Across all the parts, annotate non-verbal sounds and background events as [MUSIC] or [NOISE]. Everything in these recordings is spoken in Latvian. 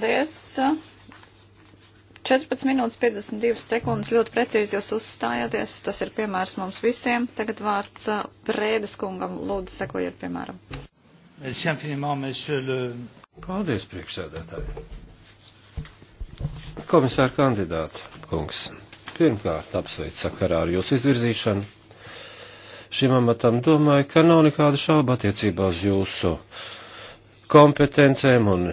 Paldies! 14 minūtes 52 sekundes ļoti precīzi jūs uzstājāties. Tas ir piemērs mums visiem. Tagad vārds Prēdes kungam. Lūdzu, sekojiet piemēram. Paldies, priekšsēdētāji. Komisāra kandidāta kungs. Pirmkārt, apsveic sakarā ar jūsu izvirzīšanu. Šim amatam domāju, ka nav nekāda šauba attiecībā uz jūsu kompetencēm un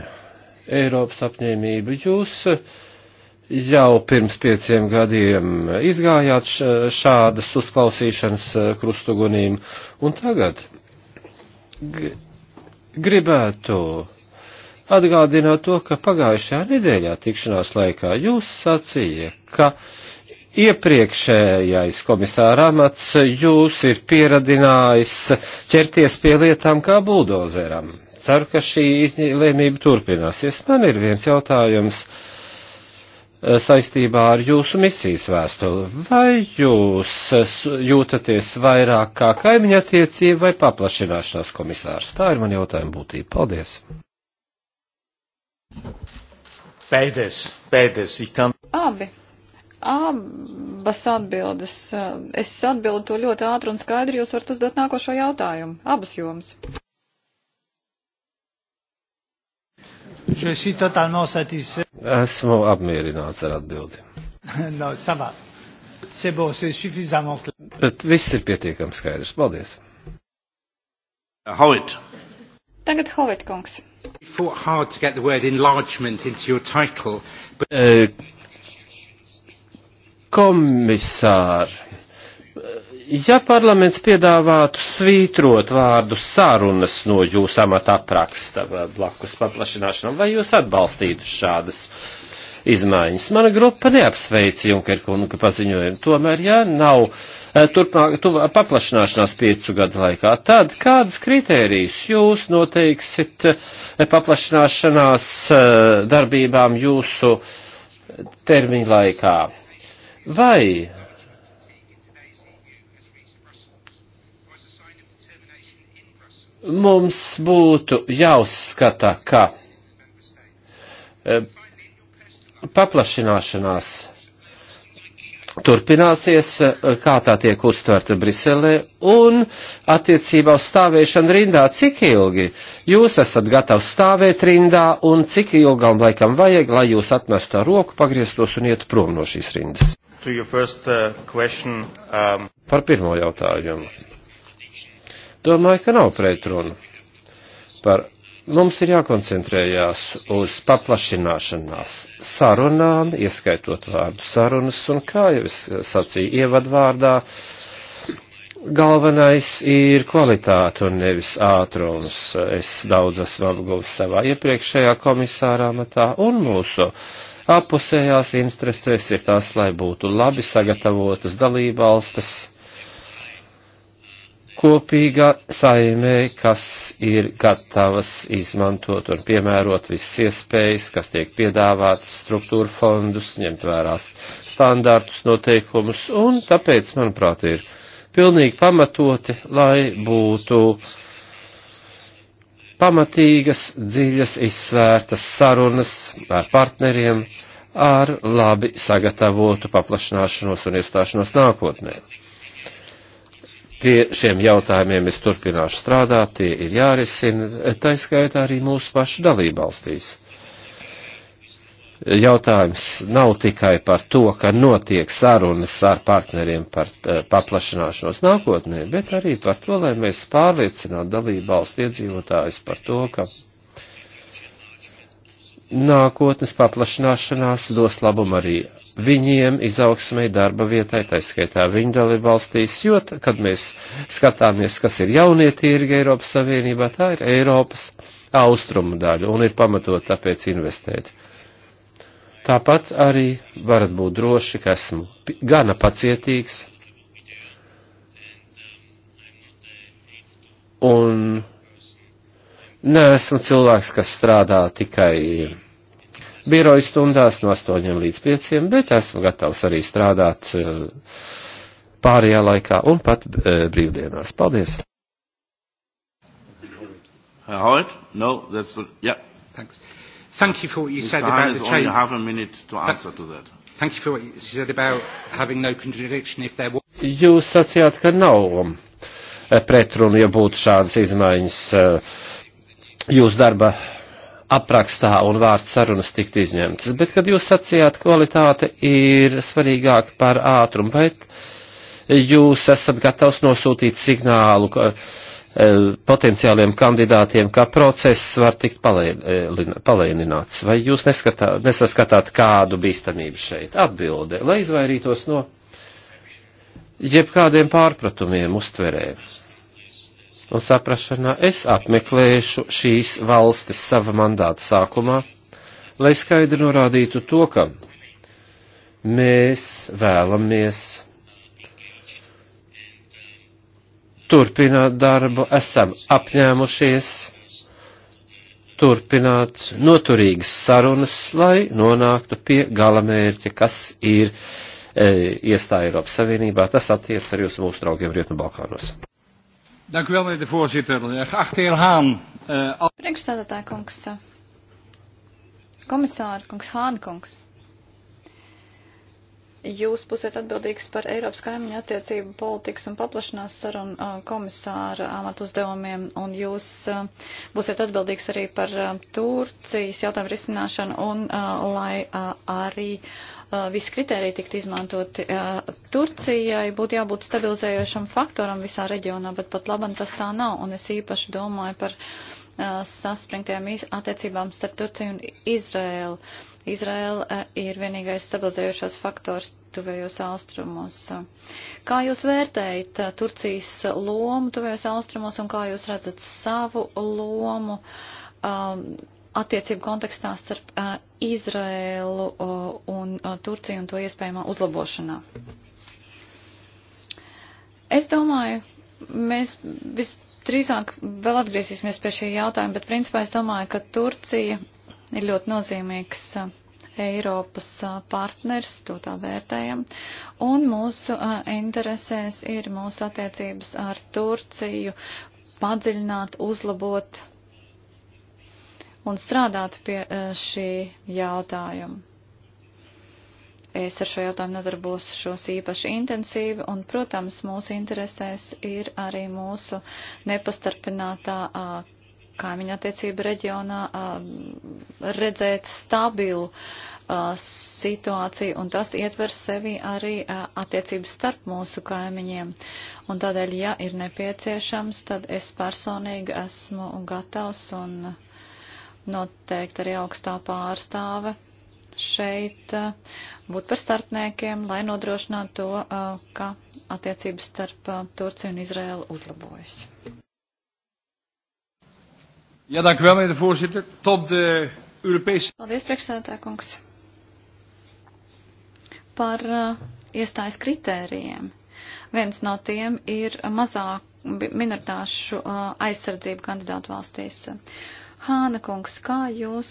Eiropas apņēmību. Jūs jau pirms pieciem gadiem izgājāt šādas uzklausīšanas krustugunīm, un tagad gribētu atgādināt to, ka pagājušajā nedēļā tikšanās laikā jūs sacīja, ka iepriekšējais komisāra amats jūs ir pieradinājis ķerties pie lietām kā buldozeram ceru, ka šī izlēmība turpināsies. Man ir viens jautājums eh, saistībā ar jūsu misijas vēstuli. Vai jūs eh, jūtaties vairāk kā kaimiņa attiecība vai paplašināšanās komisārs? Tā ir man jautājuma būtība. Paldies! Beides, beides, ikam. Abi. Abas atbildes. Es atbildu to ļoti ātri un skaidri, jūs varat uzdot nākošo jautājumu. Abas jomas. Esmu apmierināts ar atbildi. [LAUGHS] no, savā. C'est beau, c'est suffisamment clair. Bet viss ir pietiekami skaidrs. Paldies. Howitt. Tagad Howitt kungs. You fought hard to get the word enlargement into your title, but... Uh, komisār, Ja parlaments piedāvātu svītrot vārdu sarunas no jūsu amata apraksta blakus paplašināšanām, vai jūs atbalstītu šādas izmaiņas? Mana grupa neapsveic Junker kunga paziņojumu. Tomēr, ja nav eh, turpmāk tu, paplašināšanās piecu gadu laikā, tad kādas kritērijas jūs noteiksit eh, paplašināšanās eh, darbībām jūsu termiņu laikā? Vai mums būtu jāuzskata, ka e, paplašināšanās turpināsies, e, kā tā tiek uztverta Briselē, un attiecībā uz stāvēšanu rindā, cik ilgi jūs esat gatavs stāvēt rindā, un cik ilgam laikam vajag, lai jūs atmestu tā roku, pagrieztos un ietu prom no šīs rindas. First, uh, question, um... Par pirmo jautājumu Domāju, ka nav pretrunu. Par mums ir jākoncentrējās uz paplašināšanās sarunām, ieskaitot vārdu sarunas, un kā jau es sacīju ievadvārdā, galvenais ir kvalitāte un nevis ātrums. Es daudz esmu apguvis savā iepriekšējā komisārā matā, un mūsu apusējās interesēs ir tas, lai būtu labi sagatavotas dalībvalstis kopīgā saimē, kas ir gatavas izmantot un piemērot visas iespējas, kas tiek piedāvātas struktūra fondus, ņemt vērās standārtus, noteikumus, un tāpēc, manuprāt, ir pilnīgi pamatoti, lai būtu pamatīgas, dziļas, izsvērtas sarunas ar partneriem ar labi sagatavotu paplašināšanos un iestāšanos nākotnē. Pie šiem jautājumiem es turpināšu strādāt, tie ir jārisina, taiskaitā arī mūsu pašu dalībvalstīs jautājums nav tikai par to, ka notiek sarunas ar partneriem par eh, paplašanāšanos nākotnē, bet arī par to, lai mēs pārliecinātu dalību valstu iedzīvotājus par to, ka nākotnes paplašināšanās dos labumu arī viņiem, izaugsmai, darba vietai, taiskaitā viņu dalībvalstīs, jo, kad mēs skatāmies, kas ir jaunie tirgi Eiropas Savienībā, tā ir Eiropas austrumu daļa un ir pamatot tāpēc investēt. Tāpat arī varat būt droši, ka esmu gana pacietīgs un neesmu cilvēks, kas strādā tikai biroju stundās no 8 līdz 5, bet esmu gatavs arī strādāt eh, pārējā laikā un pat eh, brīvdienās. Paldies! Howard? No, that's what, yeah. Thanks. Thank you for what you Ms. said about the change. only half a minute to answer Th to that. Thank you for what you said about having no contradiction if there was. Jūs sacījāt, ka nav eh, pretrunu, ja būtu šādas izmaiņas. Uh, jūs darba aprakstā un vārds sarunas tikt izņemtas. Bet, kad jūs sacījāt, kvalitāte ir svarīgāka par ātrumu, vai jūs esat gatavs nosūtīt signālu ka, e, potenciāliem kandidātiem, ka process var tikt palēnināts? Vai jūs neskatā, nesaskatāt kādu bīstamību šeit? Atbilde, lai izvairītos no jebkādiem pārpratumiem uztverēm un saprašanā es apmeklēšu šīs valstis sava mandāta sākumā, lai skaidri norādītu to, ka mēs vēlamies turpināt darbu, esam apņēmušies turpināt noturīgas sarunas, lai nonāktu pie galamērķa, kas ir e, iestāja Eiropas Savienībā. Tas attiec arī uz mūsu draugiem Rietu Balkānos. Dank u wel, meneer de voorzitter. Eh, geachte heer Haan. Uh, al... Priekšstādātāja kungs, eh, komisāra kungs, Hāna kungs. Jūs būsiet atbildīgs par Eiropas kaimiņu attiecību politikas un paplašanās sarunu uh, komisāra amatu uzdevumiem, un jūs uh, būsiet atbildīgs arī par uh, Turcijas jautājumu risināšanu un uh, lai uh, arī uh, Uh, visi kriteriji tiktu izmantoti. Uh, Turcijai būtu jābūt stabilizējošam faktoram visā reģionā, bet pat labam tas tā nav. Un es īpaši domāju par uh, saspringtajām attiecībām starp Turciju un Izraēlu. Izraēla ir vienīgais stabilizējošais faktors tuvējos austrumos. Kā jūs vērtējat Turcijas lomu tuvējos austrumos un kā jūs redzat savu lomu? Um, attiecību kontekstā starp Izraēlu un Turciju un to iespējamā uzlabošanā. Es domāju, mēs visdrīzāk vēl atgriezīsimies pie šī jautājuma, bet principā es domāju, ka Turcija ir ļoti nozīmīgs Eiropas partners, to tā vērtējam, un mūsu interesēs ir mūsu attiecības ar Turciju padziļināt, uzlabot un strādāt pie eh, šī jautājuma. Es ar šo jautājumu nodarbošos īpaši intensīvi, un, protams, mūsu interesēs ir arī mūsu nepastarpinātā kaimiņa attiecība reģionā a, redzēt stabilu a, situāciju, un tas ietver sevi arī a, attiecības starp mūsu kaimiņiem. Un tādēļ, ja ir nepieciešams, tad es personīgi esmu gatavs un noteikti arī augstā pārstāve šeit eh, būt par starpniekiem, lai nodrošinātu to, eh, ka attiecības starp eh, Turciju un Izraēlu uzlabojas. Ja, dank u wel, meneer de voorzitter. Tot de Europese. Paldies, priekšsēdētāj, kungs. Par uh, iestājas kritērijiem. Viens no tiem ir mazāk minoritāšu uh, aizsardzību kandidātu valstīs. Uh, Hāna kungs, kā jūs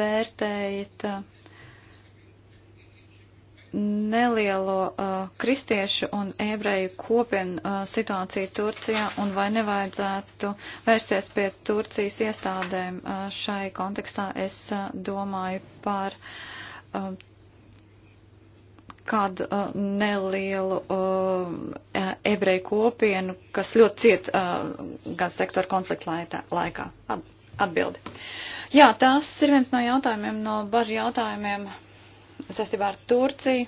vērtējat nelielo uh, kristiešu un ebreju kopienu uh, situāciju Turcijā un vai nevajadzētu vērsties pie Turcijas iestādēm uh, šai kontekstā? Es uh, domāju par uh, kādu uh, nelielu uh, ebreju kopienu, kas ļoti ciet uh, gan sektora konflikta laikā. Paldies! Atbildi. Jā, tas ir viens no jautājumiem, no bažu jautājumiem saistībā ar Turciju.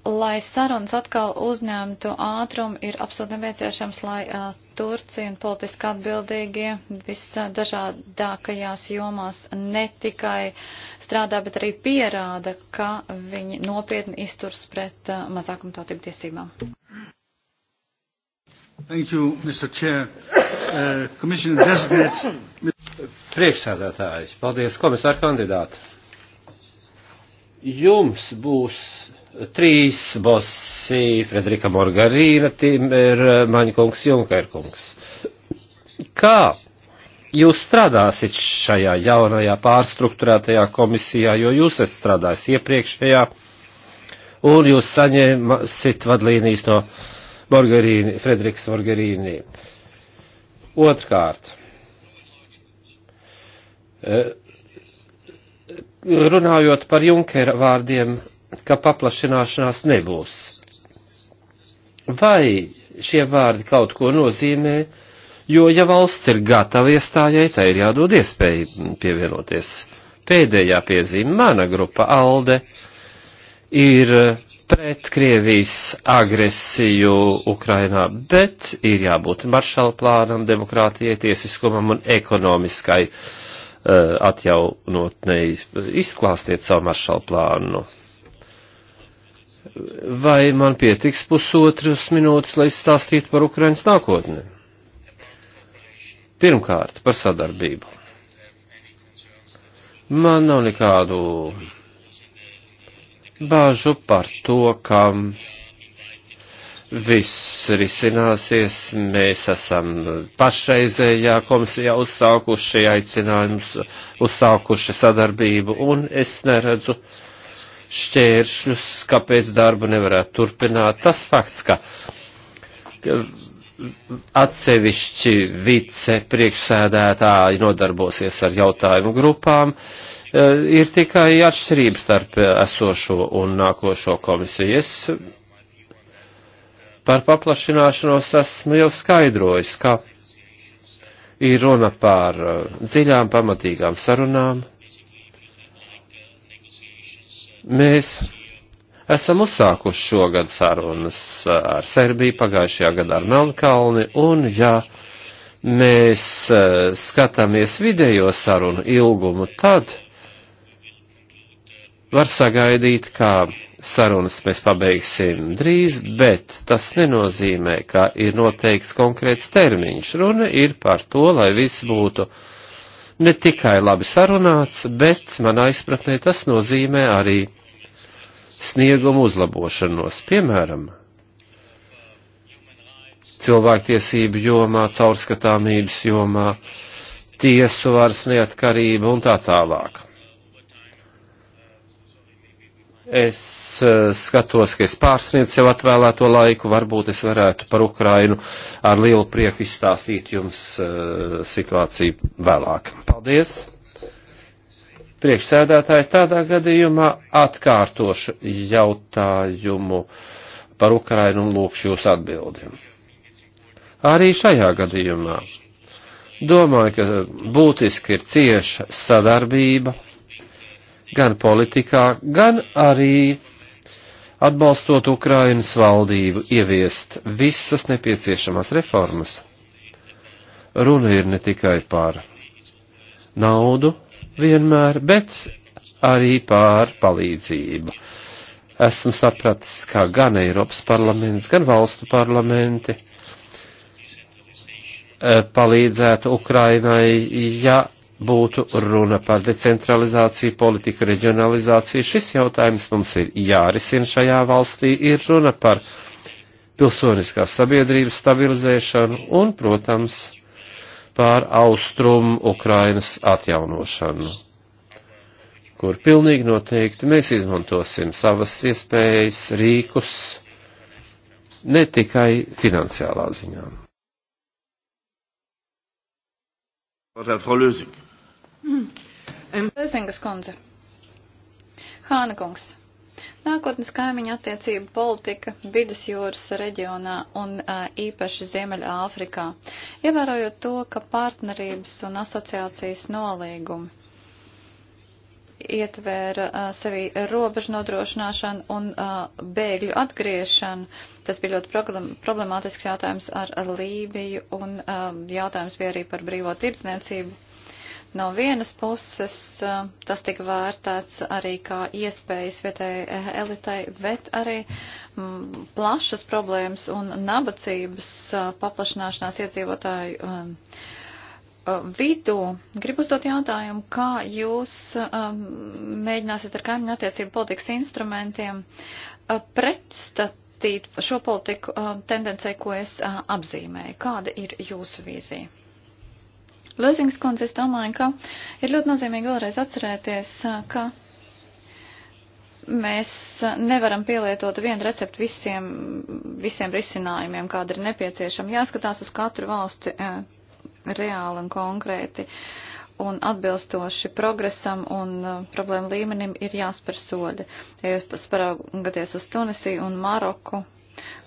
Lai sarunas atkal uzņemtu ātrumu, ir absolūti nepieciešams, lai uh, Turcija un politiski atbildīgie visdažādākajās jomās ne tikai strādā, bet arī pierāda, ka viņi nopietni izturs pret uh, mazākumtautību tiesībām. Thank you, Mr. Chair. Uh, Priekšsēdētāji, paldies, komisāra kandidāti. Jums būs trīs bosi, Frederika Morgarīna, Timermaņkungs, Junkerkungs. Kā jūs strādāsit šajā jaunajā pārstruktūrētajā komisijā, jo jūs esat strādājis iepriekšējā, un jūs saņēmasit vadlīnijas no Morgarīni, Frederiks Morgarīni. Uh, Otrkārt, e, runājot par Junkera vārdiem, ka paplašināšanās nebūs. Vai šie vārdi kaut ko nozīmē, jo ja valsts ir gatava iestājai, tai ir jādod iespēja pievienoties. Pēdējā piezīme mana grupa Alde ir pret Krievijas agresiju Ukrainā, bet ir jābūt maršala plānam, demokrātijai, tiesiskumam un ekonomiskai uh, atjaunotnei. Izklāstiet savu maršala plānu. Vai man pietiks pusotras minūtes, lai stāstītu par Ukrainas nākotni? Pirmkārt, par sadarbību. Man nav nekādu bāžu par to, ka viss risināsies. Mēs esam pašreizējā komisijā uzsākuši aicinājumus, uzsākuši sadarbību, un es neredzu šķēršļus, kāpēc darbu nevarētu turpināt. Tas fakts, ka atsevišķi vice priekšsēdētāji nodarbosies ar jautājumu grupām, uh, Eh, ir tikai atšķirība starp eh, esošo un nākošo komisiju. Es par paplašināšanos esmu jau skaidrojis, ka ir runa par eh, dziļām pamatīgām sarunām. Mēs esam uzsākuši šogad sarunas ar Serbiju, pagājušajā gadā ar Melnkalni, un ja mēs skatāmies vidējo sarunu ilgumu, tad var sagaidīt, ka sarunas mēs pabeigsim drīz, bet tas nenozīmē, ka ir noteikts konkrēts termiņš. Runa ir par to, lai viss būtu ne tikai labi sarunāts, bet manā izpratnē tas nozīmē arī sniegumu uzlabošanos. Piemēram, cilvēktiesību jomā, caurskatāmības jomā, tiesu varas neatkarība un tā tālāk Es eh, skatos, ka es pārsniedzu sev atvēlēto laiku, varbūt es varētu par Ukrainu ar lielu prieku izstāstīt jums eh, situāciju vēlāk. Paldies! Priekšsēdētāji tādā gadījumā atkārtošu jautājumu par Ukrainu un lūkšu jūs atbildi. Arī šajā gadījumā domāju, ka būtiski ir cieša sadarbība gan politikā, gan arī atbalstot Ukrainas valdību ieviest visas nepieciešamās reformas. Runa ir ne tikai par naudu vienmēr, bet arī par palīdzību. Esmu sapratis, kā gan Eiropas parlaments, gan valstu parlamenti eh, palīdzētu Ukrainai, ja būtu runa par decentralizāciju, politiku reģionalizāciju. Šis jautājums mums ir jārisina šajā valstī, ir runa par pilsoniskās sabiedrības stabilizēšanu un, protams, pār austrumu Ukrainas atjaunošanu, kur pilnīgi noteikti mēs izmantosim savas iespējas, rīkus, ne tikai finansiālā ziņā. Frau Lösing. Mm. Lēzingas kundze. Hāna kungs. Nākotnes kaimiņa attiecība politika vidus jūras reģionā un īpaši Ziemeļa Āfrikā, ievērojot to, ka partnerības un asociācijas nolīgumi ietvēra sevi robežu nodrošināšanu un bēgļu atgriešanu. Tas bija ļoti problemātisks jautājums ar Lībiju un jautājums bija arī par brīvo tirdzniecību No vienas puses eh, tas tika vērtēts arī kā iespējas vietējai eh, elitai, bet arī mm, plašas problēmas un nabadzības eh, paplašanāšanās iedzīvotāju vidū. Gribu uzdot jautājumu, kā jūs mēģināsiet ar kaimiņu attiecību politikas instrumentiem pretstatīt šo politiku tendencē, ko es apzīmēju. Kāda ir jūsu vīzija? Lozings kundze, es domāju, ka ir ļoti nozīmīgi vēlreiz atcerēties, ka mēs nevaram pielietot vienu receptu visiem, visiem risinājumiem, kāda ir nepieciešama. Jāskatās uz katru valsti reāli un konkrēti. Un atbilstoši progresam un problēmu līmenim ir jāspēr soļi. Ja jūs paraugaties uz Tunisiju un Maroku,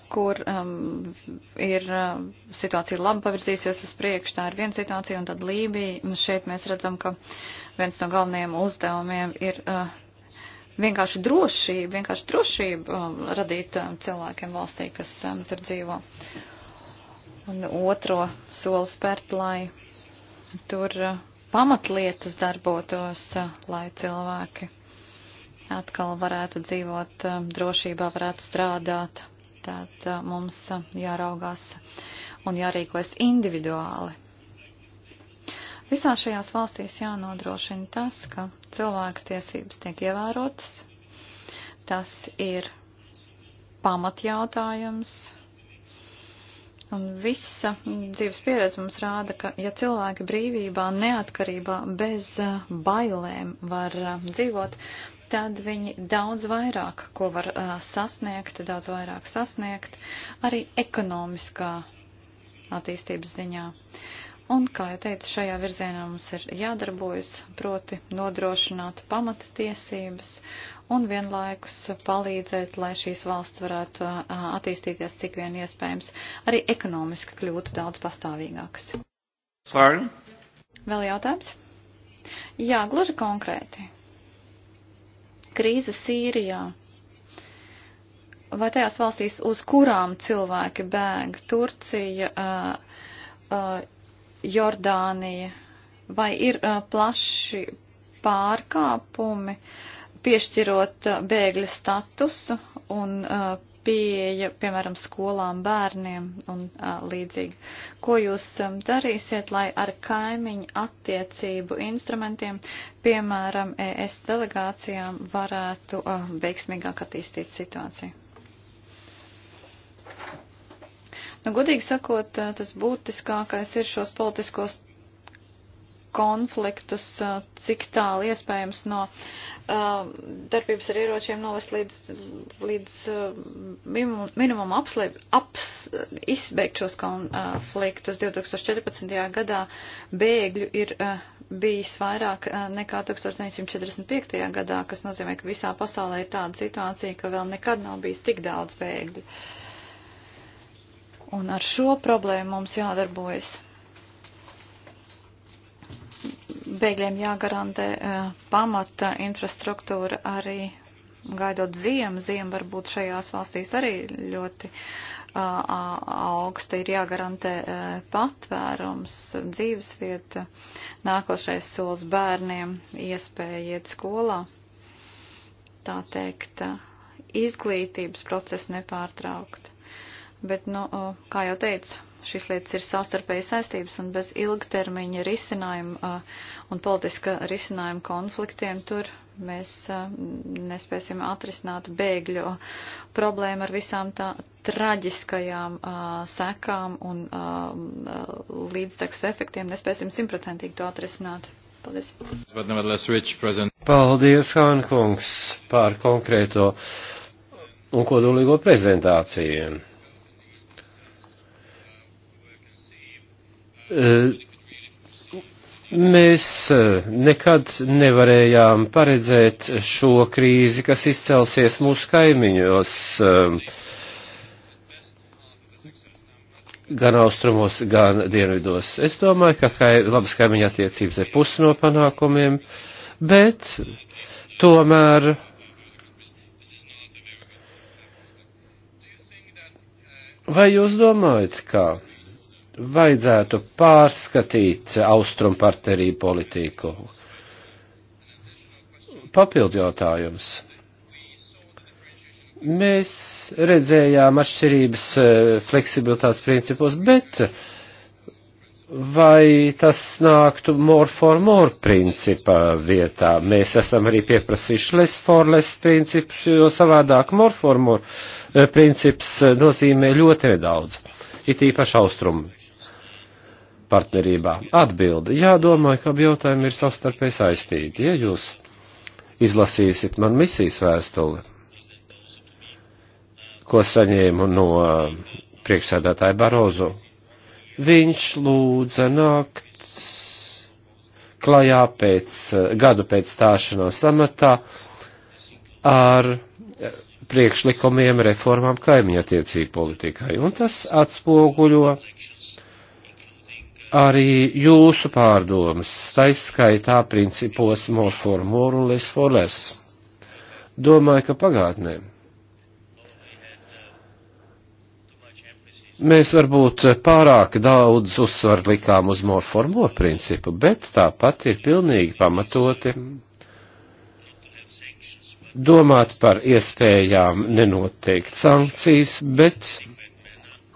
kur um, ir um, situācija labi pavirzīsies uz priekšu, tā ir viena situācija, un tad Lībija, šeit mēs redzam, ka viens no galvenajiem uzdevumiem ir uh, vienkārši drošība, vienkārši drošība um, radīt um, cilvēkiem valstī, kas um, tur dzīvo. Un otro soli spērt, lai tur uh, pamatlietas darbotos, uh, lai cilvēki atkal varētu dzīvot um, drošībā, varētu strādāt. Tātad uh, mums uh, jāraugās un jārīkojas individuāli. Visā šajās valstīs jānodrošina tas, ka cilvēku tiesības tiek ievērotas. Tas ir pamatjautājums. Un visa dzīves pieredze mums rāda, ka ja cilvēki brīvībā, neatkarībā, bez uh, bailēm var dzīvot, tad viņi daudz vairāk, ko var uh, sasniegt, daudz vairāk sasniegt arī ekonomiskā attīstības ziņā. Un, kā jau teicu, šajā virzienā mums ir jādarbojas, proti nodrošināt pamata tiesības un vienlaikus palīdzēt, lai šīs valsts varētu uh, attīstīties cik vien iespējams, arī ekonomiski kļūtu daudz pastāvīgākas. Svārni? Vēl jautājums? Jā, gluži konkrēti. Krīze Sīrijā vai tajās valstīs, uz kurām cilvēki bēg - Turcija, uh, uh, Jordānija, vai ir uh, plaši pārkāpumi, piešķirot bēgļa statusu un pieeja, piemēram, skolām, bērniem un a, līdzīgi. Ko jūs a, darīsiet, lai ar kaimiņu attiecību instrumentiem, piemēram, ES delegācijām, varētu a, veiksmīgāk attīstīt situāciju? Nu, godīgi sakot, tas būtiskākais ir šos politiskos konfliktus, cik tālu iespējams no uh, darbības ar ieročiem novest līdz, līdz uh, minimumu apslēp, aps, izbeigt šos konfliktus. 2014. gadā bēgļu ir uh, bijis vairāk nekā 1945. gadā, kas nozīmē, ka visā pasaulē ir tāda situācija, ka vēl nekad nav bijis tik daudz bēgļu. Un ar šo problēmu mums jādarbojas. bēgļiem jāgarantē eh, pamata infrastruktūra arī gaidot ziemu. Ziema varbūt šajās valstīs arī ļoti eh, augsta ir jāgarantē eh, patvērums, dzīvesvieta, nākošais solis bērniem, iespēja iet skolā. Tā teikt, izglītības procesu nepārtraukt. Bet, nu, kā jau teicu, Šīs lietas ir savstarpēji saistības un bez ilgtermiņa risinājuma un politiska risinājuma konfliktiem tur mēs nespēsim atrisināt bēgļu problēmu ar visām tā traģiskajām sekām un līdztekas efektiem. Nespēsim simtprocentīgi to atrisināt. Paldies. Paldies, Hānkungs, par konkrēto un kodolīgo prezentāciju. Mēs nekad nevarējām paredzēt šo krīzi, kas izcelsies mūsu kaimiņos, gan austrumos, gan dienvidos. Es domāju, ka kai, labas kaimiņa attiecības ir pus no panākumiem, bet tomēr vai jūs domājat, kā? vajadzētu pārskatīt austrumu partnerību politiku. Papildu jautājums. Mēs redzējām atšķirības eh, fleksibilitātes principos, bet vai tas nāktu more for more principa vietā? Mēs esam arī pieprasījuši less for less principus, jo savādāk more for more eh, princips nozīmē ļoti nedaudz, it īpaši austrumu partnerībā? Atbildi. Jā, domāju, ka abi jautājumi ir savstarpēji saistīti. Ja jūs izlasīsiet man misijas vēstuli, ko saņēmu no uh, priekšsēdētāja Barozu, viņš lūdza nakt klajā pēc, uh, gadu pēc stāšanās amatā ar uh, priekšlikumiem reformām kaimiņattiecību politikai. Un tas atspoguļo arī jūsu pārdomas, taiskaitā principos morformor un lesfoles. Domāju, ka pagātnē. Mēs varbūt pārāk daudz uzsvar likām uz morformor principu, bet tāpat ir pilnīgi pamatoti domāt par iespējām nenoteikt sankcijas, bet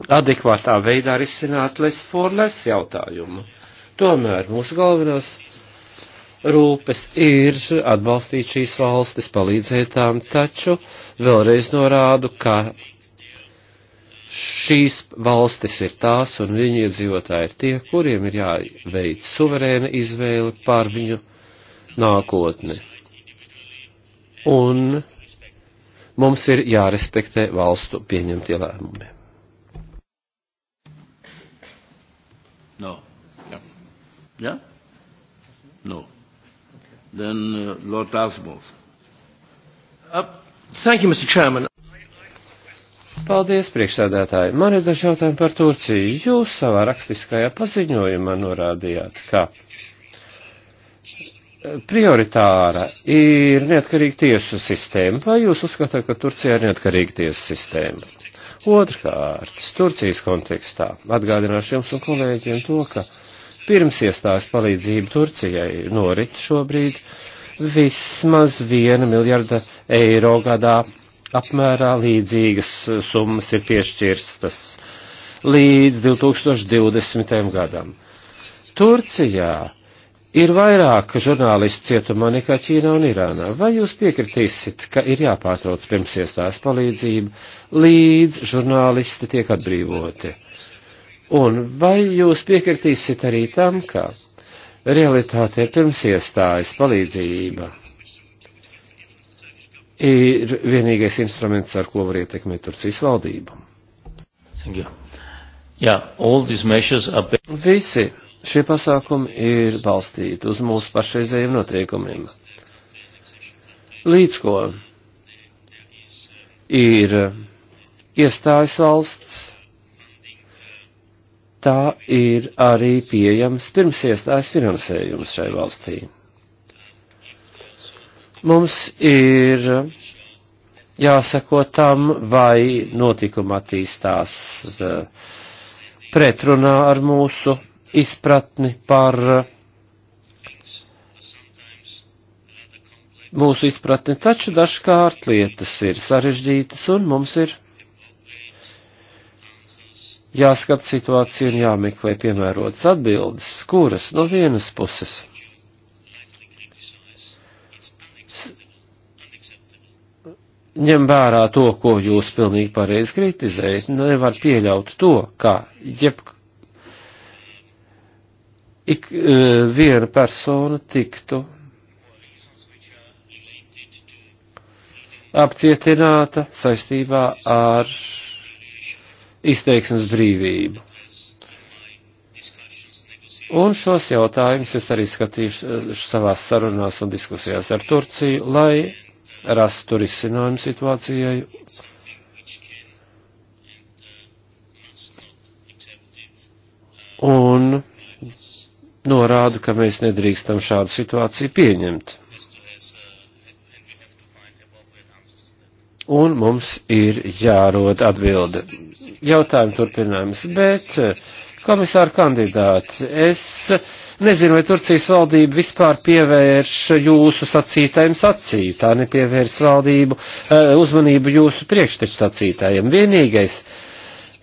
adekvātā veidā risināt Lesfornes jautājumu. Tomēr mūsu galvenās rūpes ir atbalstīt šīs valstis, palīdzēt tām, taču vēlreiz norādu, ka šīs valstis ir tās un viņu iedzīvotāji ir tie, kuriem ir jāveic suverēna izvēle pār viņu nākotni. Un mums ir jārespektē valstu pieņemtie lēmumi. Yeah? No. Then uh, Lord Dartmouth. Uh, thank you, Mr. Chairman. Paldies, priekšsēdētāji. Man ir daži jautājumi par Turciju. Jūs savā rakstiskajā paziņojumā norādījāt, ka prioritāra ir neatkarīga tiesu sistēma. Vai jūs uzskatāt, ka Turcijā ir neatkarīga tiesu sistēma? Otrkārt, Turcijas kontekstā atgādināšu jums un kolēģiem to, ka pirms iestājas palīdzība Turcijai norit šobrīd vismaz viena miljarda eiro gadā apmērā līdzīgas summas ir piešķirstas līdz 2020. gadam. Turcijā ir vairāk žurnālistu cietumā nekā Ķīnā un Irānā. Vai jūs piekritīsit, ka ir jāpārtrauc pirms iestājas palīdzība, līdz žurnālisti tiek atbrīvoti? Un vai jūs piekritīsiet arī tam, ka realitātē pirms iestājas palīdzība ir vienīgais instruments, ar ko var ietekmēt Turcijas valdību? Yeah, are... Visi šie pasākumi ir balstīti uz mūsu pašreizējiem noteikumiem. Līdz ko ir iestājas valsts, tā ir arī pieejams pirms iestājas finansējums šai valstī. Mums ir jāsako tam, vai notikuma attīstās eh, pretrunā ar mūsu izpratni par eh, mūsu izpratni, taču dažkārt lietas ir sarežģītas un mums ir jāskat situācija un jāmeklē piemērotas atbildes, kuras no vienas puses ņem vērā to, ko jūs pilnīgi pareizi kritizējat, nevar pieļaut to, ka jeb ik e, viena persona tiktu apcietināta saistībā ar izteiksmes brīvību. Un šos jautājumus es arī skatīšu savās sarunās un diskusijās ar Turciju, lai rastu risinājumu situācijai. Un norādu, ka mēs nedrīkstam šādu situāciju pieņemt. un mums ir jārod atbilde. Jautājumi turpinājums, bet eh, komisāra kandidāts, es nezinu, vai Turcijas valdība vispār pievērš jūsu sacītājiem sacīju, tā nepievērs valdību eh, uzmanību jūsu priekšteču sacītājiem. Vienīgais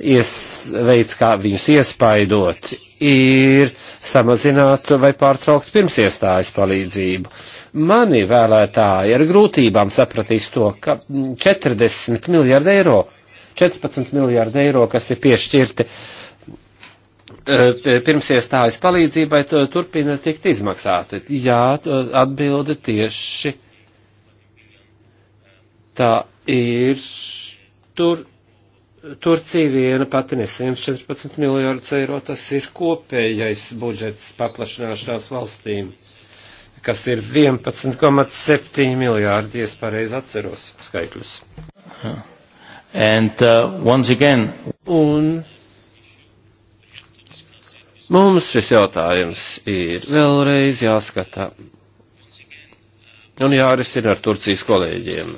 ies, veids, kā viņus iespaidot, ir samazināt vai pārtraukt pirms iestājas palīdzību Mani vēlētāji ar grūtībām sapratīs to, ka 40 miljārdi eiro, 14 miljārdi eiro, kas ir piešķirti eh, pirms iestājas palīdzībai, turpina tikt izmaksāti. Jā, atbilde tieši tā ir. Tur Turcija viena pati nesaņems 14 miljardus eiro, tas ir kopējais budžets paplašināšanās valstīm kas ir 11,7 miljārdi, ja es pareizi atceros skaitļus. And, uh, once again. Un mums šis jautājums ir vēlreiz jāskatā un jārisina ar Turcijas kolēģiem.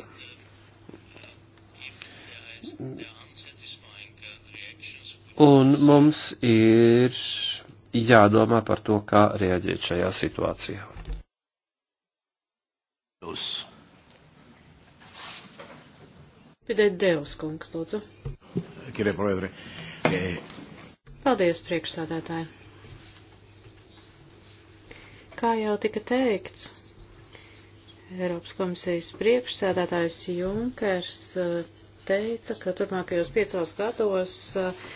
Un mums ir jādomā par to, kā rēģēt šajā situācijā. Jūs. Pidēt Devs, kungs, lūdzu. Kirie proedri. Eh, Paldies, priekšsādātāji. Kā jau tika teikts, Eiropas komisijas priekšsēdētājs Junkers eh, teica, ka turpmākajos piecos gados eh,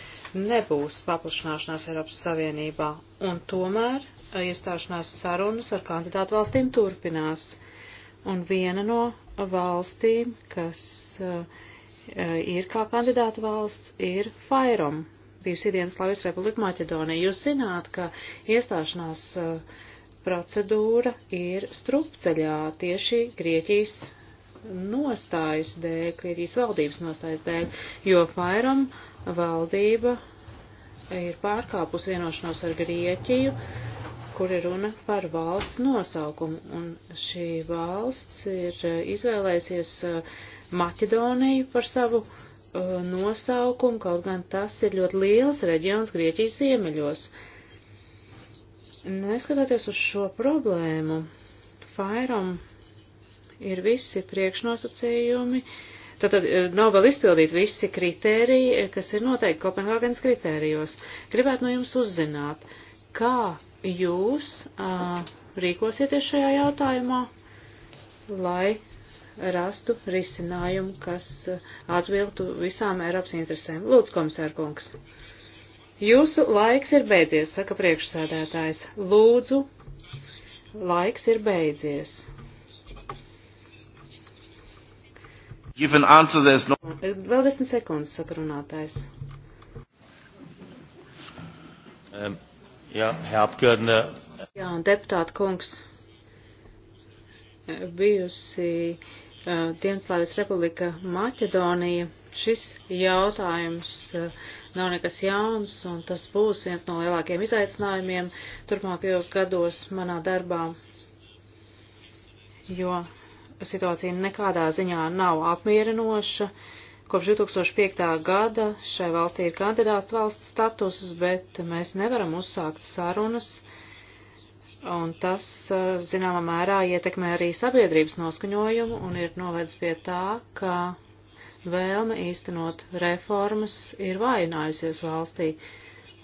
nebūs paplašanāšanās Eiropas Savienībā, un tomēr iestāšanās sarunas ar kandidātu valstīm turpinās un viena no valstīm, kas uh, ir kā kandidāta valsts, ir Fairom, bijusi Dienaslavijas Republika Maķedonija. Jūs zināt, ka iestāšanās uh, procedūra ir strupceļā tieši Grieķijas nostājas dēļ, Grieķijas valdības nostājas dēļ, jo Fairom valdība ir pārkāpus vienošanos ar Grieķiju kur ir runa par valsts nosaukumu, un šī valsts ir eh, izvēlējusies eh, Maķedoniju par savu eh, nosaukumu, kaut gan tas ir ļoti liels reģions Grieķijas ziemeļos. Neskatoties uz šo problēmu, Fairam ir visi priekšnosacījumi, tātad nav vēl izpildīti visi kritēriji, kas ir noteikti Kopenhāgenes kritērijos. Gribētu no jums uzzināt, kā jūs uh, rīkosieties šajā jautājumā, lai rastu risinājumu, kas atbiltu visām Eiropas interesēm. Lūdzu, komisārkungs. Jūsu laiks ir beidzies, saka priekšsēdētājs. Lūdzu, laiks ir beidzies. Answer, no... Vēl desmit sekundes, saka runātājs. Um. Jā, Herr Abgeordneter. Jā, deputāta kungs, bijusi uh, Dienaslāvijas republika Maķedonija. Šis jautājums uh, nav nekas jauns, un tas būs viens no lielākiem izaicinājumiem turpmākajos gados manā darbā, jo situācija nekādā ziņā nav apmierinoša. Uh, Kopš 2005. gada šai valstī ir kandidāts valsts status, bet mēs nevaram uzsākt sarunas, un tas, eh, zināmā mērā, ietekmē arī sabiedrības noskaņojumu un ir novedis pie tā, ka vēlme īstenot reformas ir vājinājusies valstī,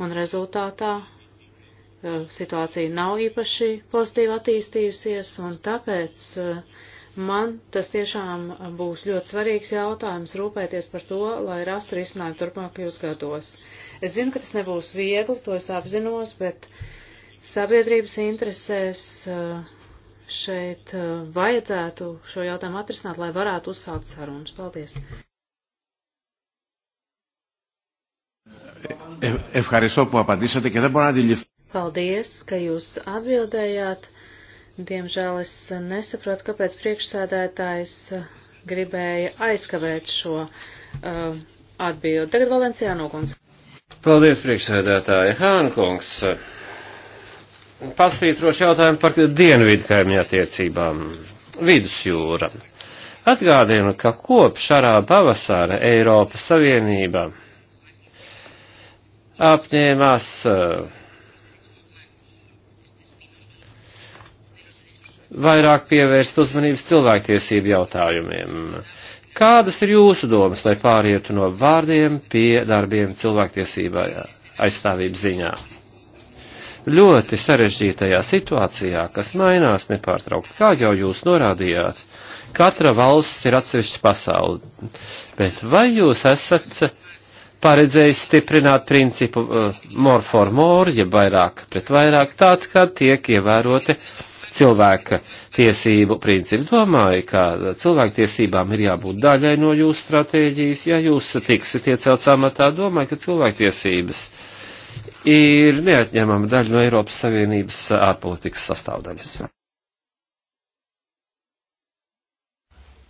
un rezultātā eh, situācija nav īpaši pozitīvi attīstījusies, un tāpēc uh, Man tas tiešām būs ļoti svarīgs jautājums rūpēties par to, lai rastu risinājumu turpmākajos gados. Es zinu, ka tas nebūs viegli, to es apzinos, bet sabiedrības interesēs šeit vajadzētu šo jautājumu atrisināt, lai varētu uzsākt sarunas. Paldies! Ευχαριστώ που απαντήσατε και δεν μπορώ να αντιληφθώ. Paldies, ka jūs atbildējāt. Diemžēl es nesaprotu, kāpēc priekšsēdētājs gribēja aizkavēt šo uh, atbildi. Tagad Valencijā nokums. Paldies, priekšsēdētāji. Hānkungs, pasvītrošu jautājumu par dienvidu kaimiņu attiecībām. Vidusjūra. Atgādinu, ka kopš šarā pavasara Eiropas Savienība apņēmās uh, vairāk pievērst uzmanības cilvēktiesību jautājumiem. Kādas ir jūsu domas, lai pārietu no vārdiem pie darbiem cilvēktiesībā aizstāvības ziņā? Ļoti sarežģītajā situācijā, kas mainās nepārtraukti, kā jau jūs norādījāt, katra valsts ir atsevišķa pasauli. Bet vai jūs esat paredzējis stiprināt principu uh, more for more, ja vairāk pret vairāk tāds, kā tiek ievēroti uh, cilvēka tiesību principu. Domāju, ka cilvēka tiesībām ir jābūt daļai no jūsu stratēģijas. Ja jūs tiksiet iecelts amatā, domāju, ka cilvēka tiesības ir neatņemama daļa no Eiropas Savienības ārpolitikas sastāvdaļas.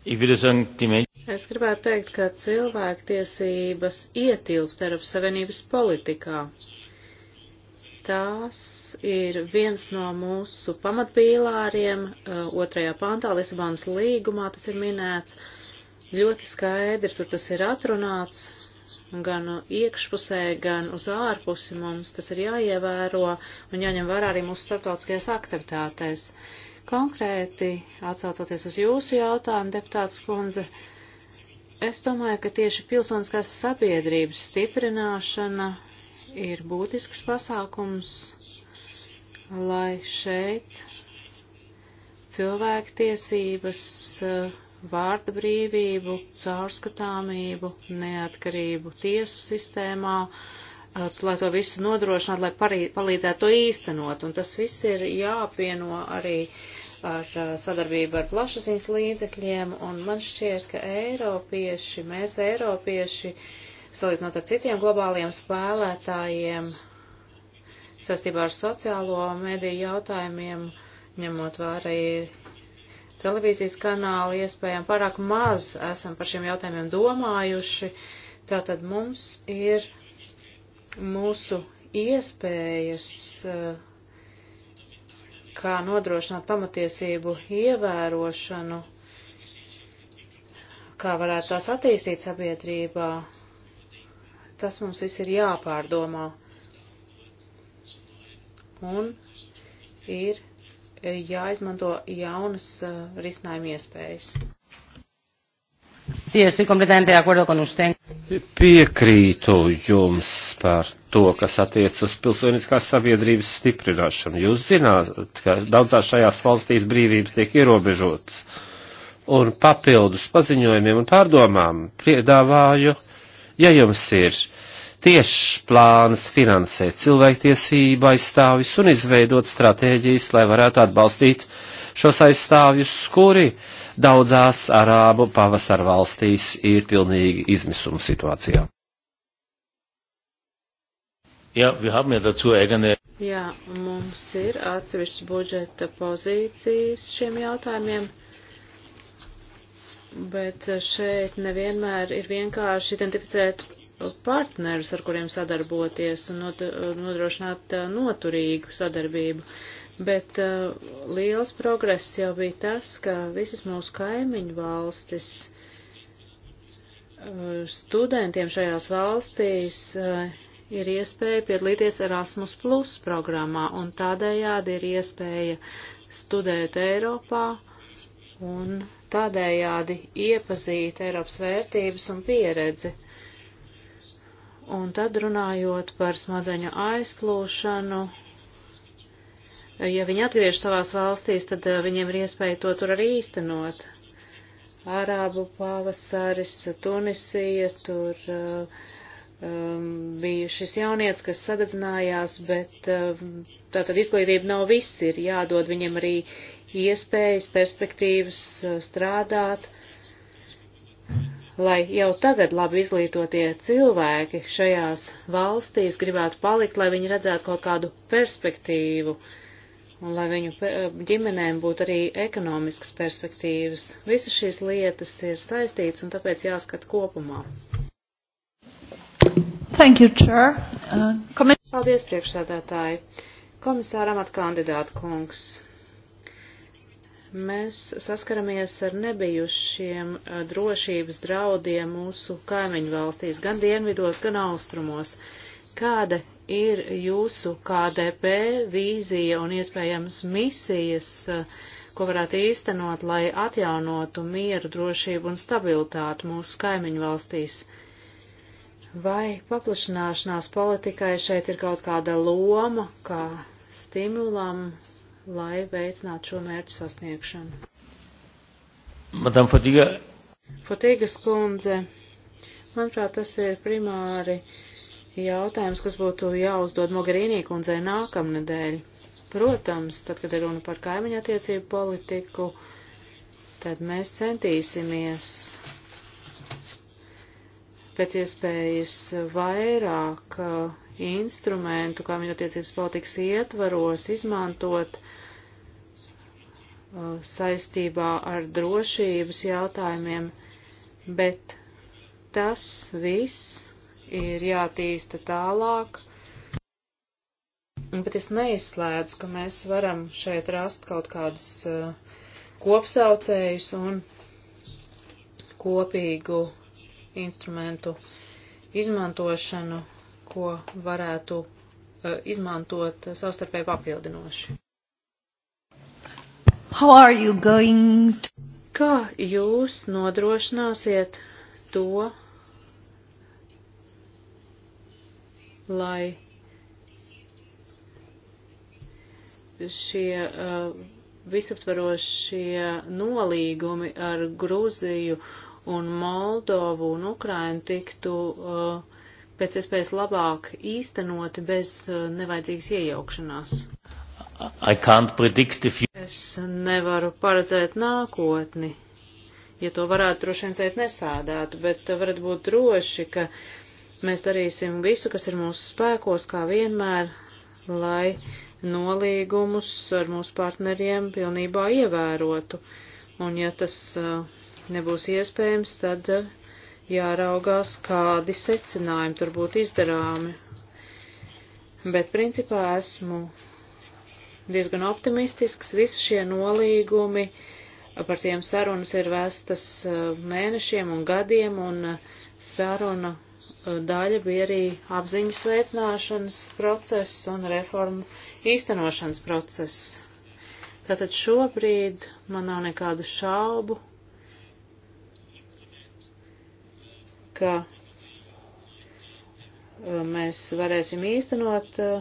Es gribētu teikt, ka cilvēktiesības ietilpst Eiropas Savienības politikā. Tās ir viens no mūsu pamatpīlāriem uh, otrajā pantā Lisabonas līgumā, tas ir minēts. Ļoti skaidri tur tas ir atrunāts, gan iekšpusē, gan uz ārpusi mums tas ir jāievēro un jāņem vērā arī mūsu starptautiskajās aktivitātēs. Konkrēti, atsaucoties uz jūsu jautājumu, deputāts kundze, es domāju, ka tieši pilsoniskās sabiedrības stiprināšana ir būtisks pasākums, lai šeit cilvēktiesības, vārda brīvību, caurskatāmību, neatkarību tiesu sistēmā, lai to visu nodrošinātu, lai parī, palīdzētu to īstenot. Un tas viss ir jāapvieno arī ar sadarbību ar plašasīs līdzekļiem, un man šķiet, ka Eiropieši, mēs Eiropieši, uh, salīdzinot ar citiem globāliem spēlētājiem, sastībā ar sociālo mediju jautājumiem, ņemot vērā televīzijas kanāli, iespējām pārāk maz esam par šiem jautājumiem domājuši. Tātad mums ir mūsu iespējas, eh, kā nodrošināt pamatiesību ievērošanu, kā varētu tās attīstīt sabiedrībā, Tas mums viss ir jāpārdomā. Un ir e, jāizmanto jaunas uh, risinājuma iespējas. Sí, estoy completamente de acuerdo con usted. Piekrītu jums par to, kas attiec uz pilsoniskās sabiedrības stiprināšanu. Jūs zināt, ka daudzās šajās valstīs brīvības tiek ierobežotas. Un papildus paziņojumiem un pārdomām piedāvāju uh, Ja jums ir tiešs plāns finansēt cilvēktiesību aizstāvis un izveidot stratēģijas, lai varētu atbalstīt šos aizstāvjus, kuri daudzās arābu pavasar valstīs ir pilnīgi izmisuma situācijā. Jā, Jā, mums ir atsevišķas budžeta pozīcijas šiem jautājumiem bet šeit nevienmēr ir vienkārši identificēt partnerus, ar kuriem sadarboties un nodrošināt noturīgu sadarbību. Bet uh, liels progress jau bija tas, ka visas mūsu kaimiņu valstis uh, studentiem šajās valstīs uh, ir iespēja piedalīties Erasmus Plus programmā un tādējādi ir iespēja studēt Eiropā un tādējādi iepazīt Eiropas vērtības un pieredzi. Un tad runājot par smadzeņu aizplūšanu, ja viņi atgriež savās valstīs, tad eh, viņiem ir iespēja to tur arī īstenot. Arābu pavasaris, Tunisija, tur eh, um, bija šis jaunietis, kas sadedzinājās, bet eh, um, tātad izglītība nav viss, ir jādod viņiem arī iespējas, perspektīvas uh, strādāt, lai jau tagad labi izglītotie cilvēki šajās valstīs gribētu palikt, lai viņi redzētu kaut kādu perspektīvu un lai viņu uh, ģimenēm būtu arī ekonomiskas perspektīvas. Visas šīs lietas ir saistītas un tāpēc jāskat kopumā. Thank you, Chair. Uh, Paldies, priekšsādātāji. Komisāram atkandidāta kungs. Mēs saskaramies ar nebijušiem eh, drošības draudiem mūsu kaimiņu valstīs, gan dienvidos, gan austrumos. Kāda ir jūsu KDP vīzija un iespējams misijas, eh, ko varētu īstenot, lai atjaunotu mieru, drošību un stabilitātu mūsu kaimiņu valstīs? Vai paplašināšanās politikai šeit ir kaut kāda loma, kā stimulam lai veicinātu šo mērķu sasniegšanu. Madam Fatiga. Fatigas kundze, manuprāt, tas ir primāri jautājums, kas būtu jāuzdod Mogherīnī kundzei nākamnedēļ. Protams, tad, kad ir runa par kaimiņa attiecību politiku, tad mēs centīsimies pēc iespējas vairāk uh, instrumentu, kā viņa attiecības politikas ietvaros, izmantot uh, saistībā ar drošības jautājumiem, bet tas viss ir jātīsta tālāk, bet es neizslēdzu, ka mēs varam šeit rast kaut kādas uh, kopsaucējus un kopīgu instrumentu izmantošanu ko varētu eh, izmantot savstarpēji papildinoši. How are you going to... Kā jūs nodrošināsiet to, lai šie uh, visaptvarošie nolīgumi ar Grūziju un Moldovu un Ukrainu tiktu uh, pēc iespējas labāk īstenoti bez uh, nevajadzīgas iejaukšanās. If... Es nevaru paredzēt nākotni. Ja to varētu, droši vien šeit nesādētu, bet uh, varat būt droši, ka mēs darīsim visu, kas ir mūsu spēkos, kā vienmēr, lai nolīgumus ar mūsu partneriem pilnībā ievērotu. Un ja tas uh, nebūs iespējams, tad jāraugās, kādi secinājumi tur būtu izdarāmi. Bet principā esmu diezgan optimistisks. Visi šie nolīgumi, par tiem sarunas ir vēstas eh, mēnešiem un gadiem, un eh, saruna eh, daļa bija arī apziņas veicināšanas process un reformu īstenošanas process. Tātad šobrīd man nav nekādu šaubu ka uh, mēs varēsim īstenot uh,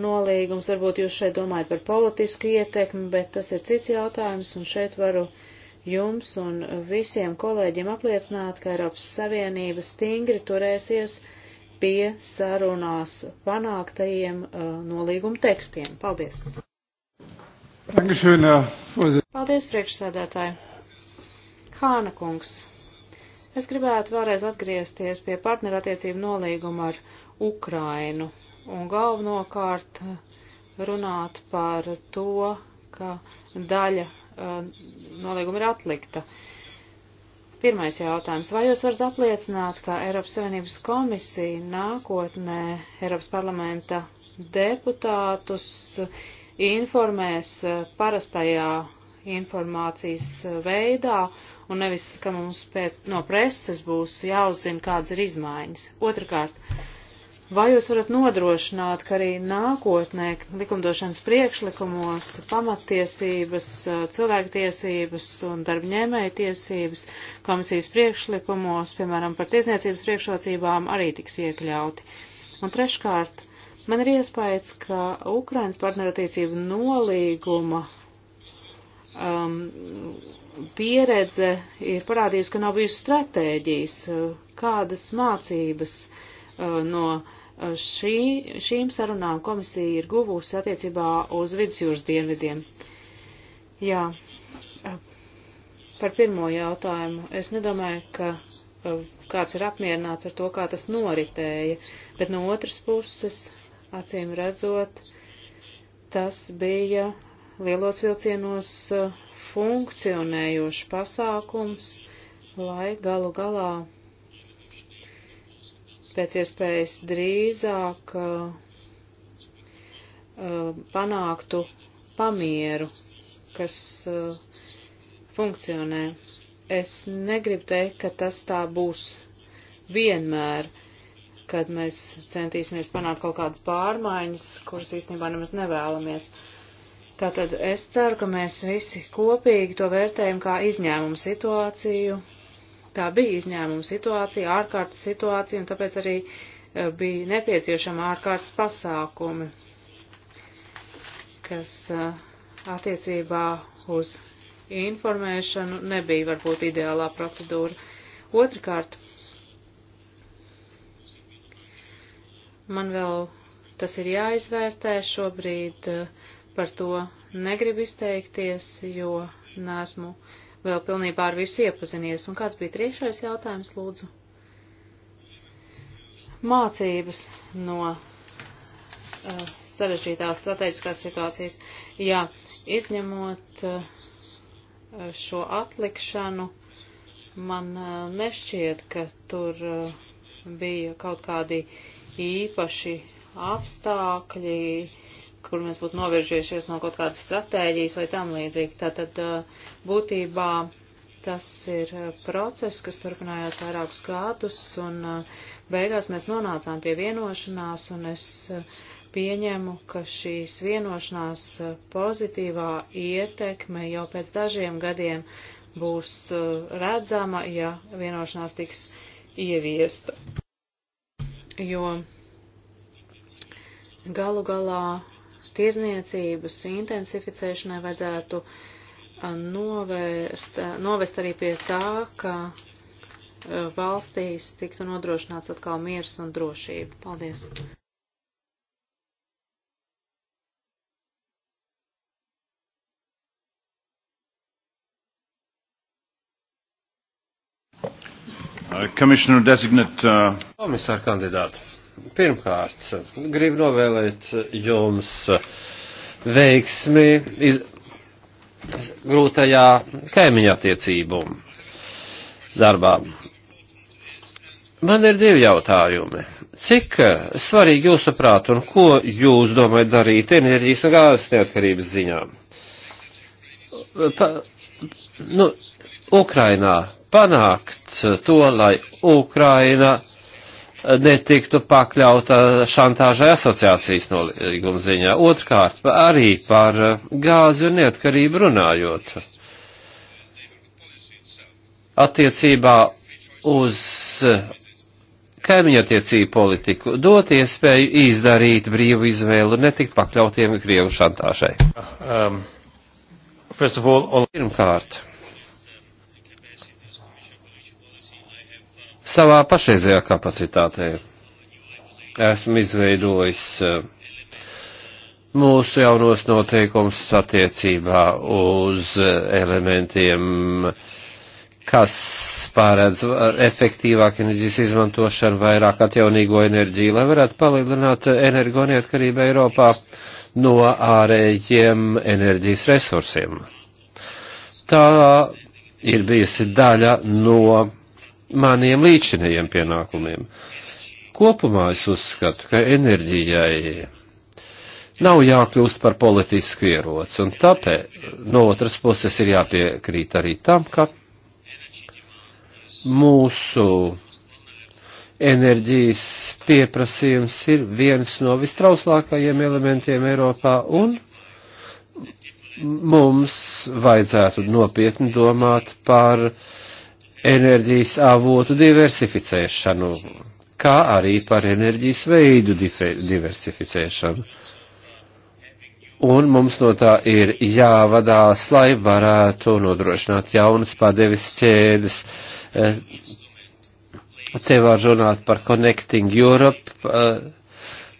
nolīgums. Varbūt jūs šeit domājat par politisku ietekmi, bet tas ir cits jautājums, un šeit varu jums un visiem kolēģiem apliecināt, ka Eiropas Savienība stingri turēsies pie sarunās panāktajiem uh, nolīguma tekstiem. Paldies! Dankeschön, Herr Vorsitzender. Paldies, priekšsēdētāji. Hāna kungs. Es gribētu vēlreiz atgriezties pie partnerattiecību nolīguma ar Ukrainu un galvenokārt eh, runāt par to, ka daļa eh, nolīguma ir atlikta. Pirmais jautājums. Vai jūs varat apliecināt, ka Eiropas Savienības komisija nākotnē Eiropas parlamenta deputātus eh, informēs parastajā informācijas veidā un nevis, ka mums pēc, no preses būs jāuzzina, kādas ir izmaiņas. Otrakārt, vai jūs varat nodrošināt, ka arī nākotnē likumdošanas priekšlikumos pamattiesības, eh, cilvēktiesības un darbņēmēja tiesības komisijas priekšlikumos, piemēram, par tiesniecības priekšrocībām, arī tiks iekļauti? Un treškārt, man ir iespējas, ka Ukrainas partnerattiecību nolīguma um, pieredze ir parādījusi, ka nav bijušas stratēģijas, kādas mācības uh, no uh, šī, šīm sarunām komisija ir guvusi attiecībā uz vidusjūras dienvidiem. Jā, uh, par pirmo jautājumu. Es nedomāju, ka kāds ir apmierināts ar to, kā tas noritēja, bet no otras puses, acīm redzot, tas bija lielos vilcienos funkcionējošs pasākums, lai galu galā pēc iespējas drīzāk uh, uh, panāktu pamieru, kas uh, funkcionē. Es negribu teikt, ka tas tā būs vienmēr, kad mēs centīsimies panākt kaut kādas pārmaiņas, kuras īstenībā nemaz nevēlamies. Uh, Tātad es ceru, ka mēs visi kopīgi to vērtējam kā izņēmumu situāciju. Tā bija izņēmuma situācija, ārkārtas situācija, un tāpēc arī e, bija nepieciešama ārkārtas pasākumi, kas e, attiecībā uz informēšanu nebija varbūt ideālā procedūra. Otrakārt, man vēl tas ir jāizvērtē šobrīd. Uh, par to negribu izteikties, jo nesmu vēl pilnībā ar visu iepazinies. Un kāds bija trešais jautājums, lūdzu? Mācības no uh, sarežģītās strateģiskās situācijas. Jā, izņemot uh, šo atlikšanu, man uh, nešķiet, ka tur uh, bija kaut kādi īpaši apstākļi, uh, kur mēs būtu novirzījušies no kaut kādas stratēģijas vai tam līdzīgi. Tātad uh, būtībā tas ir uh, process, kas turpinājās vairākus gadus, un uh, beigās mēs nonācām pie vienošanās, un es pieņemu, ka šīs vienošanās pozitīvā ietekme jau pēc dažiem gadiem būs redzama, ja vienošanās tiks ieviesta. Jo galu galā tirzniecības intensificēšanai vajadzētu novērst, novest arī pie tā, ka valstīs tiktu nodrošināts atkal miers un drošība. Paldies! Komisāra uh... uh kandidāti. Pirmkārt, gribu novēlēt jums veiksmi iz grūtajā kaimiņa attiecību darbā. Man ir divi jautājumi. Cik svarīgi jūsuprāt un ko jūs domājat darīt enerģijas un gāzes neatkarības ziņā? Pa, nu, Ukrainā panākt to, lai Ukraina netiktu pakļauta šantāžai asociācijas nolīguma ziņā. Otrkārt, arī par eh, gāzi un neatkarību runājot. Attiecībā uz eh, kaimiņattiecību politiku dot iespēju izdarīt brīvu izvēlu un netikt pakļautiem Krievu šantāžai. Um, all, all... Pirmkārt. savā pašreizējā kapacitātē. Esmu izveidojis eh, mūsu jaunos noteikumus attiecībā uz eh, elementiem, kas pārēdz eh, efektīvāk enerģijas izmantošanu, vairāk atjaunīgo enerģiju, lai varētu palielināt energo neatkarību Eiropā no ārējiem enerģijas resursiem. Tā ir bijusi daļa no maniem līdzinējiem pienākumiem. Kopumā es uzskatu, ka enerģijai nav jākļūst par politisku ieroci, un tāpēc no otras puses ir jāpiekrīt arī tam, ka mūsu enerģijas pieprasījums ir viens no vistrauslākajiem elementiem Eiropā, un mums vajadzētu nopietni domāt par uh, enerģijas avotu diversificēšanu, kā arī par enerģijas veidu diversificēšanu. Un mums no tā ir jāvadās, lai varētu nodrošināt jaunas padevis ķēdes. Eh, te var runāt par Connecting Europe, eh,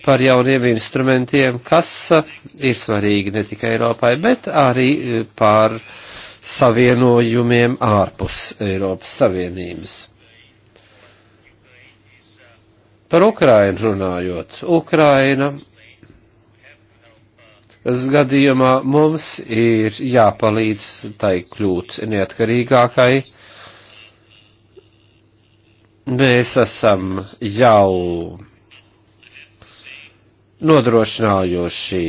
par jauniem instrumentiem, kas eh, ir svarīgi ne tikai Eiropai, bet arī par uh, savienojumiem ārpus Eiropas Savienības. Par Ukrainu runājot, Ukraina gadījumā mums ir jāpalīdz tai kļūt neatkarīgākai. Mēs esam jau nodrošinājuši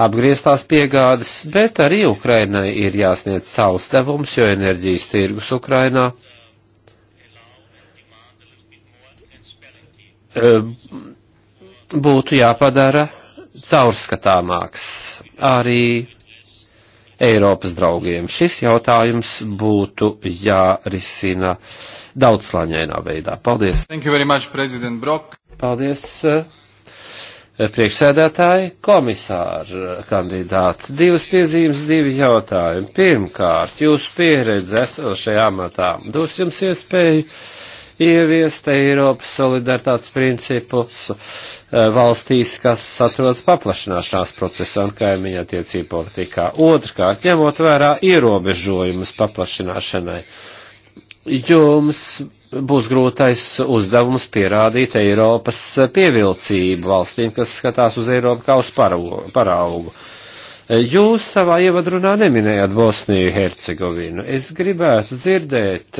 apgrieztās piegādes, bet arī Ukrainai ir jāsniedz savus devums, jo enerģijas tirgus Ukrainā eh, būtu jāpadara caurskatāmāks arī Eiropas draugiem. Šis jautājums būtu jārisina daudzslaņainā veidā. Paldies! Thank you very much, President Brock! Paldies! Eh, priekšsēdētāji, komisāra kandidāts. Divas piezīmes, divi jautājumi. Pirmkārt, jūsu pieredze esot šajā amatā dos jums iespēju ieviest Eiropas solidaritātes principus eh, valstīs, kas atrodas paplašināšanās procesā un kaimiņa attiecību politikā. Otrkārt, ņemot vērā ierobežojumus paplašināšanai, jums būs grūtais uzdevums pierādīt Eiropas pievilcību valstīm, kas skatās uz Eiropu kā uz paraugu. Jūs savā ievadrunā neminējāt Bosniju Hercegovinu. Es gribētu dzirdēt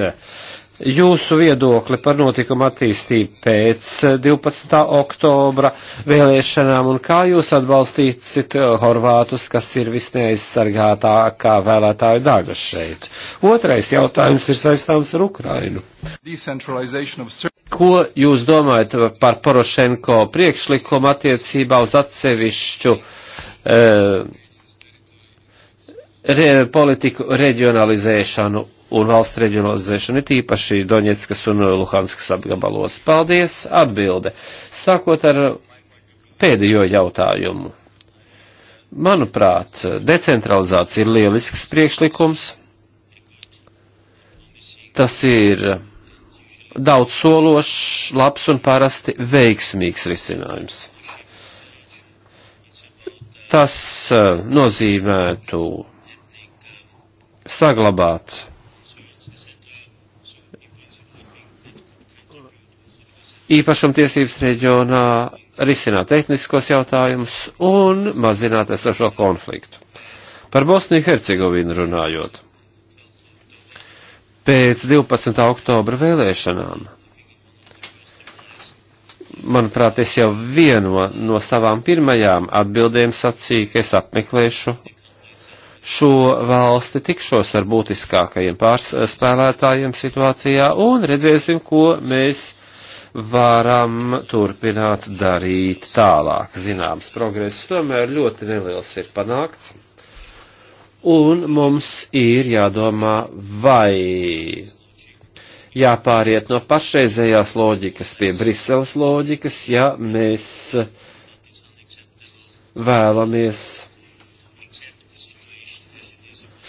jūsu viedokli par notikumu attīstību pēc 12. oktobra vēlēšanām un kā jūs atbalstīsit eh, Horvātus, kas ir visneaizsargātākā vēlētāju daļa šeit. Otrais jautājums ir saistāms ar Ukrainu. Ko jūs domājat par Porošenko priekšlikumu attiecībā uz atsevišķu eh, re, politiku reģionalizēšanu un valsts reģionalizēšanu, it īpaši Doņetskas un Luhanskas apgabalos. Paldies! Atbilde. Sākot ar pēdējo jautājumu. Manuprāt, decentralizācija ir lielisks priekšlikums. Tas ir daudz sološs, labs un parasti veiksmīgs risinājums. Tas eh, nozīmētu saglabāt īpašumtiesības reģionā, risināt tehniskos jautājumus un mazināt esošo konfliktu. Par Bosniju Hercegovinu runājot. Pēc 12. oktobra vēlēšanām, manuprāt, es jau vieno no savām pirmajām atbildēm sacīju, ka es apmeklēšu šo valsti, tikšos ar būtiskākajiem pārspēlētājiem situācijā un redzēsim, ko mēs varam turpināt darīt tālāk. Zināms, progress tomēr ļoti neliels ir panākts. Un mums ir jādomā, vai jāpāriet no pašreizējās loģikas pie Briseles loģikas, ja mēs vēlamies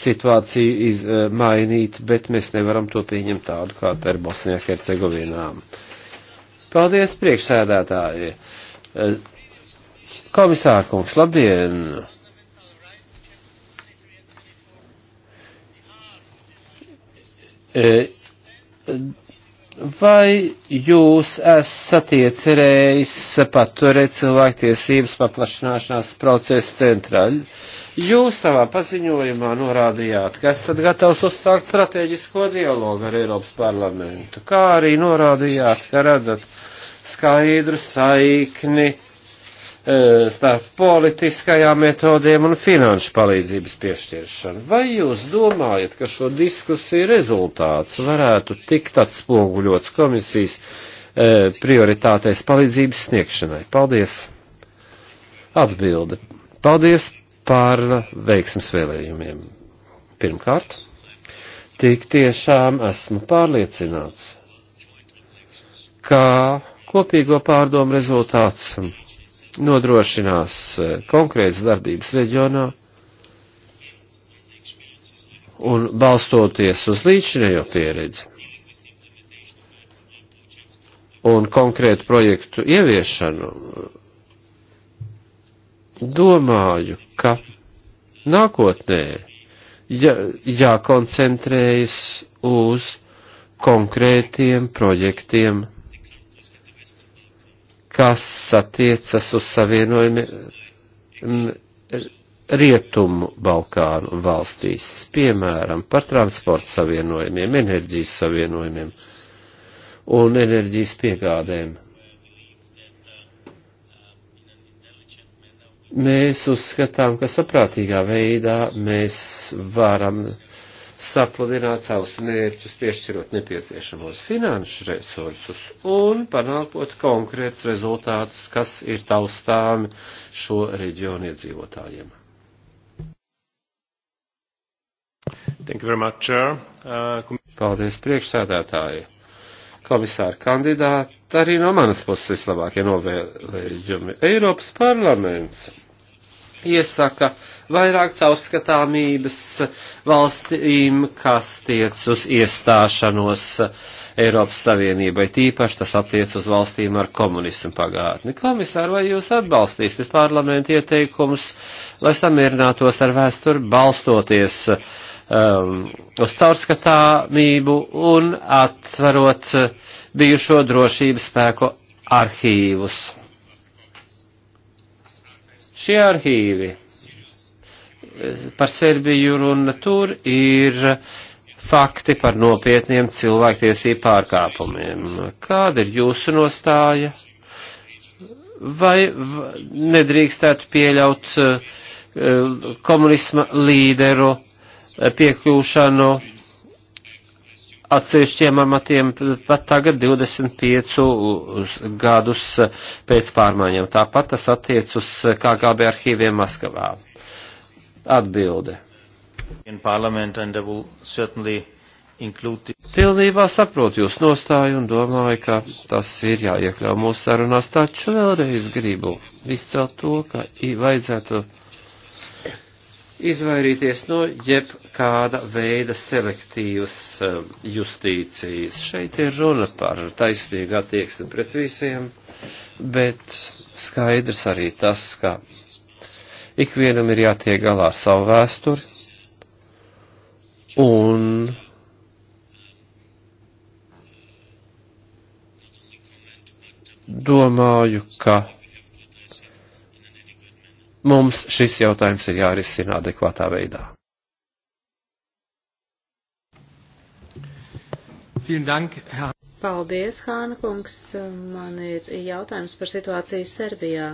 situāciju iz, mainīt, bet mēs nevaram to pieņemt tādu, kā tā ir Bosnijā Hercegovinā. Uh, Paldies, priekšsēdētāji. Eh, Komisārkungs, labdien! Eh, vai jūs esat iecerējis paturēt cilvēktiesības paplašināšanās procesa centrā? Jūs savā paziņojumā norādījāt, ka esat gatavs uzsākt strateģisko dialogu ar Eiropas parlamentu, kā arī norādījāt, ka redzat skaidru saikni e, starp politiskajām metodēm un finanšu palīdzības piešķiršanu. Vai jūs domājat, ka šo diskusiju rezultāts varētu tikt atspoguļots komisijas e, prioritātēs palīdzības sniegšanai? Paldies! Atbilde. Paldies par veiksmas vēlējumiem. Pirmkārt, tik tiešām esmu pārliecināts, ka kopīgo pārdomu rezultāts nodrošinās konkrētas darbības reģionā un balstoties uz līdzinējo pieredzi un konkrētu projektu ieviešanu domāju, ka nākotnē jā, jākoncentrējas uz konkrētiem projektiem, kas attiecas uz savienojumiem Rietumu Balkānu valstīs, piemēram, par transporta savienojumiem, enerģijas savienojumiem un enerģijas piegādēm. Mēs uzskatām, ka saprātīgā veidā mēs varam sapludināt savus mērķus, piešķirot nepieciešamos finanšu resursus un panākot konkrētus rezultātus, kas ir taustāmi šo reģionu iedzīvotājiem. Much, uh, Paldies priekšsēdētāji. Komisāra kandidāti arī no manas puses vislabākie novēlējumi. Eiropas parlaments iesaka vairāk caurskatāmības valstīm, kas tiec uz iestāšanos Eiropas Savienībai, tīpaši tas attiec uz valstīm ar komunismu pagātni. Komisāri, vai jūs atbalstīsiet parlamentu ieteikumus, lai samierinātos ar vēsturi balstoties um, uz caurskatāmību un atverot uh, bijušo drošības spēku arhīvus. Šie arhīvi eh, par Serbiju runa tur ir fakti par nopietniem cilvēktiesību pārkāpumiem. Kāda ir jūsu nostāja? Vai nedrīkstētu pieļaut eh, komunisma līderu eh, piekļūšanu atsevišķiem amatiem pat tagad 25 gadus pēc pārmaiņām. Tāpat tas attiec uz KGB arhīviem Maskavā. Atbilde. Pilnībā saprotu jūs nostāju un domāju, ka tas ir jāiekļau mūsu sarunās, taču vēlreiz gribu izcelt to, ka vajadzētu izvairīties no jebkāda veida selektīvas um, justīcijas. Šeit ir runa par taisnīgu attieksmi pret visiem, bet skaidrs arī tas, ka ikvienam ir jātiek galā ar savu vēsturi un domāju, ka Mums šis jautājums ir jārisina adekvātā veidā. Paldies, Hāna kungs. Man ir jautājums par situāciju Serbijā.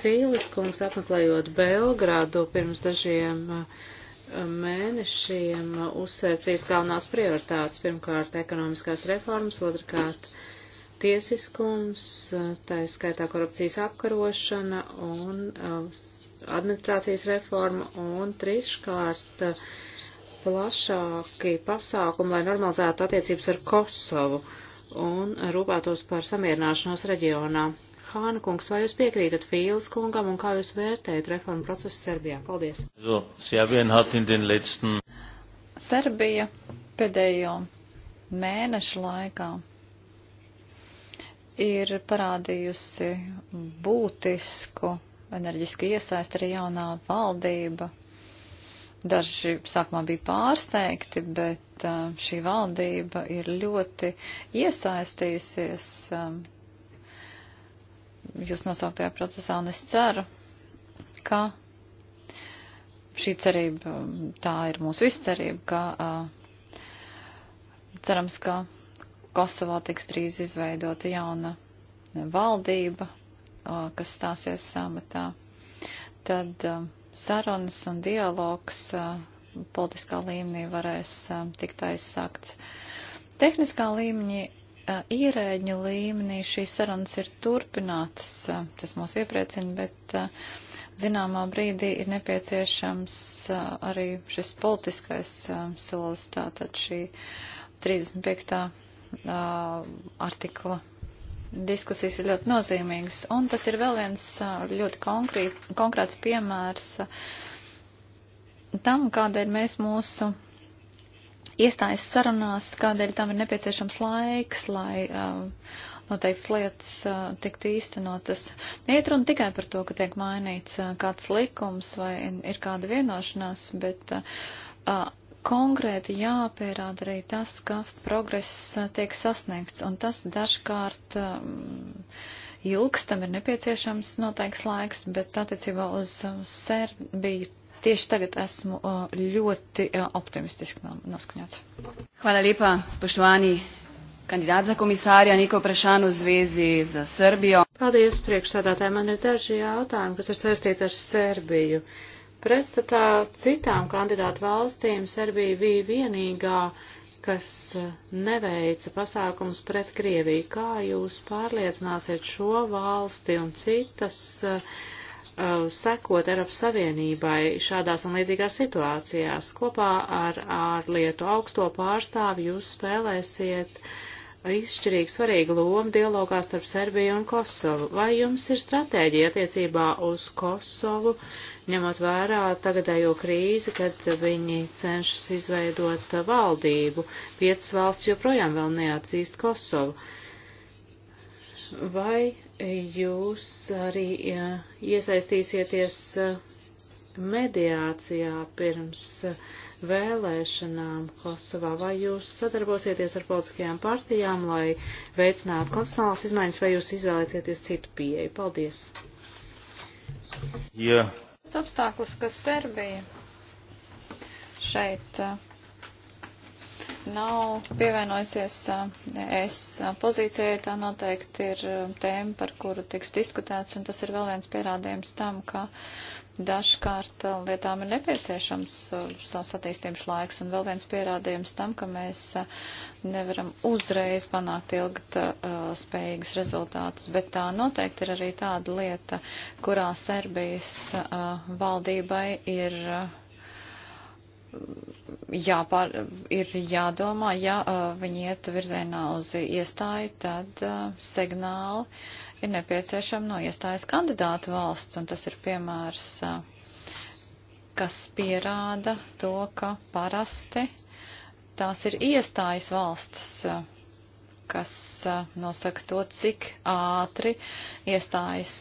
Fīlis kungs apmeklējot Belgrādu pirms dažiem eh, mēnešiem uzsver trīs galvenās prioritātes. Pirmkārt, ekonomiskās reformas, otrkārt, tiesiskums, eh, tā ir skaitā korupcijas apkarošana un uh, administrācijas reforma un treškārt eh, plašāki pasākumi, lai normalizētu attiecības ar Kosovu un rūpētos par samierināšanos reģionā. Hāna kungs, vai jūs piekrītat Fīles kungam un kā jūs vērtējat reformu procesu Serbijā? Paldies. So, letzten... Serbija pēdējo mēnešu laikā ir parādījusi būtisku enerģiski iesaist arī jaunā valdība. Daži sākumā bija pārsteigti, bet uh, šī valdība ir ļoti iesaistījusies um, jūs nosauktajā procesā, un es ceru, ka šī cerība, um, tā ir mūsu visu cerība, ka uh, cerams, ka Kosovā tiks drīz izveidota jauna valdība, kas stāsies samatā. Tad sarunas un dialogs politiskā līmenī varēs tikt aizsākts. Tehniskā līmeņa ierēģņu līmenī šīs sarunas ir turpinātas, tas mūs iepriecina, bet zināmā brīdī ir nepieciešams arī šis politiskais solis, tātad šī 35. artikla diskusijas ir ļoti nozīmīgas. Un tas ir vēl viens ļoti konkrēt, konkrēts piemērs tam, kādēļ mēs mūsu iestājas sarunās, kādēļ tam ir nepieciešams laiks, lai noteikts lietas tiktu īstenotas. Iet runa tikai par to, ka tiek mainīts kāds likums vai ir kāda vienošanās, bet konkrēti jāpierāda arī tas, ka progress eh, tiek sasniegts, un tas dažkārt um, ilgs, tam ir nepieciešams noteikts laiks, bet attiecībā uz eh, Serbiju tieši tagad esmu uh, ļoti uh, optimistiski noskaņots. Hvala lepa, spoštovani kandidāt za komisāriju, Niko Prešanu zviezi za Srbiju. Paldies, priekšsādātāji. Man ir daži jautājumi, kas ir saistīti ar Serbiju. Uh, Pretstatā citām kandidātu valstīm Serbija bija vienīgā, kas eh, neveica pasākums pret Krieviju. Kā jūs pārliecināsiet šo valsti un citas uh, sekot Eiropas Savienībai šādās un līdzīgās situācijās? Kopā ar ārlietu augsto pārstāvi jūs spēlēsiet uh, izšķirīgi svarīga loma dialogā starp Serbiju un Kosovu. Vai jums ir stratēģija attiecībā uz Kosovu, ņemot vērā tagadējo krīzi, kad viņi cenšas izveidot valdību? Piecas valsts joprojām vēl neatzīst Kosovu. Vai jūs arī iesaistīsieties eh, mediācijā pirms eh, vēlēšanām Kosovā. Vai jūs sadarbosieties ar politiskajām partijām, lai veicinātu konstitucionālas izmaiņas, vai jūs izvēlēties citu pieeju? Paldies! Jā. Yeah. Tas apstākļus, ka Serbija šeit uh, nav pievienojusies uh, es uh, pozīcijai, tā noteikti ir tēma, par kuru tiks diskutēts, un tas ir vēl viens pierādījums tam, ka dažkārt uh, lietām ir nepieciešams uh, savs attīstības laiks, un vēl viens pierādījums tam, ka mēs uh, nevaram uzreiz panākt ilgt spējīgus rezultātus, bet tā noteikti ir arī tāda lieta, kurā Serbijas valdībai ir. Jāpār, ir jādomā, ja uh, viņi iet virzienā uz iestāju, tad uh, signāli uh, ir nepieciešama no iestājas kandidāta valsts, un tas ir piemērs, kas pierāda to, ka parasti tās ir iestājas valsts, kas nosaka to, cik ātri iestājas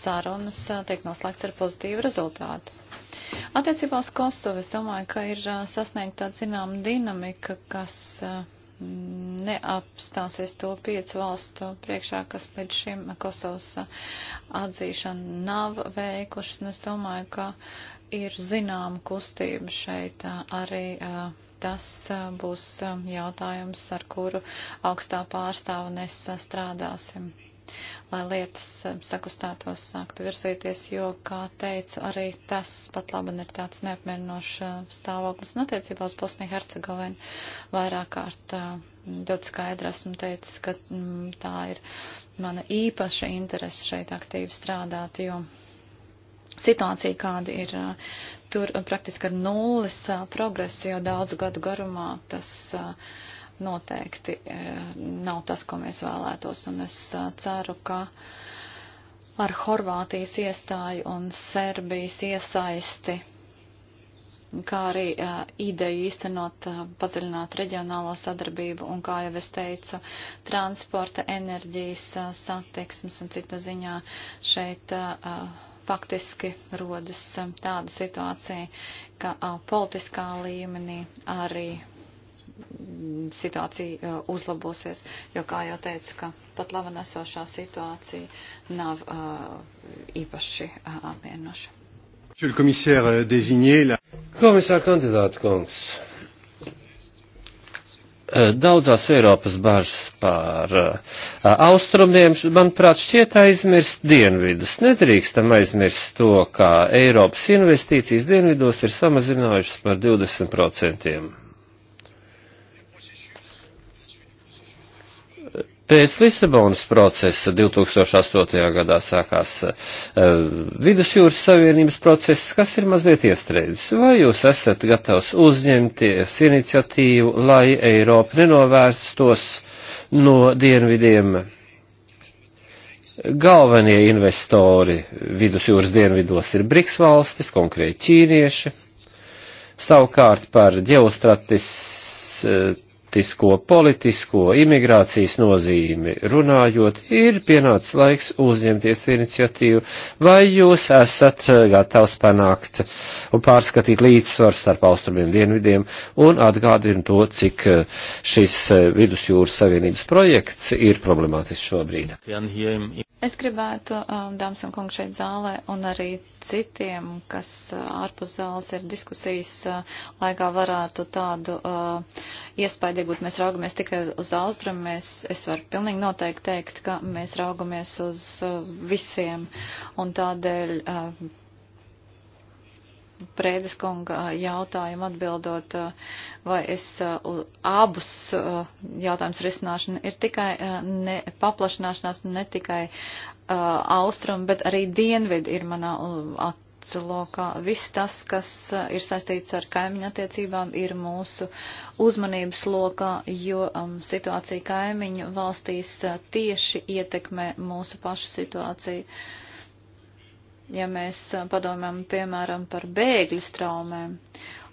sarunas tiek noslēgts ar pozitīvu rezultātu. Attiecībā uz Kosovu es domāju, ka ir sasniegta tāda zināma dinamika, kas neapstāsies to piecu valstu priekšā, kas līdz šim Kosovas atzīšanu nav veikušas. Un es domāju, ka ir zināma kustība šeit arī. Tas būs jautājums, ar kuru augstā pārstāvnes strādāsim lai lietas eh, sakustētos, sāktu virzīties, jo, kā teicu, arī tas pat labi ir tāds neapmierinošs eh, stāvoklis un attiecībā uz Bosniju Hercegovinu vairāk kārt eh, ļoti skaidri esmu teicis, ka m, mm, tā ir mana īpaša interese šeit aktīvi strādāt, jo situācija, kāda ir tur praktiski ar nulles progresu jau daudz gadu garumā, tas uh, noteikti e, nav tas, ko mēs vēlētos. Un es e, ceru, ka ar Horvātijas iestāju un Serbijas iesaisti, kā arī e, ideju īstenot padziļināt reģionālo sadarbību un, kā jau es teicu, transporta, enerģijas, satiksmes un cita ziņā šeit faktiski rodas tāda situācija, ka politiskā līmenī arī situācija eh, uzlabosies, jo, kā jau teicu, ka pat laba nesošā situācija nav eh, īpaši eh, apvienoša. Euh, Komisāra kandidāta kungs. Daudzās Eiropas bažas pār austrumiem, manuprāt, šķiet aizmirst dienvidus. Nedrīkstam aizmirst to, ka Eiropas investīcijas dienvidos ir samazinājušas par 20%. Pēc Lisabonas procesa 2008. gadā sākās uh, Vidusjūras Savienības process, kas ir mazliet iestrēdzis. Vai jūs esat gatavs uzņemties iniciatīvu, lai Eiropa nenovērstos no dienvidiem? Galvenie investori Vidusjūras dienvidos ir Briks valstis, konkrēti ķīnieši. Savukārt par ģeostratis. Uh, ģeopolitisko, politisko, imigrācijas nozīmi runājot, ir pienācis laiks uzņemties iniciatīvu, vai jūs esat eh, gatavs panākt un pārskatīt līdzsvaru starp austrumiem dienvidiem un atgādinu to, cik eh, šis eh, vidusjūras savienības projekts ir problemātisks šobrīd. Es gribētu, um, dāmas un kungi šeit zālē un arī citiem, kas uh, ārpus zāles ir diskusijas uh, laikā varētu tādu uh, iespēju iegūt. Mēs raugamies tikai uz austrumu, mēs, es varu pilnīgi noteikti teikt, ka mēs raugamies uz uh, visiem un tādēļ uh, Prēdes kunga jautājumu atbildot, vai es abus jautājumus risināšana ir tikai ne, paplašanāšanās ne tikai austrum, bet arī dienvidi ir manā lokā. Viss tas, kas ir saistīts ar kaimiņu attiecībām, ir mūsu uzmanības lokā, jo um, situācija kaimiņu valstīs tieši ietekmē mūsu pašu situāciju. Uh, ja mēs eh, padomājam, piemēram, par bēgļu straumēm.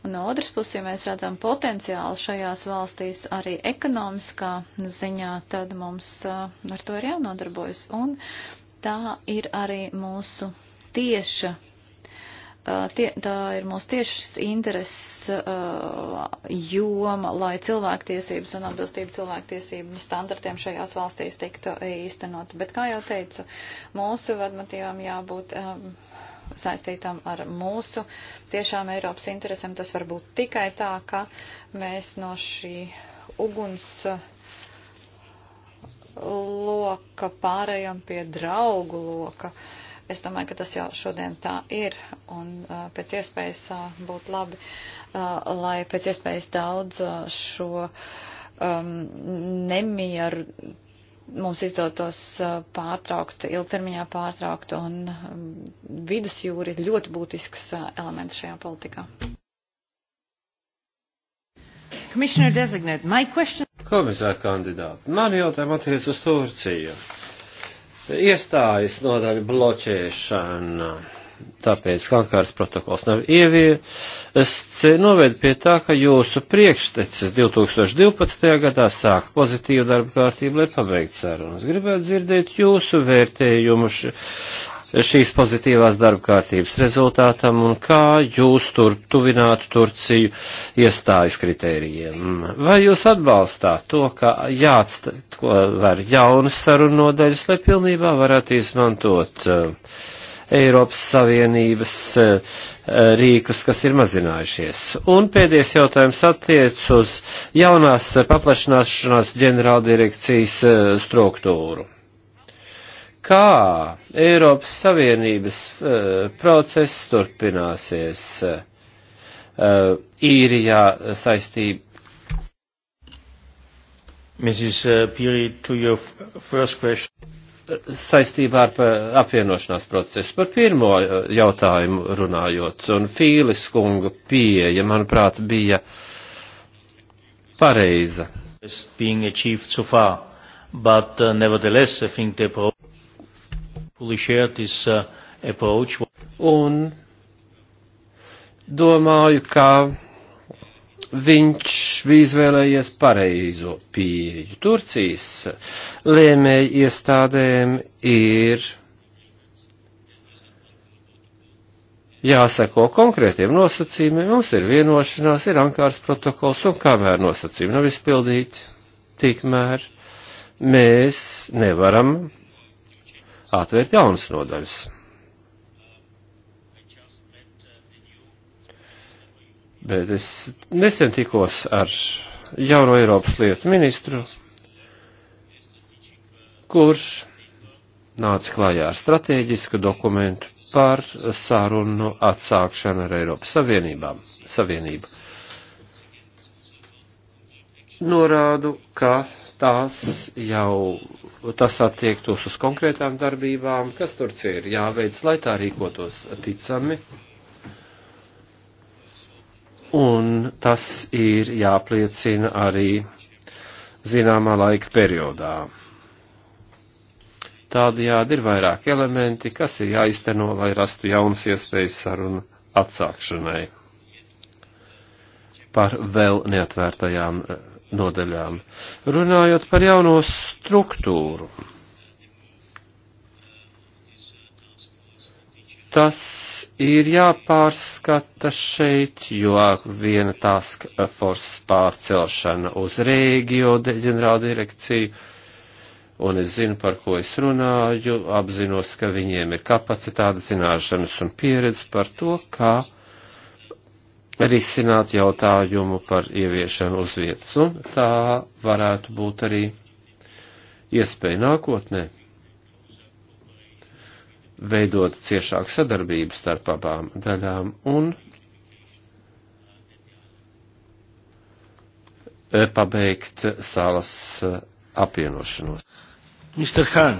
Un no otras puses, ja mēs redzam potenciālu šajās valstīs arī ekonomiskā ziņā, tad mums eh, ar to ir jānodarbojas. Un tā ir arī mūsu tieša tie, tā ir mūsu tiešas intereses uh, joma, lai cilvēktiesības un atbilstība cilvēktiesību standartiem šajās valstīs tiktu īstenot. Bet, kā jau teicu, mūsu vadmatīvām jābūt um, saistītām ar mūsu tiešām Eiropas interesēm. Tas var būt tikai tā, ka mēs no šī uguns uh, loka pārējām pie draugu loka. Uh, Es domāju, ka tas jau šodien tā ir, un uh, pēc iespējas uh, būtu labi, uh, lai pēc iespējas daudz šo um, nemieru mums izdotos pārtraukt, ilgtermiņā pārtraukt, un um, vidusjūra ir ļoti būtisks elements šajā politikā. Komisāra kandidāte, man jautājumi attiec uz Turciju iestājas nodaļu bloķēšana. Tāpēc Kankāras protokols nav ieviests, noved pie tā, ka jūsu priekštecis 2012. gadā sāk pozitīvu darbu kārtību, lai pabeigtu sarunas. Gribētu dzirdēt jūsu vērtējumu šīs pozitīvās darba kārtības rezultātam un kā jūs tur tuvinātu Turciju iestājas kritērijiem? Vai jūs atbalstāt to, ka jāatver jaunas sarunu nodaļas, lai pilnībā varētu izmantot uh, Eiropas Savienības uh, uh, rīkus, kas ir mazinājušies. Un pēdējais jautājums attiec uz jaunās paplašanāšanās ģenerāldirekcijas struktūru kā Eiropas Savienības uh, process turpināsies uh, īrijā saistība. Mrs. Eh, Piri, to your first question. Saistībā ar apvienošanās procesu par pirmo jautājumu runājot, un Fīlis kunga pieeja, manuprāt, bija pareiza. But, uh, nevertheless, I think they Uh, un domāju, ka viņš bija izvēlējies pareizo pieeju. Turcijas lēmēji iestādēm ir jāseko konkrētiem nosacījumiem, mums ir vienošanās, ir Ankāras protokols, un kamēr nosacījumi nav izpildīti, tikmēr mēs nevaram atvērt jaunas nodaļas. Bet es nesen tikos ar jauno Eiropas lietu ministru, kurš nāca klājā ar strateģisku dokumentu par sarunu atsākšanu ar Eiropas Savienībām, Savienību. Norādu, ka tās jau, tas attiektos uz konkrētām darbībām, kas Turcija ir jāveic, lai tā rīkotos ticami. Un tas ir jāpliecina arī zināmā laika periodā. Tādējādi ir vairāk elementi, kas ir jāizteno, lai rastu jaunas iespējas sarunu atsākšanai par vēl neatvērtajām nodaļām. Runājot par jauno struktūru, tas ir jāpārskata šeit, jo viena task force pārcelšana uz Rīgio ģenerāla direkciju, un es zinu, par ko es runāju, apzinos, ka viņiem ir kapacitāte, zināšanas un pieredze par to, kā ka risināt jautājumu par ieviešanu uz vietas, un tā varētu būt arī iespēja nākotnē veidot ciešāku sadarbību starp abām daļām un e, pabeigt salas e, apvienošanos. Mr. Khan,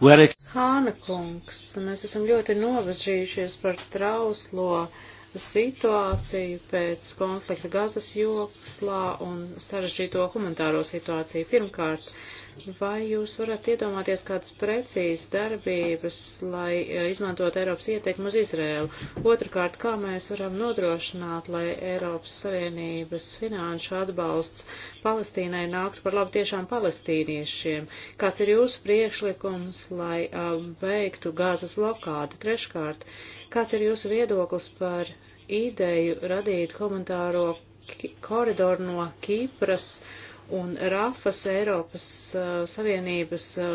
where... Hāna kungs, mēs esam ļoti novažījušies par trauslo uh, situāciju pēc konflikta Gazas jokslā un sarežģīto humanitāro situāciju. Pirmkārt, vai jūs varat iedomāties kādas precīzas darbības, lai e, izmantot Eiropas ieteikumu uz Izrēlu? Otrakārt, kā mēs varam nodrošināt, lai Eiropas Savienības finanšu atbalsts Palestīnai nāktu par labu tiešām palestīniešiem? Kāds ir jūsu priekšlikums, lai beigtu e, Gazas blokādi? Treškārt, Kāds ir jūsu viedoklis par ideju radīt humanitāro koridoru no Kīpras un Rafas Eiropas uh, Savienības uh,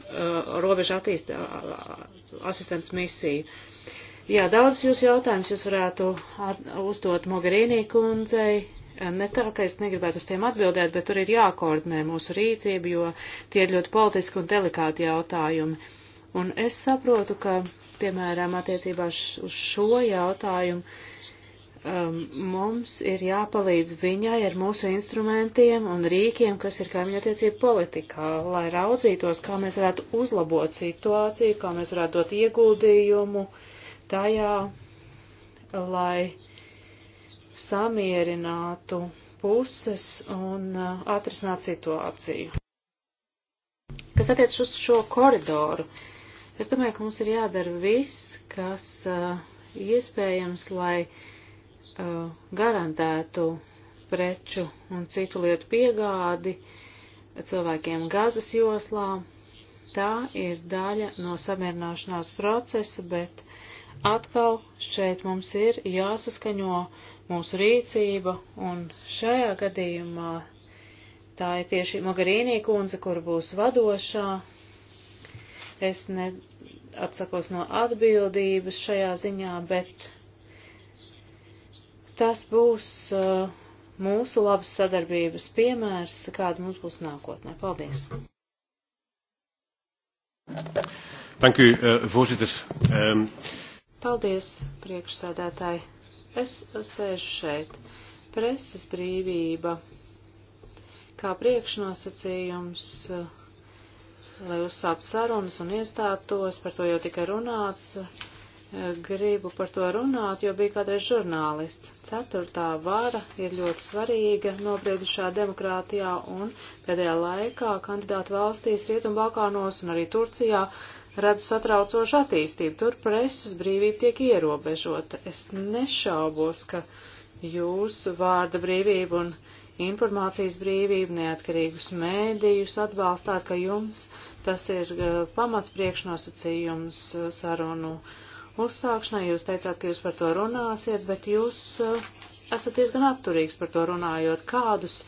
uh, robeža attīst, uh, asistents misiju? Jā, daudz jūs jautājums jūs varētu at, uzdot Mogherīnī kundzei. Ne tā, ka es negribētu uz tiem atbildēt, bet tur ir jākoordinē mūsu rīcība, jo tie ir ļoti politiski un delikāti jautājumi. Un es saprotu, ka piemēram, attiecībā uz šo jautājumu, um, mums ir jāpalīdz viņai ar mūsu instrumentiem un rīkiem, kas ir kaimiņa attiecība politikā, lai raudzītos, kā mēs varētu uzlabot situāciju, kā mēs varētu dot ieguldījumu tajā, lai samierinātu puses un uh, atrisināt situāciju. Kas attiec uz šo koridoru, uh, Es domāju, ka mums ir jādara viss, kas uh, iespējams, lai uh, garantētu preču un citu lietu piegādi cilvēkiem gazas joslā. Tā ir daļa no samierināšanās procesa, bet atkal šeit mums ir jāsaskaņo mūsu rīcība, un šajā gadījumā tā ir tieši Mogarīnī kundze, kur būs vadošā, Es neatsakos no atbildības šajā ziņā, bet tas būs uh, mūsu labas sadarbības piemērs, kāda mums būs nākotnē. Paldies! Thank you, uh, voorzitter. Um... Paldies, priekšsēdētāji. Es sēžu šeit. Preses brīvība kā priekšnosacījums. Uh, lai uzsāktu sarunas un iestātos, par to jau tika runāts. E, gribu par to runāt, jo bija kādreiz žurnālists. Ceturtā vara ir ļoti svarīga nobriedušā demokrātijā un pēdējā laikā kandidātu valstīs Rietumbalkānos un arī Turcijā redz satraucošu attīstību. Tur preses brīvība tiek ierobežota. Es nešaubos, ka jūs vārda brīvība un uh, informācijas brīvību, neatkarīgus mēdījus atbalstāt, ka jums tas ir uh, pamats priekšnosacījums uh, sarunu uzsākšanai. Jūs teicāt, ka jūs par to runāsiet, bet jūs uh, esat diezgan atturīgs par to runājot. Kādus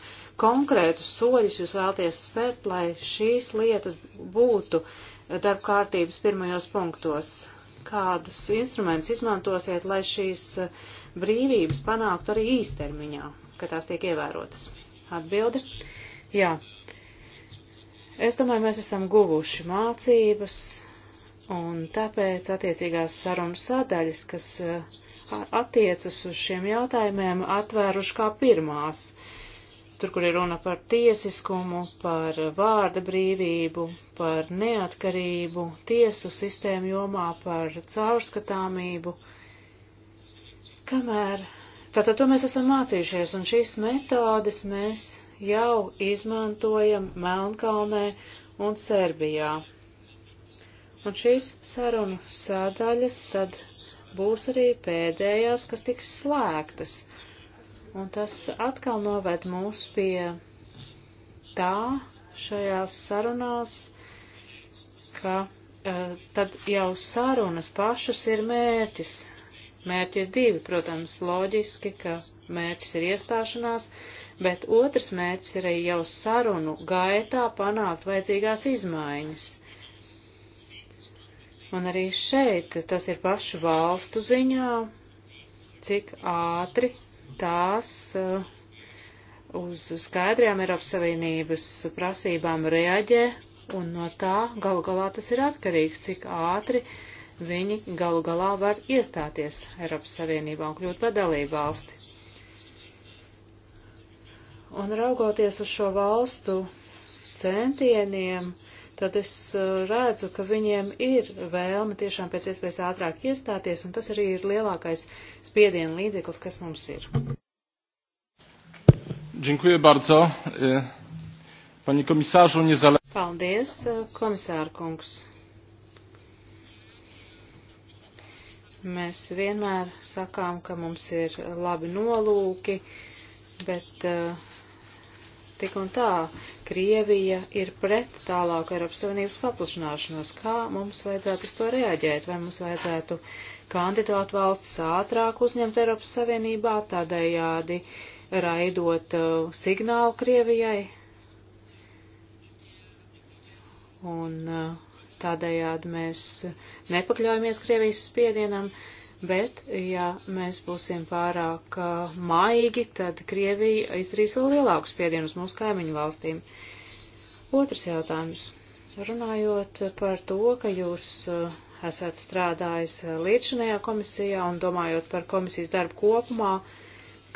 konkrētus soļus jūs vēlties spērt, lai šīs lietas būtu darbkārtības pirmajos punktos? kādus instrumentus izmantosiet, lai šīs eh, brīvības panāktu arī īstermiņā, ka tās tiek ievērotas? Atbildi? Jā. Es domāju, mēs esam guvuši mācības, un tāpēc attiecīgās sarunu sadaļas, kas eh, attiecas uz šiem jautājumiem, atvēruši kā pirmās. Uh, tur, kur ir runa par tiesiskumu, par vārda brīvību, par neatkarību, tiesu sistēmu jomā, par caurskatāmību. Kamēr tātad to mēs esam mācījušies, un šīs metodes mēs jau izmantojam Melnkalnē un Serbijā. Un šīs sarunu sadaļas tad būs arī pēdējās, kas tiks slēgtas Un tas atkal noved mūs pie tā šajās sarunās, ka uh, tad jau sarunas pašas ir mērķis. Mērķi ir divi, protams, loģiski, ka mērķis ir iestāšanās, bet otrs mērķis ir arī jau sarunu gaitā panākt vajadzīgās izmaiņas. Un arī šeit tas ir pašu valstu ziņā, cik ātri tās eh, uz skaidrām Eiropas Savienības prasībām reaģē, un no tā galu galā tas ir atkarīgs, cik ātri viņi galu galā var iestāties Eiropas Savienībā un kļūt par dalību valsti. Un raugoties uz šo valstu centieniem, tad es eh, redzu, ka viņiem ir vēlme tiešām pēc iespējas ātrāk iestāties, un tas arī ir lielākais spiediena līdzeklis, kas mums ir. Dziękuję bardzo. E, panie komisarzu, niezale... Paldies, e, komisārkungs. Mēs vienmēr sakām, ka mums ir labi nolūki, bet uh, tik un tā Krievija ir pret tālāku Eiropas Savienības paplašanāšanos. Kā mums vajadzētu uz to reaģēt? Vai mums vajadzētu kandidātu valstis ātrāk uzņemt Eiropas Savienībā, tādējādi raidot uh, signālu Krievijai? Un uh, tādējādi mēs nepakļaujamies Krievijas spiedienam. Uh, Bet, ja mēs būsim pārāk uh, maigi, tad Krievija izdarīs vēl lielāku spiedienu uz mūsu kaimiņu valstīm. Otrs jautājums. Runājot par to, ka jūs uh, esat strādājis līdzinējā komisijā un domājot par komisijas darbu kopumā,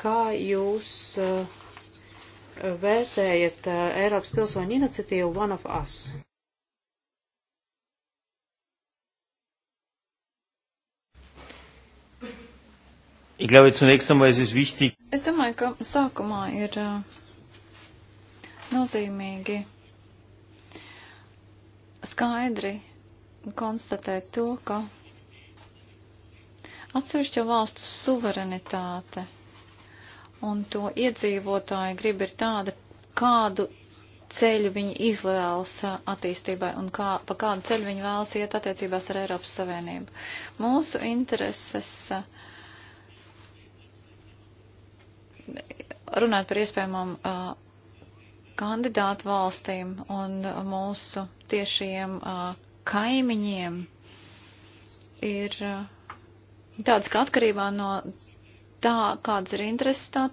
kā jūs uh, vērtējat uh, Eiropas pilsoņu iniciatīvu One of Us? Ich glaube, zunächst einmal ist es wichtig. Es domāju, ka sākumā ir nozīmīgi skaidri konstatēt to, ka atsevišķo valstu suverenitāte un to iedzīvotāju grib ir tāda, kādu ceļu viņi izvēlas attīstībai un kā, pa kādu ceļu viņi vēlas iet attiecībās ar Eiropas Savienību. Mūsu intereses uh, runāt par iespējamām kandidātu valstīm un mūsu tiešiem kaimiņiem ir tāds, ka atkarībā no tā, kādas ir intereses, tā,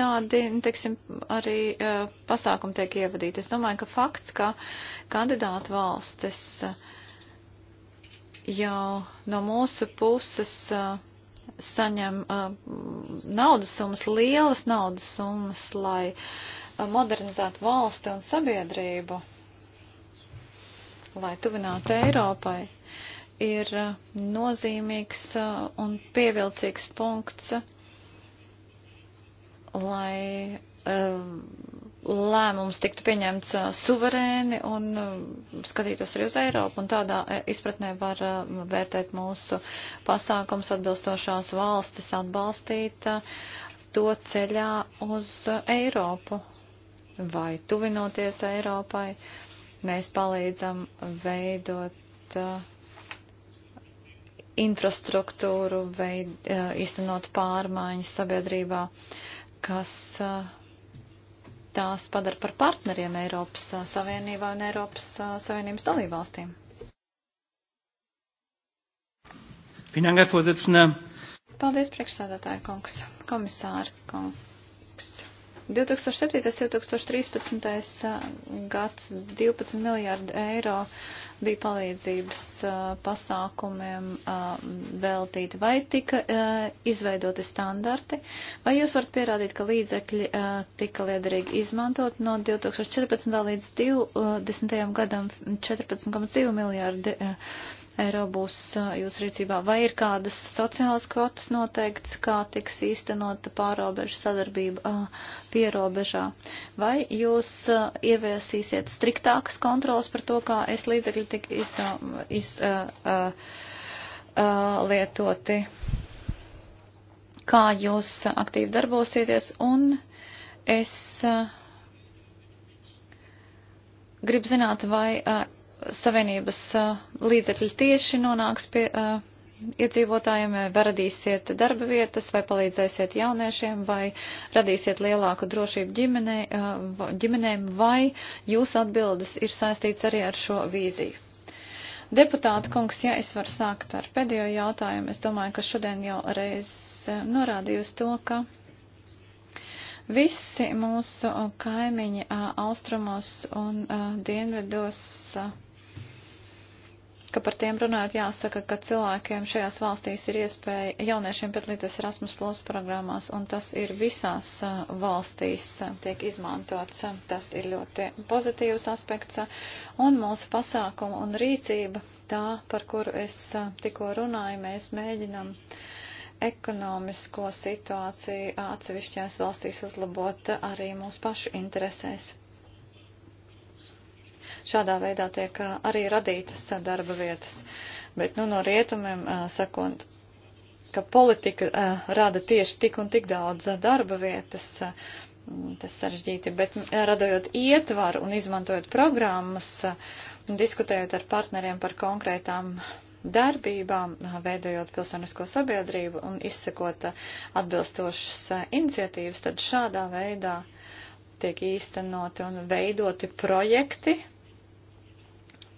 tādi, nu, teiksim, arī pasākumi tiek ievadīti. Es domāju, ka fakts, ka kandidātu valstis jau no mūsu puses uh, saņem uh, naudas summas, lielas naudas summas, lai uh, modernizētu valsti un sabiedrību, lai tuvinātu Eiropai, ir uh, nozīmīgs un pievilcīgs punkts, lai lēmums tiktu pieņemts suverēni un skatītos arī uz Eiropu. Un tādā izpratnē var vērtēt mūsu pasākums atbilstošās valstis atbalstīt to ceļā uz Eiropu vai tuvinoties Eiropai. Mēs palīdzam veidot infrastruktūru, veid, īstenot pārmaiņas sabiedrībā, kas uh, tās padara par partneriem Eiropas Savienībā un Eiropas Savienības dalībvalstīm. Paldies, priekšsēdētāja kungs, komisāra kungs. 2007. 2013. gads 12 miljārdu eiro bija palīdzības pasākumiem veltīti. Vai tika izveidoti standarti, vai jūs varat pierādīt, ka līdzekļi tika liederīgi izmantot no 2014. līdz 2020. gadam 14,2 miljārdi eiro? eiro būs jūsu rīcībā. Vai ir kādas sociālas kvotas noteikts, kā tiks īstenota pārobežu sadarbība pierobežā? Vai jūs ieviesīsiet striktākas kontrols par to, kā es līdzekļi tik izlietoti? Iz, iz, iz, kā jūs aktīvi darbosieties, un es gribu zināt, vai Savienības līdzekļi tieši nonāks pie iedzīvotājiem, vai radīsiet darba vietas, vai palīdzēsiet jauniešiem, vai radīsiet lielāku drošību ģimenē, ģimenēm, vai jūsu atbildes ir saistīts arī ar šo vīziju. Deputāta kungs, ja es varu sākt ar pēdējo jautājumu, es domāju, ka šodien jau reiz norādījusi to, ka visi mūsu kaimiņi austrumos un dienvedos ka par tiem runājot jāsaka, ka cilvēkiem šajās valstīs ir iespēja jauniešiem piedalīties Erasmus Plus programmās, un tas ir visās valstīs tiek izmantots. Tas ir ļoti pozitīvs aspekts, un mūsu pasākuma un rīcība, tā, par kuru es tikko runāju, mēs mēģinam ekonomisko situāciju atsevišķās valstīs uzlabot arī mūsu pašu interesēs. Šādā veidā tiek arī radītas darba vietas. Bet nu, no rietumiem sakot, ka politika rada tieši tik un tik daudz darba vietas, mm, tas sarežģīti, bet radojot ietvaru un izmantojot programmas, diskutējot ar partneriem par konkrētām darbībām, veidojot pilsonisko sabiedrību un izsekot atbilstošas iniciatīvas, tad šādā veidā tiek īstenoti un veidoti projekti,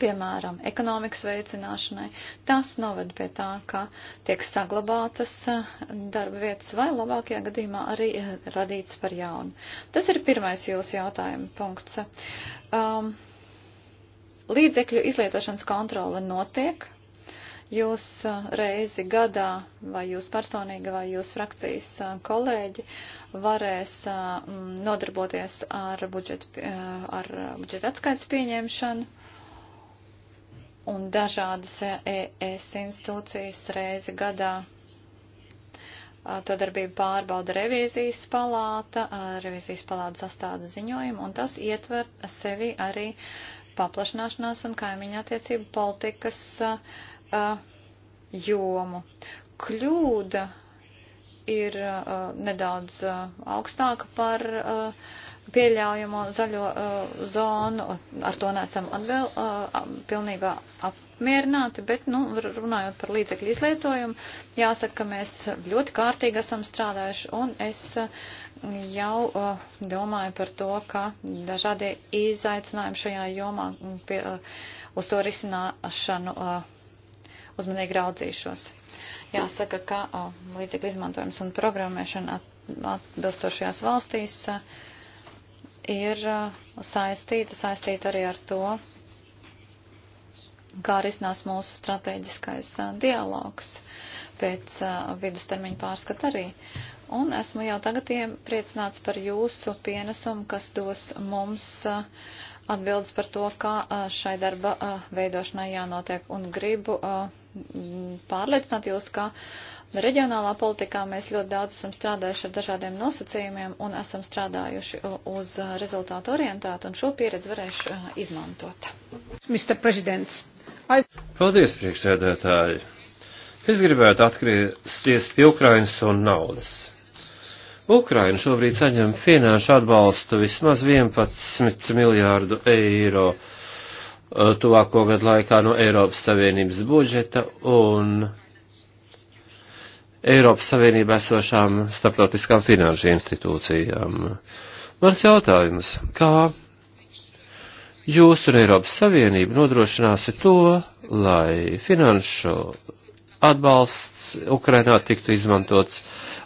piemēram, ekonomikas veicināšanai, tas noved pie tā, ka tiek saglabātas eh, darba vietas vai labākajā gadījumā arī eh, radīts par jaunu. Tas ir pirmais jūsu jautājuma punkts. Um, līdzekļu izlietošanas kontrole notiek. Jūs eh, reizi gadā, vai jūs personīgi, vai jūs frakcijas kolēģi varēs nodarboties ar budžeta, ar budžeta atskaits pieņemšanu un dažādas ES institūcijas reizi gadā to darbību pārbauda revīzijas palāta, revīzijas palāta sastāda ziņojumu, un tas ietver sevi arī paplašināšanās un kaimiņa attiecību politikas uh, jomu. Kļūda ir uh, nedaudz uh, augstāka par uh, pieļaujamo zaļo uh, zonu, ar to neesam atbil, uh, pilnībā apmierināti, bet, nu, runājot par līdzekļu izlietojumu, jāsaka, ka mēs ļoti kārtīgi esam strādājuši, un es uh, jau uh, domāju par to, ka dažādie izaicinājumi šajā jomā mm, pie, uh, uz to risināšanu uh, uzmanīgi raudzīšos. Jāsaka, ka uh, līdzekļu izmantojums un programmēšana at, atbilstošajās valstīs. Uh, ir saistīta, saistīta arī ar to, kā arī iznās mūsu strateģiskais dialogs pēc vidustermiņa pārskata arī. Un esmu jau tagad iepriecināts par jūsu pienesumu, kas dos mums atbildes par to, kā šai darba veidošanai jānotiek. Un gribu pārliecināt jūs, ka Reģionālā politikā mēs ļoti daudz esam strādājuši ar dažādiem nosacījumiem un esam strādājuši uz uh, rezultātu orientētu, un šo pieredzi varēšu uh, izmantot. Mr. Presidents. I... Paldies, priekšsēdētāji. Es gribētu atgriezties pie Ukrainas un naudas. Ukraina šobrīd saņem finanšu atbalstu vismaz 11 miljārdu eiro uh, tuvāko gadu laikā no Eiropas Savienības budžeta, un Eiropas Savienībā esošām starptautiskām finanšu institūcijām. Mans jautājums, kā jūs un Eiropas Savienība nodrošināsiet to, lai finanšu atbalsts Ukrainā tiktu izmantots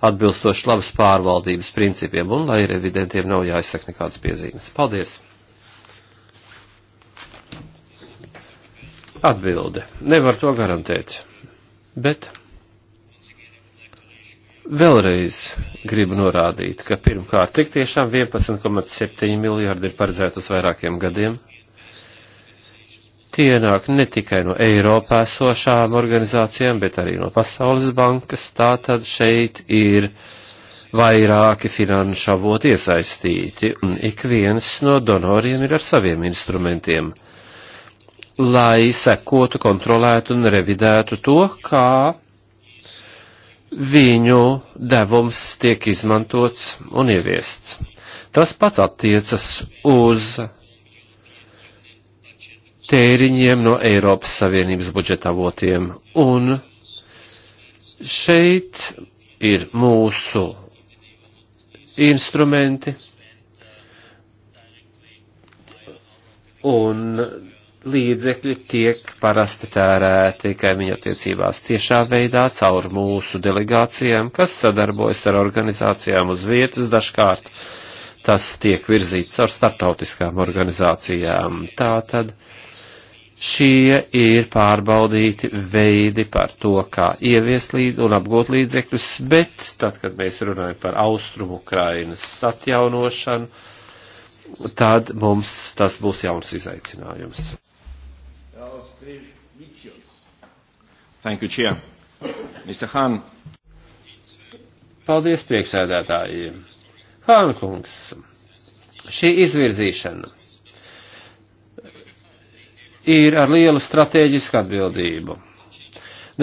atbilstoši labas pārvaldības principiem un lai revidentiem nav jāizsaka nekādas piezīmes. Paldies! Atbilde. Nevar to garantēt, bet Vēlreiz gribu norādīt, ka pirmkārt tik tiešām 11,7 miljārdi ir paredzēti uz vairākiem gadiem. Tie nāk ne tikai no Eiropā sošām organizācijām, bet arī no Pasaules bankas. Tātad šeit ir vairāki finanšu avoti iesaistīti, un ik viens no donoriem ir ar saviem instrumentiem, lai sekotu, kontrolētu un revidētu to, kā viņu devums tiek izmantots un ieviests. Tas pats attiecas uz tēriņiem no Eiropas Savienības budžeta avotiem. Un šeit ir mūsu instrumenti. Un līdzekļi tiek parasti tērēti kaimiņa attiecībās tiešā veidā caur mūsu delegācijām, kas sadarbojas ar organizācijām uz vietas dažkārt. Tas tiek virzīts caur startautiskām organizācijām. Tātad šie ir pārbaudīti veidi par to, kā ieviest līdz un apgūt līdzekļus, bet tad, kad mēs runājam par austrumu Ukrainas atjaunošanu, tad mums tas būs jauns izaicinājums. Thank you, Chair. Mr. Han. Paldies priekšsēdētāji. Hankungs, šī izvirzīšana ir ar lielu strateģisku atbildību.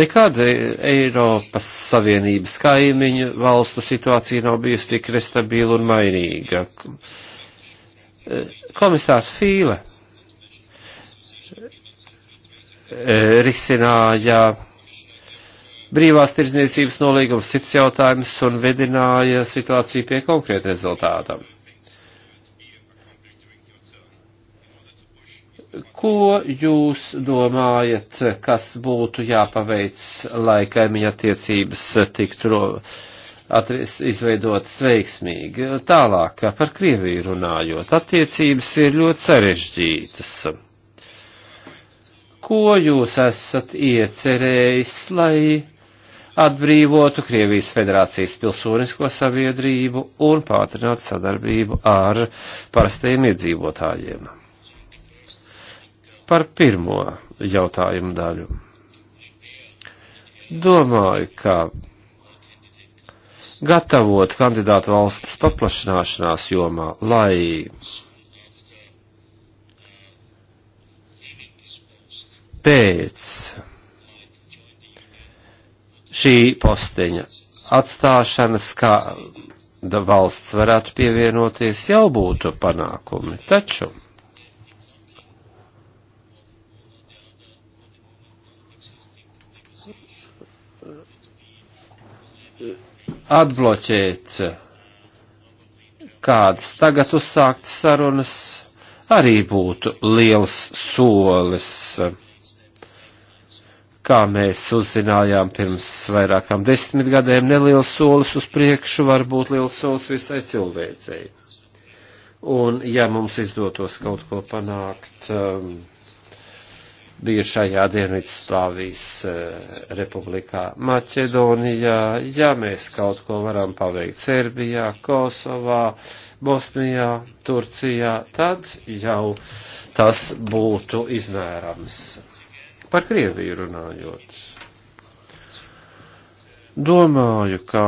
Nekad e- Eiropas Savienības kaimiņu valstu situācija nav bijusi tik restabila un mainīga. E, komisārs Fīle e, risināja brīvās tirdzniecības nolīgums cits jautājums un vedināja situāciju pie konkrēta rezultāta. Ko jūs domājat, kas būtu jāpaveic, lai kaimiņa attiecības tiktu atris, izveidotas veiksmīgi? Tālāk par Krieviju runājot, attiecības ir ļoti sarežģītas. Ko jūs esat iecerējis, lai atbrīvotu Krievijas federācijas pilsonisko sabiedrību un pātrinātu sadarbību ar parastajiem iedzīvotājiem. Par pirmo jautājumu daļu. Domāju, ka gatavot kandidātu valstis paplašināšanās jomā, lai pēc šī posteņa atstāšanas, kā valsts varētu pievienoties, jau būtu panākumi. Taču atbloķēt kādas tagad uzsāktas sarunas arī būtu liels solis kā mēs uzzinājām pirms vairākām desmitgadēm, neliels solis uz priekšu var būt liels solis visai cilvēcei. Un ja mums izdotos kaut ko panākt um, bijušajā Dienvidslāvijas uh, republikā Maķedonijā, ja mēs kaut ko varam paveikt Serbijā, Kosovā, Bosnijā, Turcijā, tad jau tas būtu izmērams Par Krieviju runājot. Domāju, ka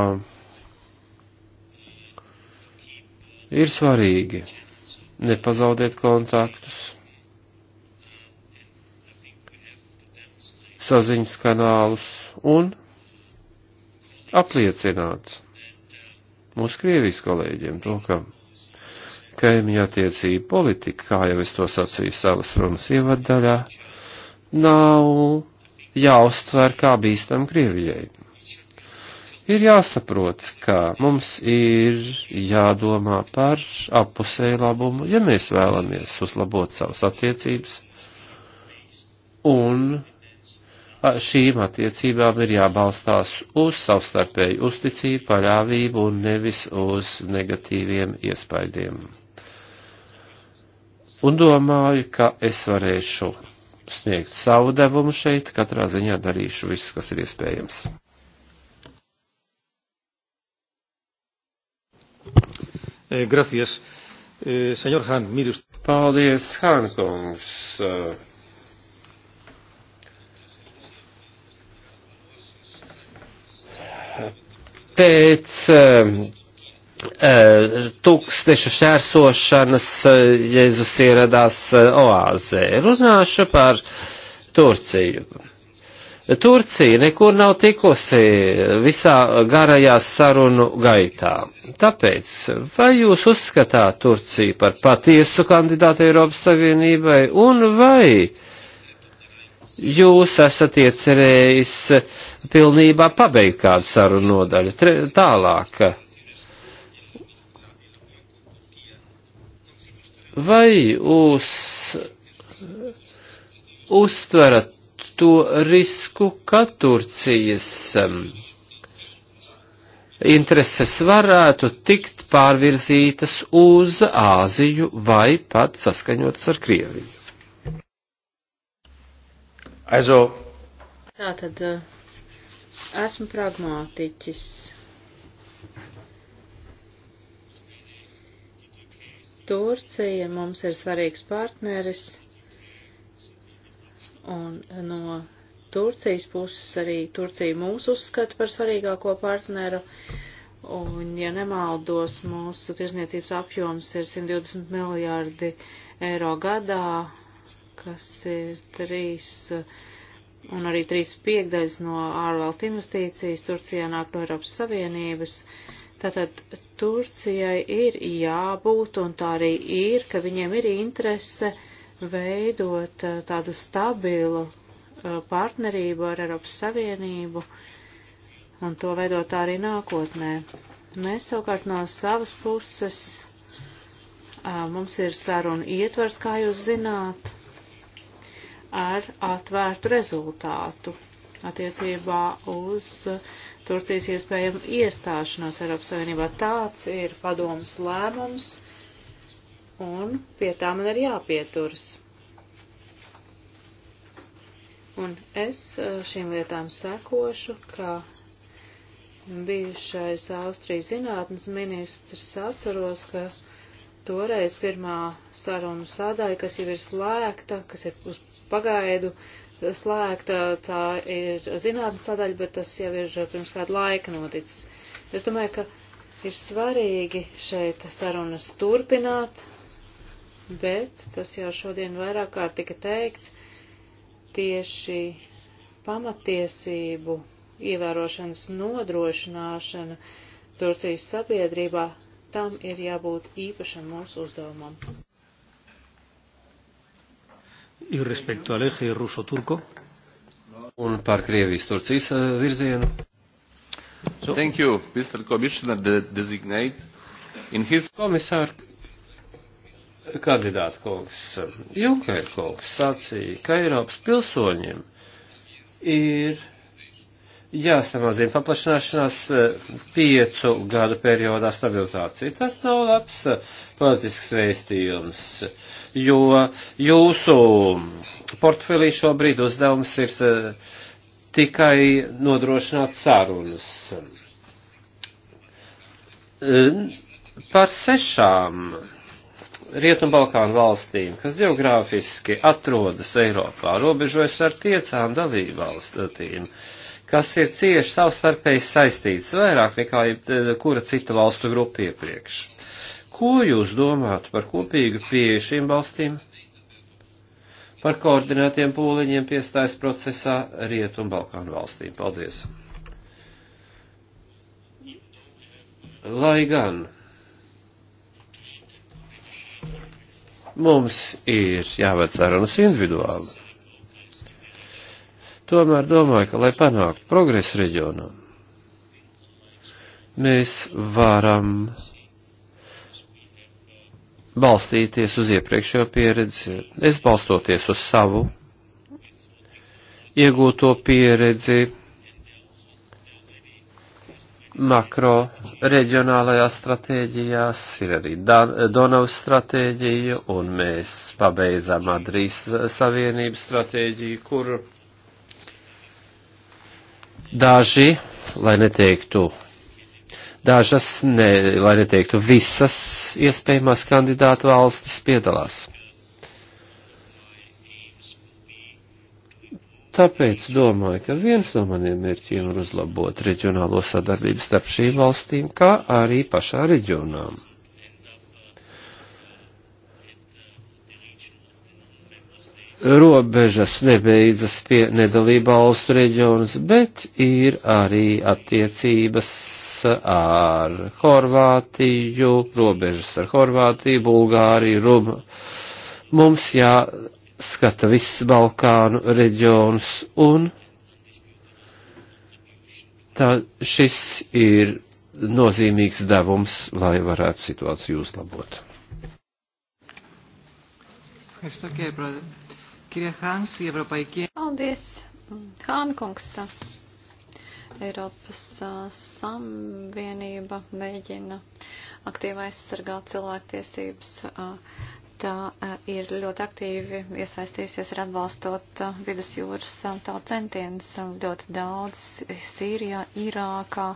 ir svarīgi nepazaudēt kontaktus, saziņas kanālus un apliecināt mūsu Krievijas kolēģiem to, ka kaimiņa attiecība politika, kā jau es to sacīju savas runas ievaddaļā, nav jāuztver kā bīstam Krievijai. Ir jāsaprot, ka mums ir jādomā par apusēju labumu, ja mēs vēlamies uzlabot savas attiecības, un šīm attiecībām ir jābalstās uz savstarpēju uzticību, paļāvību un nevis uz negatīviem iespaidiem. Un domāju, ka es varēšu sniegt savu devumu šeit, katrā ziņā darīšu visu, kas ir iespējams. Eh, gracias. Eh, Senor Han, mire usted. Paldies, Hankungs. Pēc eh, tūkstnešu šērsošanas eh, Jēzus ieradās eh, oāzē. Runāšu par Turciju. Turcija nekur nav tikusi visā garajā sarunu gaitā. Tāpēc, vai jūs uzskatāt Turciju par patiesu kandidātu Eiropas Savienībai un vai jūs esat iecerējis pilnībā pabeigt kādu sarunu nodaļu Tre, tālāk? Vai jūs uztverat to risku, ka Turcijas intereses varētu tikt pārvirzītas uz Āziju vai pat saskaņotas ar Krieviju? Aizo. Tā tad eh, esmu pragmātiķis Turcija mums ir svarīgs partneris, un no Turcijas puses arī Turcija mūs uzskata par svarīgāko partneru. Un, ja nemaldos, mūsu tirzniecības apjoms ir 120 miljārdi eiro gadā, kas ir trīs un arī trīs piekdaļas no ārvalstu investīcijas Turcijā nāk no Eiropas Savienības. Uh, Tātad Turcijai ir jābūt, un tā arī ir, ka viņiem ir interese veidot eh, tādu stabilu eh, partnerību ar Eiropas Savienību, un to veidot tā arī nākotnē. Mēs savukārt no savas puses, eh, mums ir saruna ietvers, kā jūs zināt, ar atvērtu rezultātu attiecībā uz Turcijas iespējamu iestāšanos Eiropas Savienībā. Tāds ir padomas lēmums, un pie tā man ir jāpieturas. Un es uh, šīm lietām sekošu, ka bijušais Austrijas zinātnes ministrs atceros, ka toreiz pirmā saruna sadaļa, kas jau ir slēgta, kas ir uz pagaidu, uh, slēgta, tā ir zinātnes sadaļa, bet tas jau ir pirms kāda laika noticis. Es domāju, ka ir svarīgi šeit sarunas turpināt, bet tas jau šodien vairāk kārt tika teikts tieši pamatiesību ievērošanas nodrošināšana Turcijas sabiedrībā, tam ir jābūt īpašam mūsu uzdevumam. Y respecto al eje ruso-turco. Un par Krievijas-Turcijas eh, virzienu. So, Thank you, Mr. Commissioner designate. In his... Komisār kandidāta kungs, eh, Junker kungs sacīja, ka Eiropas pilsoņiem ir jāsamazina paplašināšanās eh, piecu gadu periodā stabilizācija. Tas nav labs eh, politisks vēstījums, jo jūsu portfelī šobrīd uzdevums ir eh, tikai nodrošināt sarunas. Par sešām Rietumbalkānu valstīm, kas geogrāfiski atrodas Eiropā, robežojas ar piecām dalībvalstīm. valstīm kas ir cieši savstarpēji saistīts vairāk nekā jebkura cita valstu grupa iepriekš. Ko jūs domātu par kopīgu pieeju šīm valstīm? Par koordinētiem pūliņiem piestājas procesā Rietu un Balkānu valstīm. Paldies! Lai gan mums ir jāved sarunas individuāli Tomēr domāju, ka, lai panāktu progresu reģionā, mēs varam balstīties uz iepriekšējo pieredzi, es balstoties uz savu iegūto pieredzi makro reģionālajās stratēģijās, ir arī Donavas stratēģija, un mēs pabeidzam Adrijas Savienības stratēģiju, kur Daži, lai neteiktu dažas, ne, lai neteiktu visas iespējamās kandidātu valstis piedalās. Tāpēc domāju, ka viens no maniem mērķiem ir uzlabot reģionālo sadarbību starp šīm valstīm, kā arī pašā reģionām. robežas nebeidzas pie nedalība valstu reģionus, bet ir arī attiecības ar Horvātiju, robežas ar Horvātiju, Bulgāriju, Rum. Mums jāskata viss Balkānu reģionus un tā šis ir nozīmīgs devums, lai varētu situāciju uzlabot. It's okay, brother. Paldies, Hānkungs. Eiropas Savienība mēģina aktīvi aizsargāt cilvēktiesības. Tā ir ļoti aktīvi iesaistījusies ar atbalstot vidusjūras tā centienus. Ļoti daudz Sīrijā, Irākā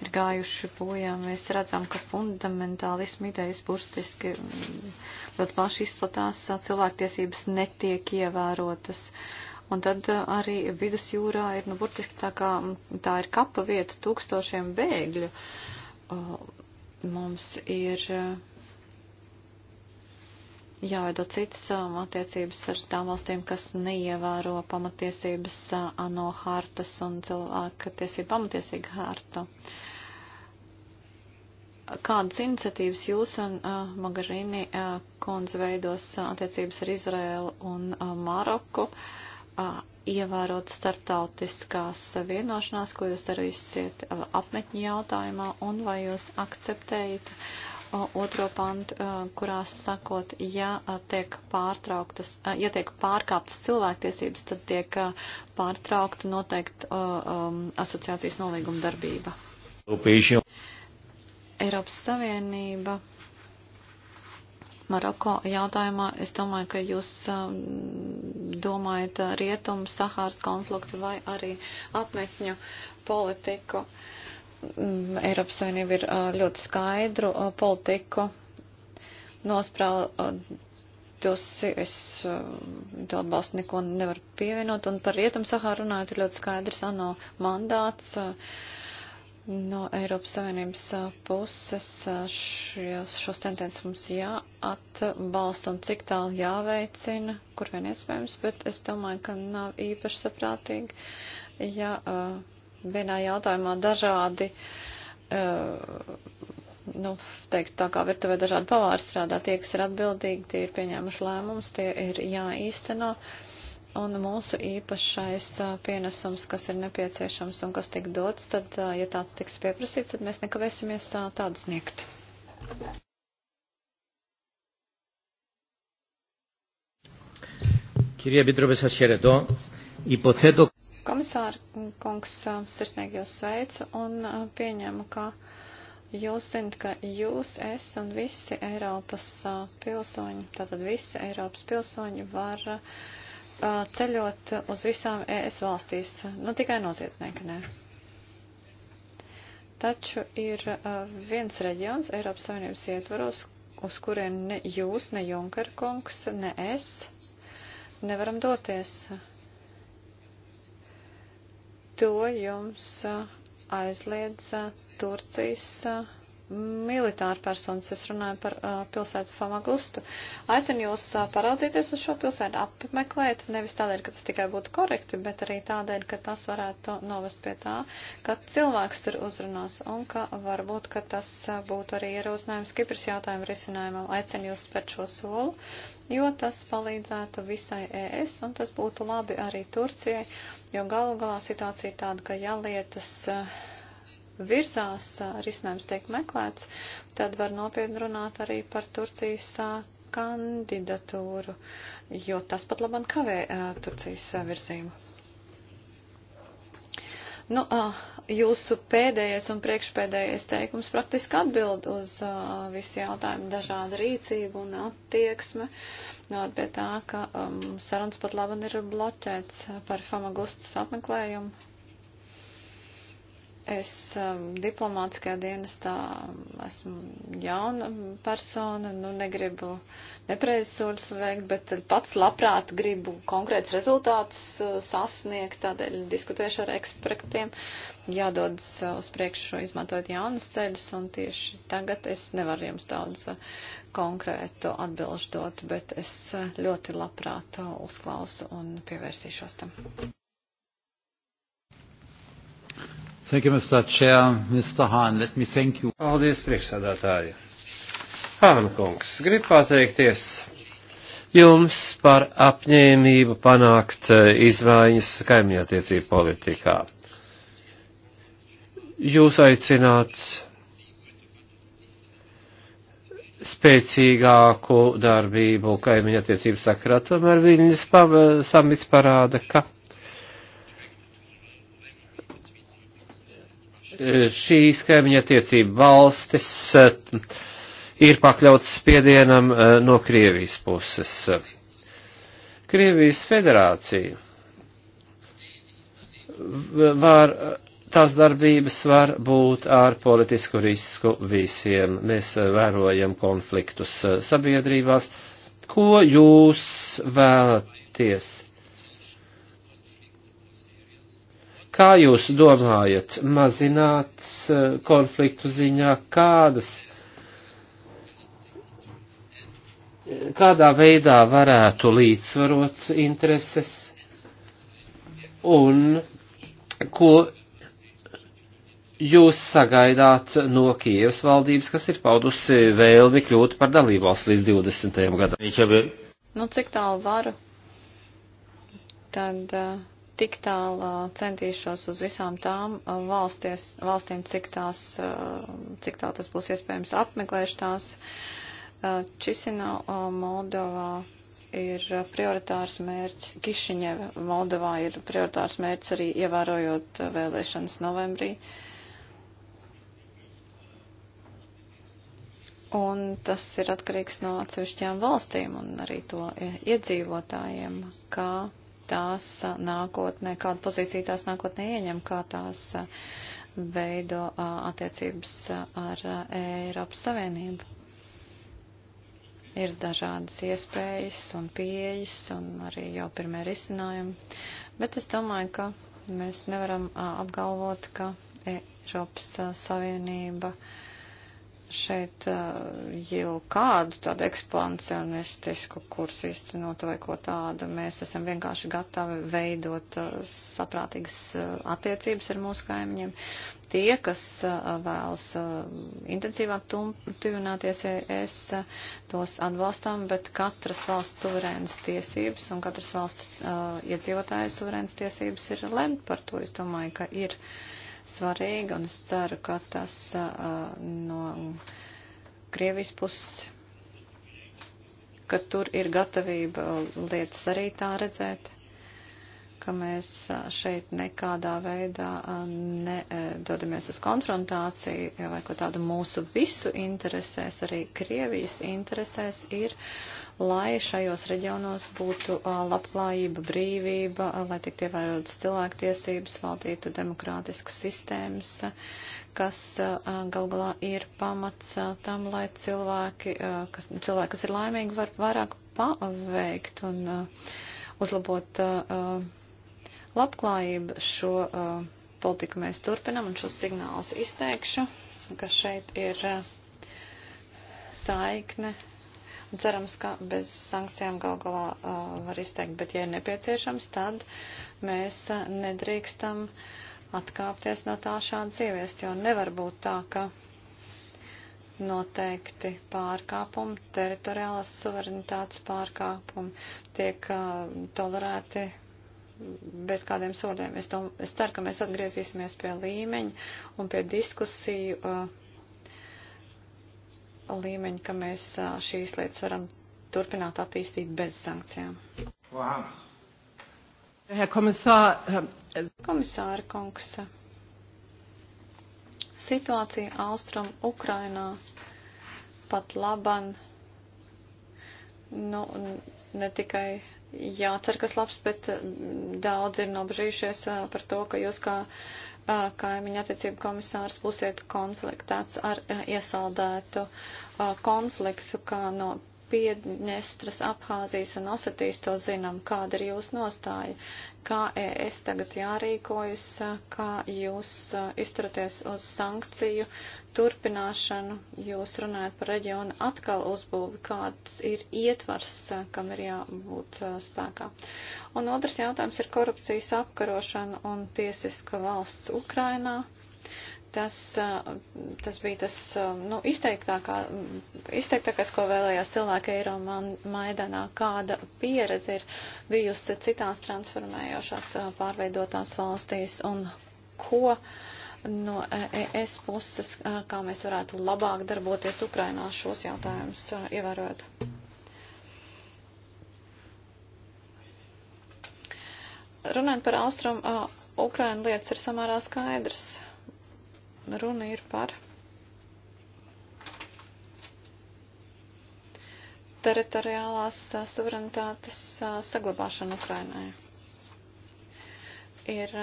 ir gājuši bojā. Mēs redzam, ka fundamentālismu idejas burstiski ļoti plaši izplatās, cilvēktiesības netiek ievērotas. Un tad arī vidusjūrā ir, nu, burtiski tā kā tā ir kapa vieta tūkstošiem bēgļu. Mums ir jāveido citas attiecības ar tām valstīm, kas neievēro pamatiesības ANO hartas un cilvēka tiesību pamatiesīgu hartu. Uh, Kādas iniciatīvas jūs un uh, Magarini uh, kundze veidos uh, attiecības ar Izraēlu un uh, Maroku, uh, ievērot starptautiskās vienošanās, ko jūs darīsiet uh, apmetņu jautājumā, un vai jūs akceptējat uh, otro pantu, uh, kurās sakot, ja, uh, tiek pārtrauktas, uh, ja tiek pārkāptas cilvēktiesības, tad tiek uh, pārtraukta noteikti uh, um, asociācijas nolīguma darbība. Upīšu. Eiropas Savienība Maroko jautājumā, es domāju, ka jūs um, domājat uh, rietumu, Sahāras konfliktu vai arī apmetņu politiku. Mm, Eiropas Savienība ir uh, ļoti skaidru uh, politiku nospraudusi. Es to atbalstu neko nevaru pievienot. Un par rietumu Sahāru runājot ir ļoti skaidrs ANO mandāts. Uh, No Eiropas Savienības puses šios, šos tendences mums jāatbalsta un cik tālu jāveicina, kur vien iespējams, bet es domāju, ka nav īpaši saprātīgi, ja vienā jautājumā dažādi, nu, teikt, tā kā virtuvē dažādi pavāri strādā, tie, kas ir atbildīgi, tie ir pieņēmuši lēmumus, tie ir jāīsteno. No un mūsu īpašais pienesums, kas ir nepieciešams un kas tiek dots, tad, ja tāds tiks pieprasīts, tad mēs nekavēsimies tādu sniegt. Κυρία Επίτροπε, σας χαιρετώ. Υποθέτω... Komisāra kungs sirsnīgi jūs sveicu un pieņemu, ka jūs zinat, ka jūs, es un visi Eiropas pilsoņi, tātad visi Eiropas pilsoņi var uh, Uh, ceļot uz visām ES valstīs, nu tikai noziedznieki nē. Taču ir uh, viens reģions Eiropas Savienības ietvaros, uz kurien ne jūs, ne Junker kungs, ne es nevaram doties. To jums uh, aizliedz Turcijas militāru personas, es runāju par uh, pilsētu Famagustu. Aicinu jūs uh, paraudzīties uz šo pilsētu, apmeklēt, nevis tādēļ, ka tas tikai būtu korekti, bet arī tādēļ, ka tas varētu novest pie tā, ka cilvēks tur uzrunās un ka varbūt, ka tas uh, būtu arī ierosinājums Kipras jautājumu risinājumam. Aicinu jūs spērt šo solu, jo tas palīdzētu visai ES un tas būtu labi arī Turcijai, jo galu galā situācija ir tāda, ka ja lietas. Uh, virzās, risinājums tiek meklēts, tad var nopietni runāt arī par Turcijas kandidatūru, jo tas pat labam kavē Turcijas virzību. Nu, jūsu pēdējais un priekšpēdējais teikums praktiski atbild uz visu jautājumu dažāda rīcība un attieksme. Not pie tā, ka um, sarunas pat labam ir bloķēts par Famagustas apmeklējumu Es um, diplomātiskajā dienestā um, esmu jauna persona, nu negribu nepreiz soļus veikt, bet pats labprāt gribu konkrēts rezultāts uh, sasniegt, tādēļ diskutēšu ar ekspertiem, jādodas uh, uz priekšu izmantojot jaunus ceļus, un tieši tagad es nevaru jums daudz uh, konkrētu atbilžu dot, bet es uh, ļoti labprāt uh, uzklausu un pievērsīšos tam. Thank you, Mr. Chair. Mr. Hahn, let me thank you. Paldies, priekšsādātāji. Hāna kungs, grib pateikties jums par apņēmību panākt eh, izmaiņas kaimiņattiecību politikā. Jūs aicināt spēcīgāku darbību kaimiņattiecību sakarā, tomēr Viļņas samits parāda, ka šīs kaimiņa attiecība valstis eh, ir pakļauts spiedienam eh, no Krievijas puses. Krievijas federācija var, tās darbības var būt ar politisku risku visiem. Mēs eh, vērojam konfliktus sabiedrībās. Ko jūs vēlaties? Kā jūs domājat mazināt eh, konfliktu ziņā, kādas, kādā veidā varētu līdzsvarot intereses un ko jūs sagaidāt no Kievas valdības, kas ir paudusi vēlmi kļūt par dalībvalsts līdz 20. gadam? Nu, cik tālu varu? Tad. Uh tik tālu uh, centīšos uz visām tām uh, valsties, valstīm, cik, tās, uh, cik tā tas būs iespējams apmeklēšu tās. Čisina Moldovā ir prioritārs mērķis, Kišiņeva Moldovā ir prioritārs mērķis arī ievērojot vēlēšanas novembrī. Un tas ir atkarīgs no atsevišķām valstīm un arī to iedzīvotājiem, kā tās nākotnē, kādu pozīciju tās nākotnē ieņem, kā tās veido attiecības ar Eiropas Savienību. Ir dažādas iespējas un pieejas un arī jau pirmie risinājumi, bet es domāju, ka mēs nevaram apgalvot, ka Eiropas Savienība uh, šeit eh, jau kādu tādu ekspansionistisku kursu īstenot vai ko tādu. Mēs esam vienkārši gatavi veidot eh, saprātīgas eh, attiecības ar mūsu kaimiņiem. Tie, kas vēlas intensīvāk tuvināties ES, tos atbalstām, bet katras valsts suverēnas tiesības un katras valsts uh, iedzīvotāja suverēnas tiesības ir lemt par to. Es domāju, ka ir. Uh, svarīga, un es ceru, ka tas uh, no Krievijas puses, ka tur ir gatavība lietas arī tā redzēt, ka mēs uh, šeit nekādā veidā uh, nedodamies uh, uz konfrontāciju, vai ko tādu mūsu visu interesēs, arī Krievijas interesēs ir. Uh, lai šajos reģionos būtu labklājība, brīvība, lai tiktu ievērotas cilvēktiesības, valdītu demokrātiskas sistēmas, kas gal galā ir pamats tam, lai cilvēki, kas, cilvēki, kas ir laimīgi, var vairāk paveikt un uzlabot labklājību šo politiku mēs turpinam un šos signālus izteikšu, ka šeit ir saikne Cerams, ka bez sankcijām gal galā uh, var izteikt, bet ja ir nepieciešams, tad mēs uh, nedrīkstam atkāpties no tā šādas ieviest, jo nevar būt tā, ka noteikti pārkāpumi, teritoriālas suverenitātes pārkāpumi tiek uh, tolerēti bez kādiem soļiem. Es, dom, es ceru, ka mēs atgriezīsimies pie līmeņa un pie diskusiju. Uh, līmeņa, ka mēs šīs lietas varam turpināt attīstīt bez sankcijām. Komisāra, ähm, äh, komisāra kungs, situācija Austrum Ukrainā pat laban, nu, ne tikai jācer, kas labs, bet daudz ir nobežījušies par to, ka jūs kā uh, kaimiņa attiecību komisārs būsiet konfliktēts ar iesaldētu konfliktu, kā no Piedņestras, Abhāzijas un Osetijas to zinām, kāda ir jūsu nostāja, kā ES tagad jārīkojas, kā jūs uh, izturaties uz sankciju turpināšanu, jūs runājat par reģionu atkal uzbūvi, kāds ir ietvars, uh, kam ir jābūt uh, spēkā. Un otrs jautājums ir korupcijas apkarošana un tiesiska valsts Ukrainā tas, tas bija tas nu, izteiktākā, izteiktākais, ko vēlējās cilvēki Eiro Maidanā, kāda pieredze ir bijusi citās transformējošās pārveidotās valstīs un ko no ES puses, kā mēs varētu labāk darboties Ukrainā šos jautājumus ievērot. Runājot par austrumu, Ukraina lietas ir samērā skaidrs Runa ir par teritoriālās suverenitātes saglabāšanu Ukrainai. Ir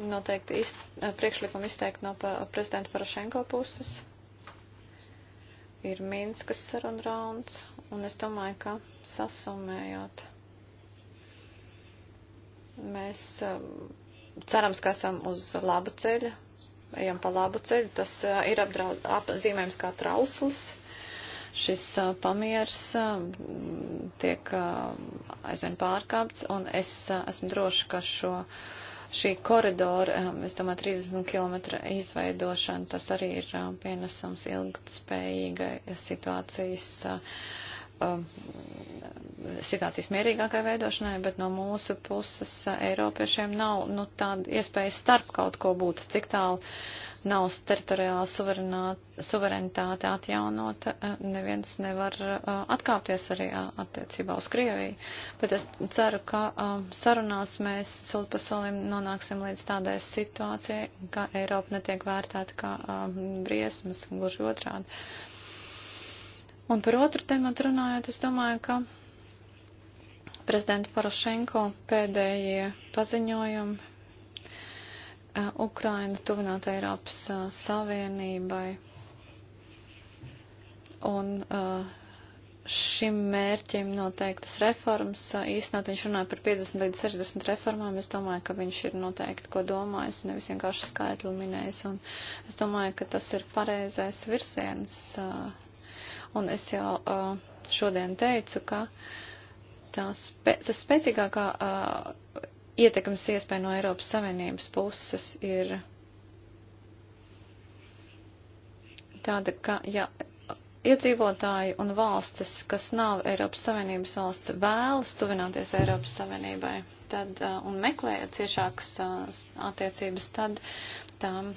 noteikti iz, priekšlikumi izteikti no prezidenta Parašenko puses. Ir Minskas saruna rauns, un es domāju, ka sasumējot, mēs cerams, ka esam uz laba ceļa, ejam pa labu ceļu. Tas ir apdraud, apzīmējums kā trauslis. Šis pamiers tiek aizvien pārkāpts, un es esmu droši, ka šo, šī koridora, es domāju, 30 km izveidošana, tas arī ir pienesums ilgtspējīgai situācijas Um, situācijas mierīgākai veidošanai, bet no mūsu puses uh, Eiropiešiem nav nu, tāda iespēja starp kaut ko būt, cik tālu nav teritoriāla suverenitāte atjaunota, uh, neviens nevar uh, atkāpties arī attiecībā uz Krieviju. Bet es ceru, ka um, sarunās mēs soli pa solim nonāksim līdz tādai situācijai, ka Eiropa netiek vērtēta kā um, briesmas, gluži otrādi Un par otru tematu runājot, es domāju, ka prezidenta Porošenko pēdējie paziņojumi eh, Ukraina tuvināt Eiropas eh, Savienībai un eh, šim mērķim noteiktas reformas. Īstenot viņš runāja par 50 līdz 60 reformām. Es domāju, ka viņš ir noteikti ko domājis un nevis vienkārši skaitli minējis. Un es domāju, ka tas ir pareizais virziens. Uh, Un es jau uh, šodien teicu, ka tās, tas spēcīgākā uh, ietekmes iespēja no Eiropas Savienības puses ir tāda, ka ja iedzīvotāji un valstis, kas nav Eiropas Savienības valsts, vēlas tuvināties Eiropas Savienībai tad, un meklē ciešākas attiecības, tad tām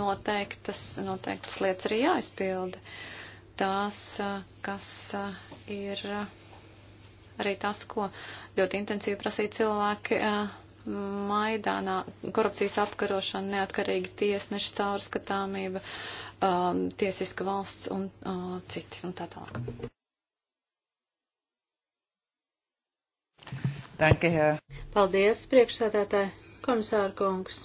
noteiktas, noteiktas lietas arī jāizpilda. Uh, tās, kas ir arī tas, ko ļoti intensīvi prasīja cilvēki Maidānā - korupcijas apkarošana, neatkarīgi tiesneši, caurskatāmība, tiesiska valsts un citi un tā tālāk. Danke, Herr. Paldies, priekšsādātāji, komisāra kungs.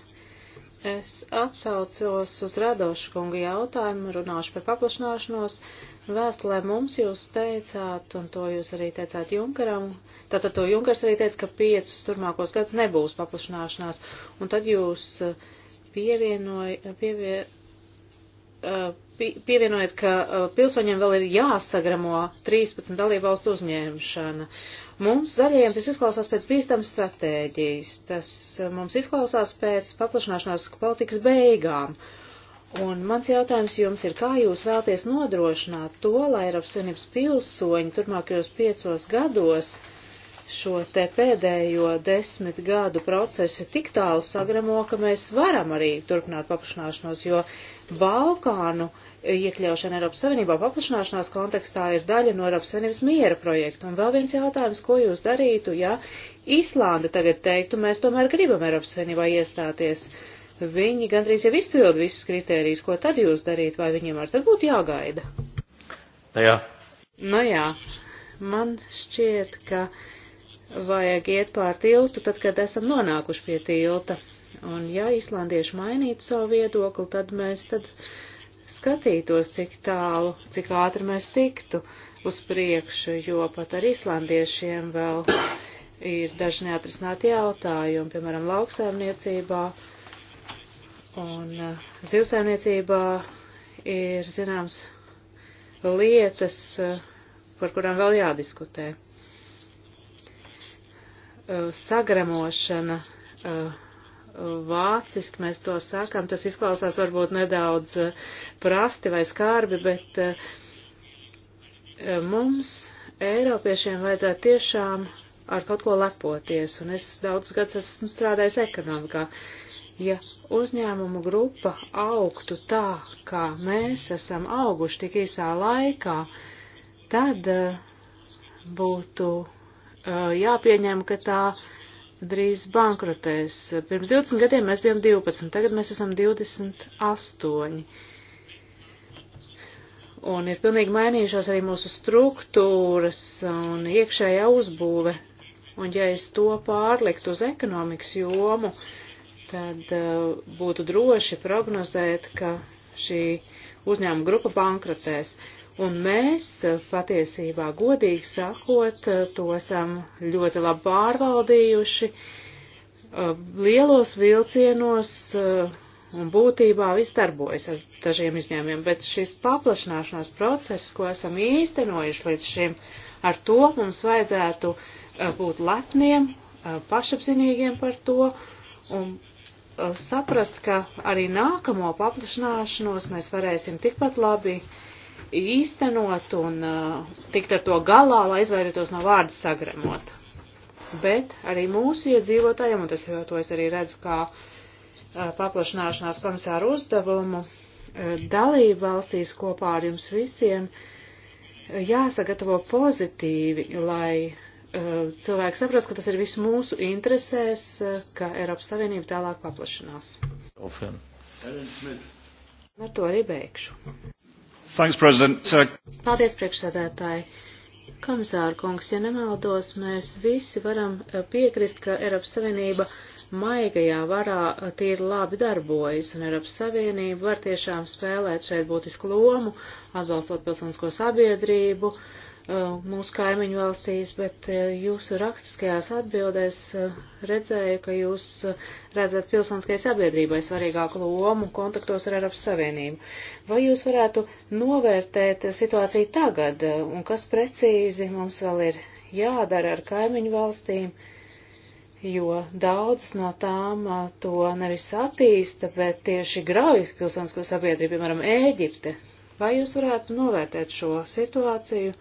Es atsaucos uz Radošu kunga jautājumu, runāšu par paplašināšanos. Vēstulē mums jūs teicāt, un to jūs arī teicāt Junkaram, tātad to Junkars arī teica, ka piecus turmākos gadus nebūs paplašināšanās, un tad jūs uh, pievienoj, uh, pievie, uh, pievienojat, ka pilsoņiem vēl ir jāsagramo 13 dalībvalstu uzņemšana, Mums zaļajiem tas izklausās pēc bīstamas stratēģijas, tas eh, mums izklausās pēc paplašanāšanās politikas beigām. Un mans jautājums jums ir, kā jūs vēlties nodrošināt to, lai Eiropas Savienības pilsoņi turpmākajos piecos gados šo te pēdējo desmit gadu procesu tik tālu sagramo, ka mēs varam arī turpināt paplašanāšanos, jo Balkānu uh, iekļaušana Eiropas Savienībā paplašanāšanās kontekstā ir daļa no Eiropas Savienības miera projekta. Un vēl viens jautājums, ko jūs darītu, ja Īslanda tagad teiktu, mēs tomēr gribam Eiropas Savienībā iestāties. Viņi gandrīz jau izpild visus kritērijus, ko tad jūs darītu, vai viņiem ar tad būtu jāgaida? Nu jā. Nu jā, man šķiet, ka vajag iet pār tiltu, tad, kad esam nonākuši pie tilta. Un ja islandieši mainītu savu viedokli, tad mēs tad skatītos, cik tālu, cik ātri mēs tiktu uz priekšu, jo pat ar islandiešiem vēl ir daži neatrisināti jautājumi, piemēram, lauksaimniecībā un eh, zivsaimniecībā ir zināms lietas, eh, par kurām vēl jādiskutē. Eh, Sagremošana vāciski mēs to sakam, tas izklausās varbūt nedaudz eh, prasti vai skārbi, bet eh, eh, mums, Eiropiešiem, vajadzētu tiešām ar kaut ko lepoties, un es daudz gadus esmu strādājis ekonomikā. Ja uzņēmumu grupa augtu tā, kā mēs esam auguši tik īsā laikā, tad būtu jāpieņem, ka tā drīz bankrotēs. Pirms 20 gadiem mēs bijām 12, tagad mēs esam 28. Un ir pilnīgi mainījušās arī mūsu struktūras un iekšējā uzbūve. Un ja es to pārliktu uz ekonomikas jomu, tad uh, būtu droši prognozēt, ka šī uzņēmuma grupa bankrotēs. Uh, Un mēs eh, patiesībā, godīgi sakot, eh, to esam ļoti labi pārvaldījuši eh, lielos vilcienos un būtībā viss darbojas ar dažiem izņēmumiem, bet šis paplašināšanās process, ko esam īstenojuši līdz šim, ar to mums vajadzētu būt lepniem, pašapzinīgiem par to un saprast, ka arī nākamo paplašināšanos mēs varēsim tikpat labi uh, īstenot un uh, tikt ar to galā, lai izvairītos no vārdu sagremot. Bet arī mūsu iedzīvotājiem, un tas jau to es arī redzu kā uh, paplašanāšanās komisāru uzdevumu, uh, dalību valstīs kopā ar jums visiem uh, jāsagatavo pozitīvi, lai uh, cilvēki saprast, ka tas ir viss mūsu interesēs, uh, ka Eiropas Savienība tālāk paplašanās. Ofen. Ar to arī beigšu. Thanks, President. Paldies, priekšsēdētāji. Komisāra kungs, ja nemaldos, mēs visi varam eh, piekrist, ka Eiropas Savienība maigajā varā eh, tīri labi darbojas, un Eiropas Savienība var tiešām spēlēt šeit būtisku lomu, atbalstot pilsonisko sabiedrību, uh, Uh, mūsu kaimiņu valstīs, bet uh, jūsu rakstiskajās atbildēs uh, redzēju, ka jūs redzat pilsoniskajai sabiedrībai svarīgāku lomu kontaktos ar Eiropas Savienību. Vai jūs varētu novērtēt situāciju tagad un kas precīzi mums vēl ir jādara ar kaimiņu valstīm, jo daudzas no tām to nevis attīsta, bet tieši grauj pilsonisko sabiedrību, piemēram, Ēģipte. Vai jūs varētu novērtēt šo situāciju?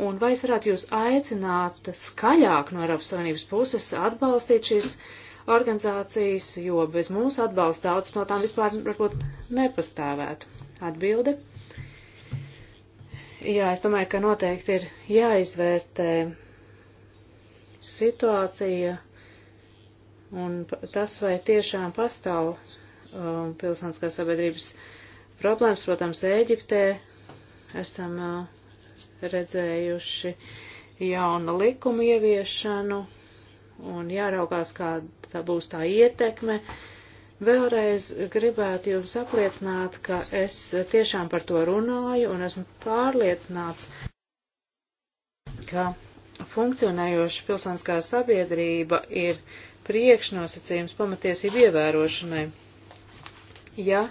Un vai es varētu jūs aicināt skaļāk no Eiropas Savienības puses atbalstīt šīs organizācijas, jo bez mūsu atbalsta daudz no tām vispār varbūt nepastāvētu? Atbilde. Jā, es domāju, ka noteikti ir jāizvērtē situācija un tas, vai tiešām pastāv um, pilsoniskās sabiedrības problēmas, protams, Ēģiptē esam uh, redzējuši jauna likuma ieviešanu un jāraugās, kāda būs tā ietekme. Vēlreiz gribētu jums apliecināt, ka es tiešām par to runāju un esmu pārliecināts, ka funkcionējoša pilsoniskā sabiedrība ir priekšnosacījums pamatiesību ievērošanai. Ja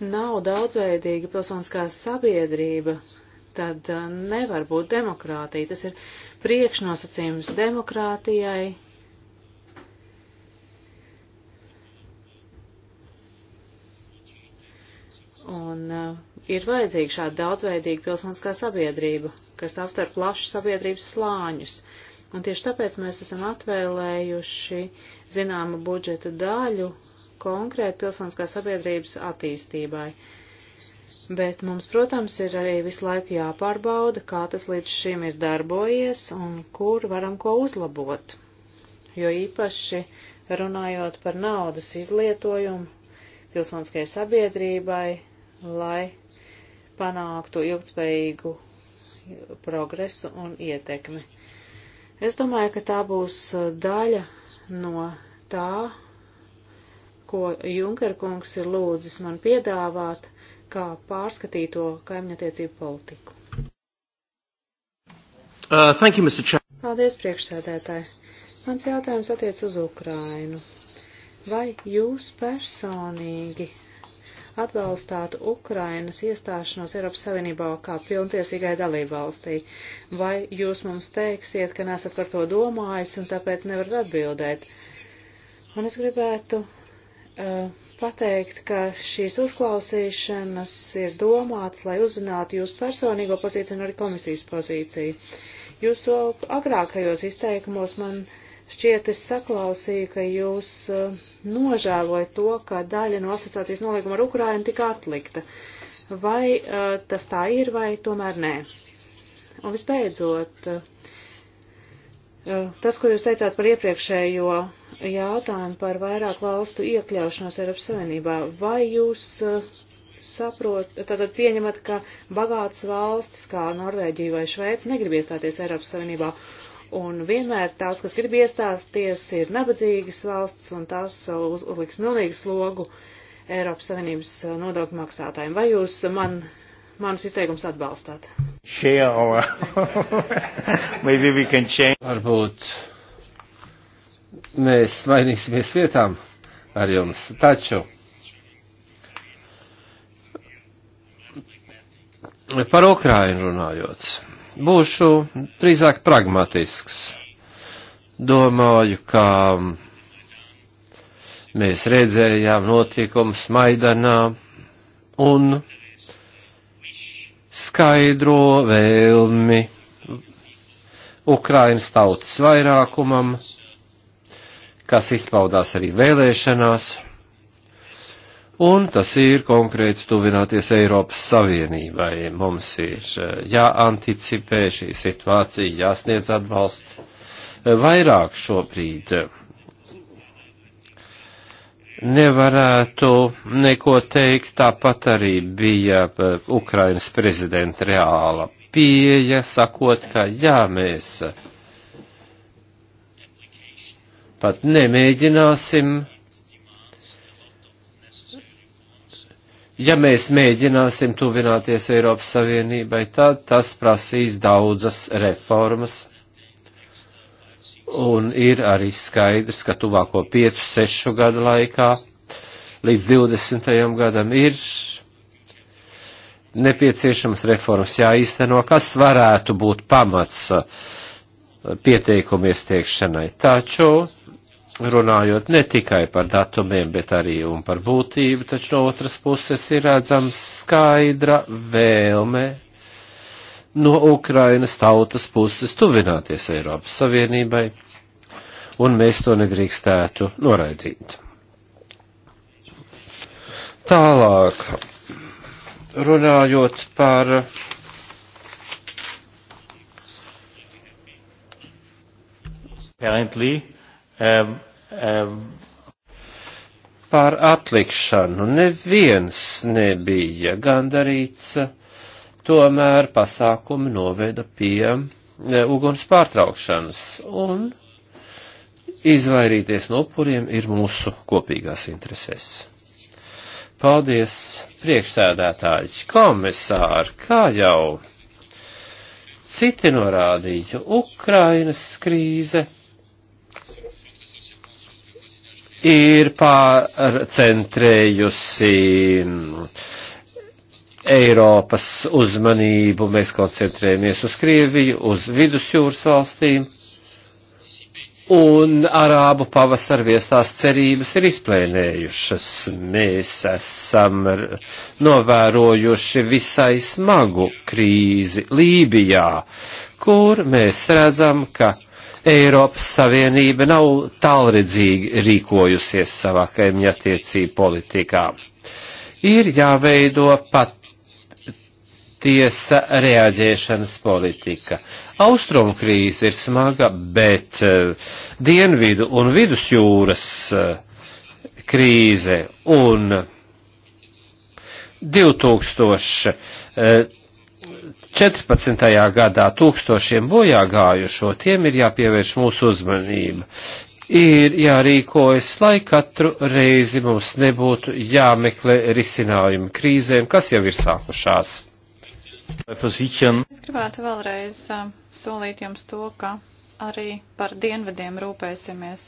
nav daudzveidīga pilsoniskā sabiedrība, tad eh, nevar būt demokrātija. Tas ir priekšnosacījums demokrātijai. Un uh, ir vajadzīga šāda daudzveidīga pilsoniskā sabiedrība, kas aptver plašus sabiedrības slāņus. Un tieši tāpēc mēs esam atvēlējuši zināmu budžeta daļu konkrēti pilsoniskās sabiedrības attīstībai. Uh, bet mums, protams, ir arī visu laiku jāpārbauda, kā tas līdz šim ir darbojies un kur varam ko uzlabot. Jo īpaši runājot par naudas izlietojumu pilsoniskajai sabiedrībai, lai panāktu ilgtspējīgu progresu un ietekmi. Es domāju, ka tā būs daļa no tā, ko Junkerkungs ir lūdzis man piedāvāt, kā pārskatīto kaimiņattiecību politiku. Uh, thank you, Mr. Chair. Paldies, priekšsēdētājs. Mans jautājums attiec uz Ukrainu. Vai jūs personīgi atbalstāt Ukrainas iestāšanos Eiropas Savienībā kā pilntiesīgai dalībvalstī? Vai jūs mums teiksiet, ka nesat par to domājis un tāpēc nevarat atbildēt? Un es gribētu uh, pateikt, ka šīs uzklausīšanas ir domāts, lai uzzinātu jūsu personīgo pozīciju un arī komisijas pozīciju. Jūsu agrākajos izteikumos man šķiet es saklausīju, ka jūs eh, nožēlojat to, ka daļa no asociācijas nolīguma ar Ukrainu tika atlikta. Vai eh, tas tā ir, vai tomēr nē? Un visbeidzot, Tas, ko jūs teicāt par iepriekšējo jautājumu par vairāk valstu iekļaušanos Eiropas Savienībā, vai jūs eh, saprot, tad pieņemat, ka bagātas valstis kā Norvēģija vai Šveica negrib iestāties Eiropas Savienībā, un vienmēr tās, kas grib iestāties, ir nabadzīgas valsts, un tās uzliks milzīgu slogu Eiropas Savienības eh, nodokļu maksātājiem. Vai jūs man manus izteikumus atbalstāt. [LAUGHS] Varbūt mēs mainīsimies vietām ar jums, taču par Ukrainu runājot, būšu drīzāk pragmatisks. Domāju, ka mēs redzējām notikumus Maidanā un skaidro vēlmi Ukrainas tautas vairākumam, kas izpaudās arī vēlēšanās, un tas ir konkrēti tuvināties Eiropas Savienībai. Mums ir eh, jāanticipē šī situācija, jāsniedz atbalsts eh, vairāk šobrīd nevarētu neko teikt. Tāpat arī bija eh, Ukrainas prezidenta reāla pieeja, sakot, ka jā, mēs pat nemēģināsim. Ja mēs mēģināsim tuvināties Eiropas Savienībai, tad tas prasīs daudzas reformas Un ir arī skaidrs, ka tuvāko 5-6 gadu laikā līdz 20. gadam ir nepieciešamas reformas jāīsteno, kas varētu būt pamats uh, pieteikumu iestiekšanai. Taču, runājot ne tikai par datumiem, bet arī un par būtību, taču no otras puses ir redzams skaidra vēlme no Ukrainas tautas puses tuvināties Eiropas Savienībai, un mēs to nedrīkstētu noraidīt. Tālāk, runājot par apparently um, um, par atlikšanu neviens nebija gandarīts tomēr pasākumi noveda pie e, uguns pārtraukšanas, un izvairīties no upuriem ir mūsu kopīgās interesēs. Paldies, priekšsēdētāji, komisāri, kā jau citi norādīja, Ukrainas krīze ir pārcentrējusi Eiropas uzmanību mēs koncentrējamies uz Krieviju, uz vidusjūras valstīm, un arābu pavasar viestās cerības ir izplēnējušas. Mēs esam novērojuši visai smagu krīzi Lībijā, kur mēs redzam, ka Eiropas Savienība nav tālredzīgi rīkojusies savā kaimiņattiecību politikā. Ir jāveido pat tiesa reaģēšanas politika. Austrumu krīze ir smaga, bet uh, dienvidu un vidusjūras uh, krīze un 2014. gadā tūkstošiem bojā gājušo, tiem ir jāpievērš mūsu uzmanība ir jārīkojas, lai katru reizi mums nebūtu jāmeklē risinājumi krīzēm, kas jau ir sākušās. Es gribētu vēlreiz solīt jums to, ka arī par dienvediem rūpēsimies.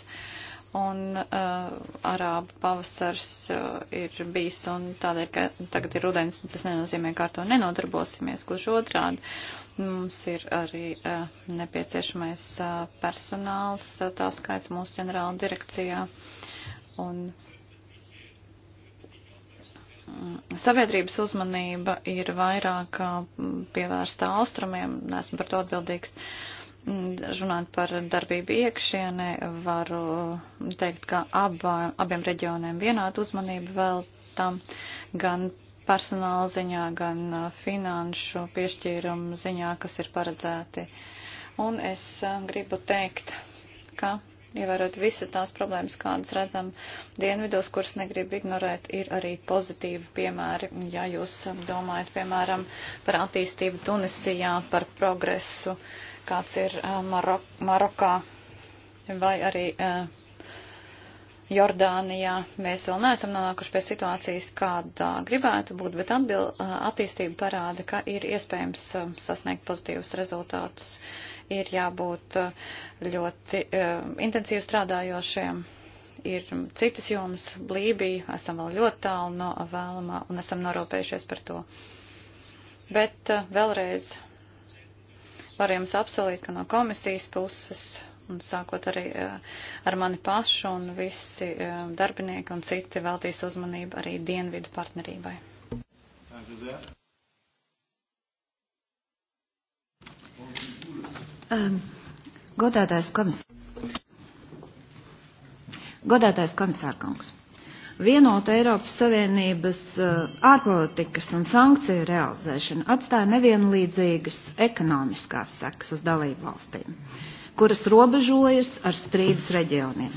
Un uh, arābu pavasars uh, ir bijis, un tādēļ, ka tagad ir rudens, tas nenozīmē, ka ar to nenodarbosimies, kurš otrādi. Mums ir arī uh, nepieciešamais uh, personāls, uh, tā skaits mūsu ģenerāla direkcijā. Un sabiedrības uzmanība ir vairāk pievērsta austrumiem, nesmu par to atbildīgs. Mm, runājot par darbību iekšienē, varu teikt, ka abā, abiem reģioniem vienādu uzmanību vēl tam gan personāla ziņā, gan finanšu piešķīrumu ziņā, kas ir paredzēti. Un es gribu teikt, ka ievērot visas tās problēmas, kādas redzam dienvidos, kuras negrib ignorēt, ir arī pozitīvi piemēri. Ja jūs domājat, piemēram, par attīstību Tunisijā, par progresu, kāds ir Marok Marokā vai arī Jordānijā, mēs vēl neesam nonākuši pie situācijas, kādā gribētu būt, bet atbil, attīstība parāda, ka ir iespējams sasniegt pozitīvus rezultātus ir jābūt eh, ļoti eh, intensīvi strādājošiem. Ir citas jomas, Lībija, esam vēl ļoti tālu no vēlamā un esam norūpējušies par to. Bet eh, vēlreiz varu jums apsolīt, ka no komisijas puses un sākot arī ar mani pašu un visi darbinieki un citi veltīs uzmanību arī dienvidu partnerībai. Thank you. Um, godātais komisār. Godātais komisārkungs. Vienota Eiropas Savienības uh, ārpolitikas un sankciju realizēšana atstāja nevienlīdzīgas ekonomiskās sekas uz dalību valstīm, kuras robežojas ar strīdus reģioniem.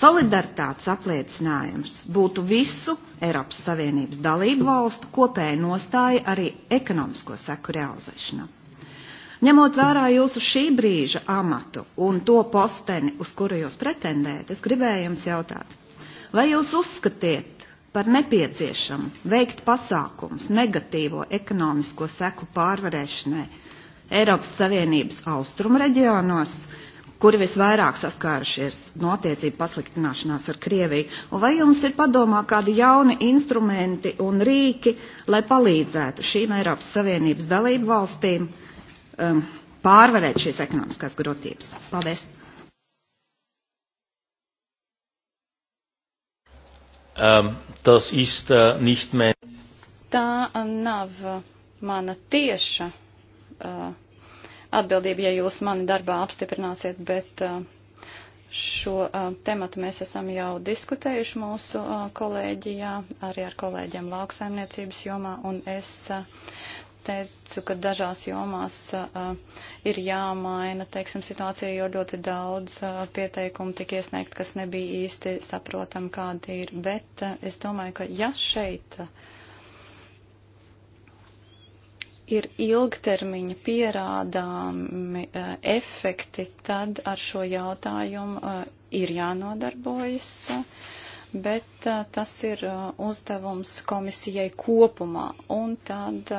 Solidaritātes apliecinājums būtu visu Eiropas Savienības dalību valstu kopēja nostāja arī ekonomisko seku realizēšanā. Ņemot vērā jūsu šī brīža amatu un to posteni, uz kuru jūs pretendējat, es gribēju jums jautāt, vai jūs uzskatiet par nepieciešamu veikt pasākums negatīvo ekonomisko seku pārvarēšanai Eiropas Savienības austrumu reģionos, kuri visvairāk saskārušies no attiecību pasliktināšanās ar Krieviju, un vai jums ir padomā kādi jauni instrumenti un rīki, lai palīdzētu šīm Eiropas Savienības dalību valstīm um, pārvarēt šīs ekonomiskās grūtības. Paldies! Um, tas ist uh, nicht mehr. Tā nav mana tieša uh, atbildība, ja jūs mani darbā apstiprināsiet, bet uh, šo uh, tematu mēs esam jau diskutējuši mūsu uh, kolēģijā, arī ar kolēģiem lauksaimniecības jomā, un es uh, teicu, ka dažās jomās uh, ir jāmaina, teiksim, situācija, jo ļoti daudz uh, pieteikumu tika iesniegt, kas nebija īsti saprotam, kāda ir. Bet uh, es domāju, ka ja šeit ir ilgtermiņa pierādāmi uh, efekti, tad ar šo jautājumu uh, ir jānodarbojas. Uh, bet tas ir uzdevums komisijai kopumā. Un tad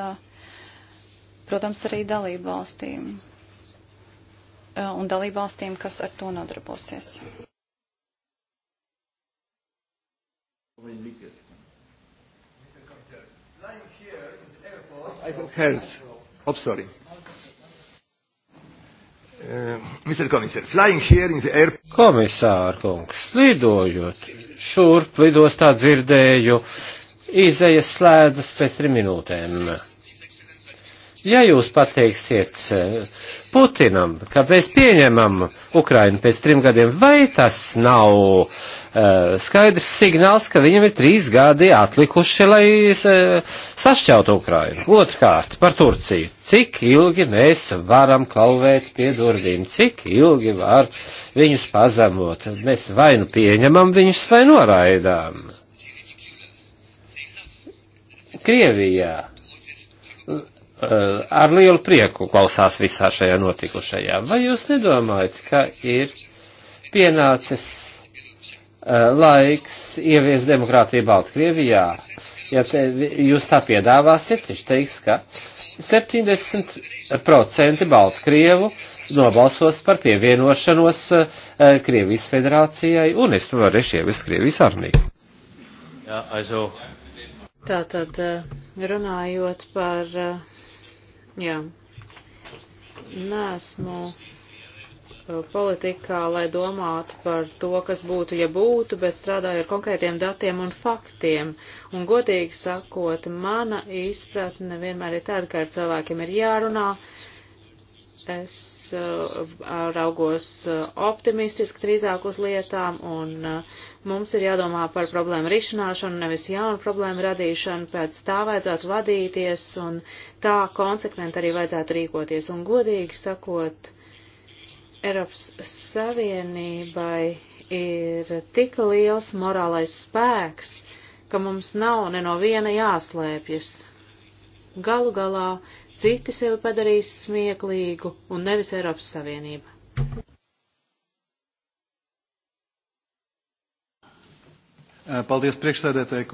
protams, arī dalību valstīm un dalību valstīm, kas ar to nodarbosies. Health. Oh, sorry. Uh, Mr. Komisār, flying here in the air. Komisār kungs, lidojot šurp lidostā dzirdēju, izējas slēdzas pēc trim minūtēm. Ja jūs pateiksiet eh, Putinam, ka mēs pieņemam Ukrainu pēc trim gadiem, vai tas nav uh, skaidrs signāls, ka viņam ir trīs gadi atlikuši, lai uh, sašķeltu Ukrainu? Otrkārt, par Turciju. Cik ilgi mēs varam klauvēt pie durvīm? Cik ilgi var viņus pazemot? Mēs vai nu pieņemam viņus, vai noraidām. Krievijā Eh, ar lielu prieku klausās visā šajā notikušajā. Vai jūs nedomājat, ka ir pienācis eh, laiks ievies demokrātiju Baltkrievijā? Ja te, jūs tā piedāvāsiet, viņš teiks, ka 70% Baltkrievu nobalsos par pievienošanos eh, Krievijas federācijai, un es to varēšu ievest Krievijas armiju. Jā, aizo. Tātad runājot par uh, Jā. Nesmu politikā, lai domātu par to, kas būtu, ja būtu, bet strādāju ar konkrētiem datiem un faktiem. Un godīgi sakot, mana izpratne vienmēr ir tāda, ka ar cilvēkiem ir jārunā. Es uh, raugos optimistiski drīzāk uz lietām un uh, Mums ir jādomā par problēmu risināšanu, nevis jaunu problēmu radīšanu, pēc tā vajadzētu vadīties un tā konsekventi arī vajadzētu rīkoties. Un godīgi sakot, Eiropas Savienībai ir tik liels morālais spēks, ka mums nav ne no viena jāslēpjas. Galu galā citi sevi padarīs smieklīgu un nevis Eiropas Savienība. Eh, paldies priekšsēdētāji,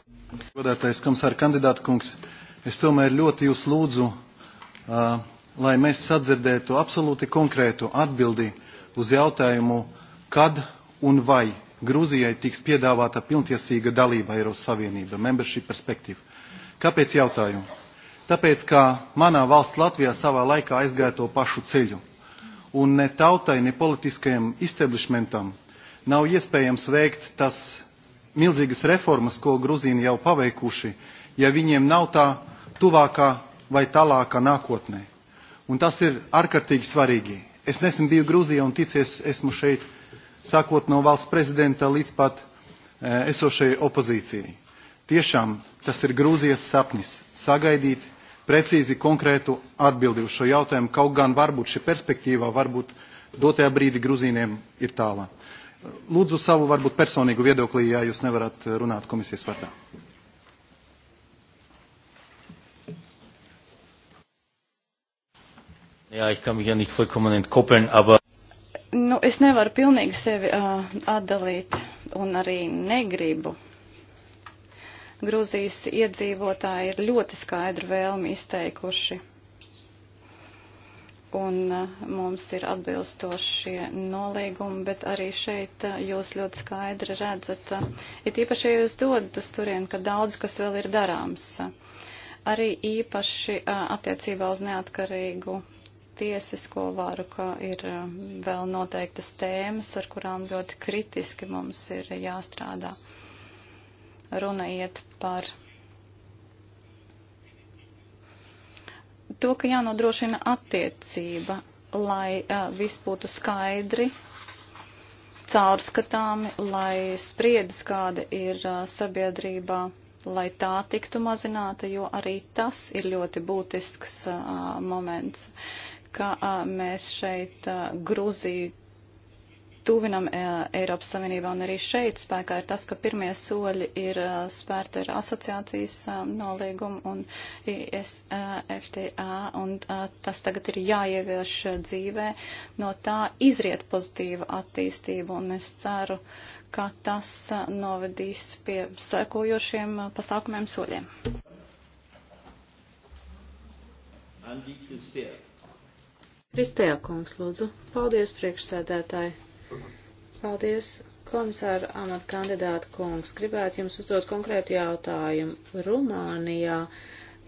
godētais komisāra kandidāta kungs. Es tomēr ļoti jūs lūdzu, eh, lai mēs sadzirdētu absolūti konkrētu atbildi uz jautājumu, kad un vai Grūzijai tiks piedāvāta pilntiesīga dalība Eiropas Savienība, membership perspektīva. Kāpēc jautājumu? Tāpēc, ka manā valsts Latvijā savā laikā aizgāja to pašu ceļu. Un ne tautai, ne politiskajam establishmentam nav iespējams veikt tas milzīgas reformas, ko Gruzīni jau paveikuši, ja viņiem nav tā tuvākā vai tālākā nākotnē. Un tas ir ārkārtīgi svarīgi. Es nesen biju Grūzijā un ticies esmu šeit, sākot no valsts prezidenta līdz pat e, esošajai opozīcijai. Tiešām tas ir Grūzijas sapnis - sagaidīt precīzi konkrētu atbildi uz šo jautājumu, kaut gan varbūt šī perspektīva varbūt dotajā brīdī Grūzīniem ir tālā. Lūdzu savu varbūt personīgu viedoklī, ja jūs nevarat runāt komisijas vārdā. Jā, ich kann mich ja nicht vollkommen entkoppeln, aber. Nu, es nevaru pilnīgi sevi uh, atdalīt un arī negribu. Grūzijas iedzīvotāji ir ļoti skaidru vēlmi izteikuši un eh, mums ir atbilstošie nolīgumi, bet arī šeit eh, jūs ļoti skaidri redzat, eh, it īpaši, ja jūs dodat uz turienu, ka daudz kas vēl ir darāms. Arī īpaši attiecībā uz neatkarīgu tiesisko varu, ka ir vēl noteiktas tēmas, ar kurām ļoti kritiski mums ir jāstrādā. Runa iet par to, ka jānodrošina attiecība, lai uh, viss būtu skaidri, caurskatāmi, lai spriedis, kāda ir uh, sabiedrībā, lai tā tiktu mazināta, jo arī tas ir ļoti būtisks uh, moments, ka uh, mēs šeit uh, Gruziju tuvinam e, Eiropas Savienībā un arī šeit spēkā ir tas, ka pirmie soļi ir e, spērti ar asociācijas e, nolīgumu un ISFTA, un tas tagad ir jāievieš dzīvē. No tā izriet pozitīva attīstība, un es ceru, ka tas novedīs pie sekojošiem pasākumiem soļiem. Andī Kristēja kungs, lūdzu. Paldies, priekšsēdētāji. Paldies, komisāra amata kandidāta kungs. Gribētu jums uzdot konkrētu jautājumu. Rumānijā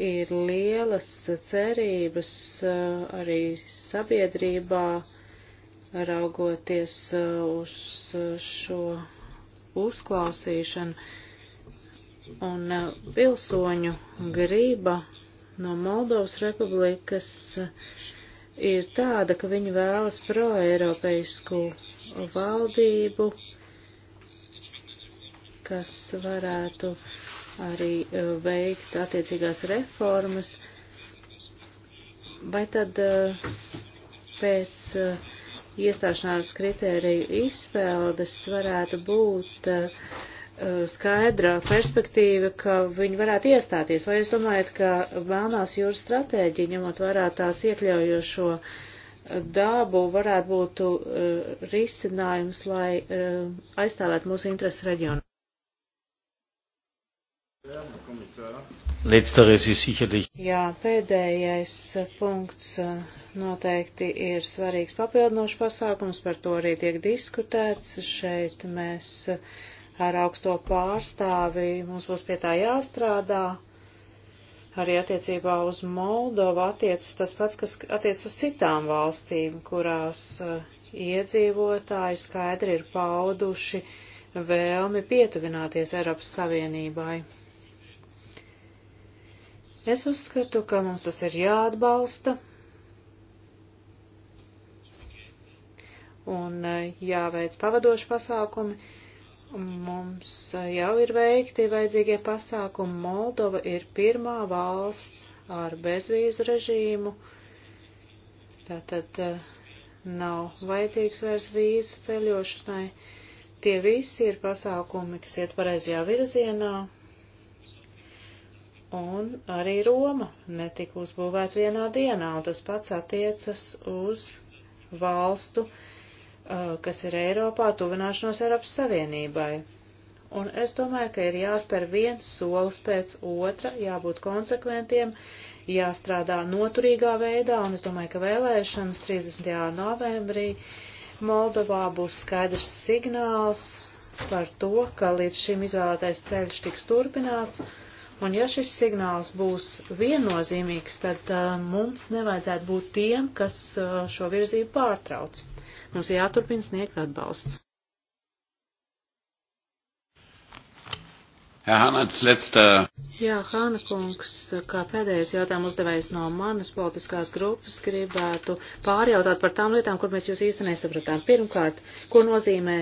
ir lielas cerības eh, arī sabiedrībā raugoties eh, uz eh, šo uzklausīšanu. Un pilsoņu grība no Moldovas republikas uh, ir tāda, ka viņi vēlas proeiropeisku valdību, kas varētu arī e, veikt attiecīgās reformas, vai tad e, pēc e, iestāšanās kritēriju izpildes varētu būt uh, Eh, skaidra perspektīva, ka viņi varētu iestāties. Vai jūs domājat, ka Melnās jūras stratēģija, ņemot vērā tās iekļaujošo eh, dabu, varētu būt uh, risinājums, lai uh, aizstāvētu mūsu interesu reģionu? Letzteres ist sicherlich. Jā, pēdējais punkts noteikti ir svarīgs papildinošs pasākums, par to arī tiek diskutēts. Šeit mēs uh, ar augsto pārstāvi. Mums būs pie tā jāstrādā. Arī attiecībā uz Moldovu attiecas tas pats, kas attiec uz citām valstīm, kurās eh, iedzīvotāji skaidri ir pauduši vēlmi pietuvināties Eiropas Savienībai. Es uzskatu, ka mums tas ir jāatbalsta un eh, jāveic pavadoši pasākumi, Mums eh, jau ir veikti vajadzīgie pasākumi. Moldova ir pirmā valsts ar bezvīzu režīmu. Tātad eh, nav vajadzīgs vairs vīzas ceļošanai. Tie visi ir pasākumi, kas iet pareizajā virzienā. Un arī Roma netika uzbūvēta vienā dienā, un tas pats attiecas uz valstu uh, Eh, kas ir Eiropā, tuvināšanos Eiropas Savienībai. Un es domāju, ka ir jāspēr viens solis pēc otra, jābūt konsekventiem, jāstrādā noturīgā veidā, un es domāju, ka vēlēšanas 30. novembrī Moldovā būs skaidrs signāls par to, ka līdz šim izvēlētais ceļš tiks turpināts, un ja šis signāls būs viennozīmīgs, tad uh, mums nevajadzētu būt tiem, kas uh, šo virzību pārtrauc. Mums jāturpina sniegt atbalsts. Herr Hanats, letzter. Jā, Hāna kungs, kā pēdējais jautājums uzdevējs no manas politiskās grupas, gribētu pārjautāt par tām lietām, kur mēs jūs īsti nesapratām. Pirmkārt, ko nozīmē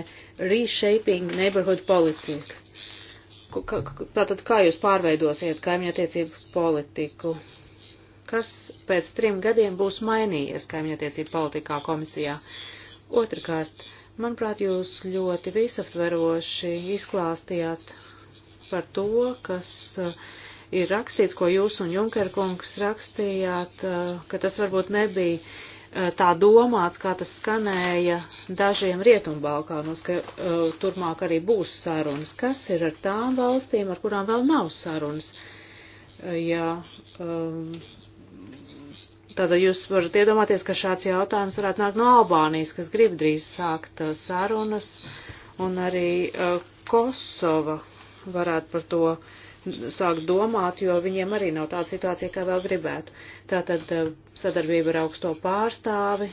reshaping neighborhood politika? Tātad, kā jūs pārveidosiet kaimiņu attiecību politiku? Kas pēc trim gadiem būs mainījies kaimiņu attiecību politikā komisijā? Uh, Otrakārt, manuprāt, jūs ļoti visaptveroši izklāstījāt par to, kas uh, ir rakstīts, ko jūs un Junker kungs rakstījāt, uh, ka tas varbūt nebija uh, tā domāts, kā tas skanēja dažiem Rietumbalkānos, ka turmāk arī būs sarunas. Kas ir ar tām valstīm, ar kurām vēl nav sarunas? ja um, Tātad jūs varat iedomāties, ka šāds jautājums varētu nākt no Albānijas, kas grib drīz sākt uh, sarunas, un arī uh, Kosova varētu par to sākt domāt, jo viņiem arī nav tāda situācija, kā vēl gribētu. Tātad uh, sadarbība ar augsto pārstāvi,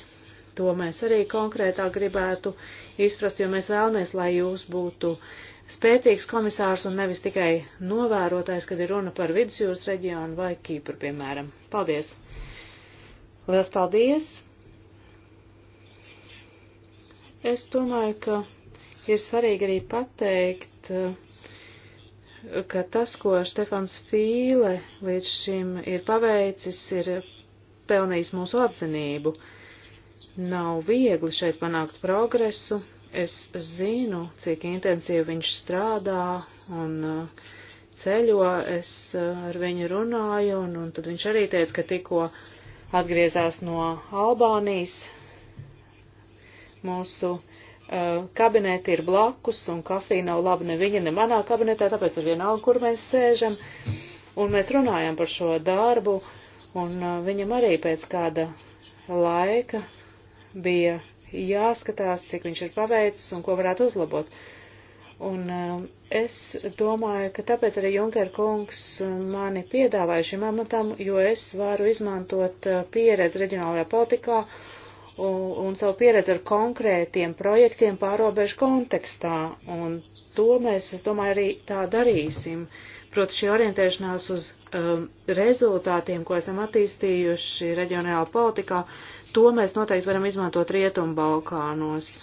to mēs arī konkrētāk gribētu izprast, jo mēs vēlamies, lai jūs būtu spēcīgs komisārs un nevis tikai novērotājs, kad ir runa par vidusjūras reģionu vai Kīpru, piemēram. Paldies! Liels paldies! Es domāju, ka ir svarīgi arī pateikt, ka tas, ko Štefans Fīle līdz šim ir paveicis, ir pelnījis mūsu atzinību. Nav viegli šeit panākt progresu. Es zinu, cik intensīvi viņš strādā un uh, ceļo, es uh, ar viņu runāju, un, un tad viņš arī teica, ka tikko atgriezās no Albānijas. Mūsu uh, kabineti ir blakus, un kafija nav laba ne viņa, ne manā kabinetā, tāpēc ir vienalga, kur mēs sēžam. Un mēs runājam par šo darbu, un uh, viņam arī pēc kāda laika bija jāskatās, cik viņš ir paveicis un ko varētu uzlabot. Uh, Un um, es domāju, ka tāpēc arī Junker kungs um, mani piedāvāja šim amatam, jo es varu izmantot uh, pieredzi reģionālajā politikā un, un savu pieredzi ar konkrētiem projektiem pārobežu kontekstā. Un to mēs, es domāju, arī tā darīsim. Proti šī orientēšanās uz um, rezultātiem, ko esam attīstījuši reģionālajā politikā, to mēs noteikti varam izmantot Rietumbalkānos. Balkānos.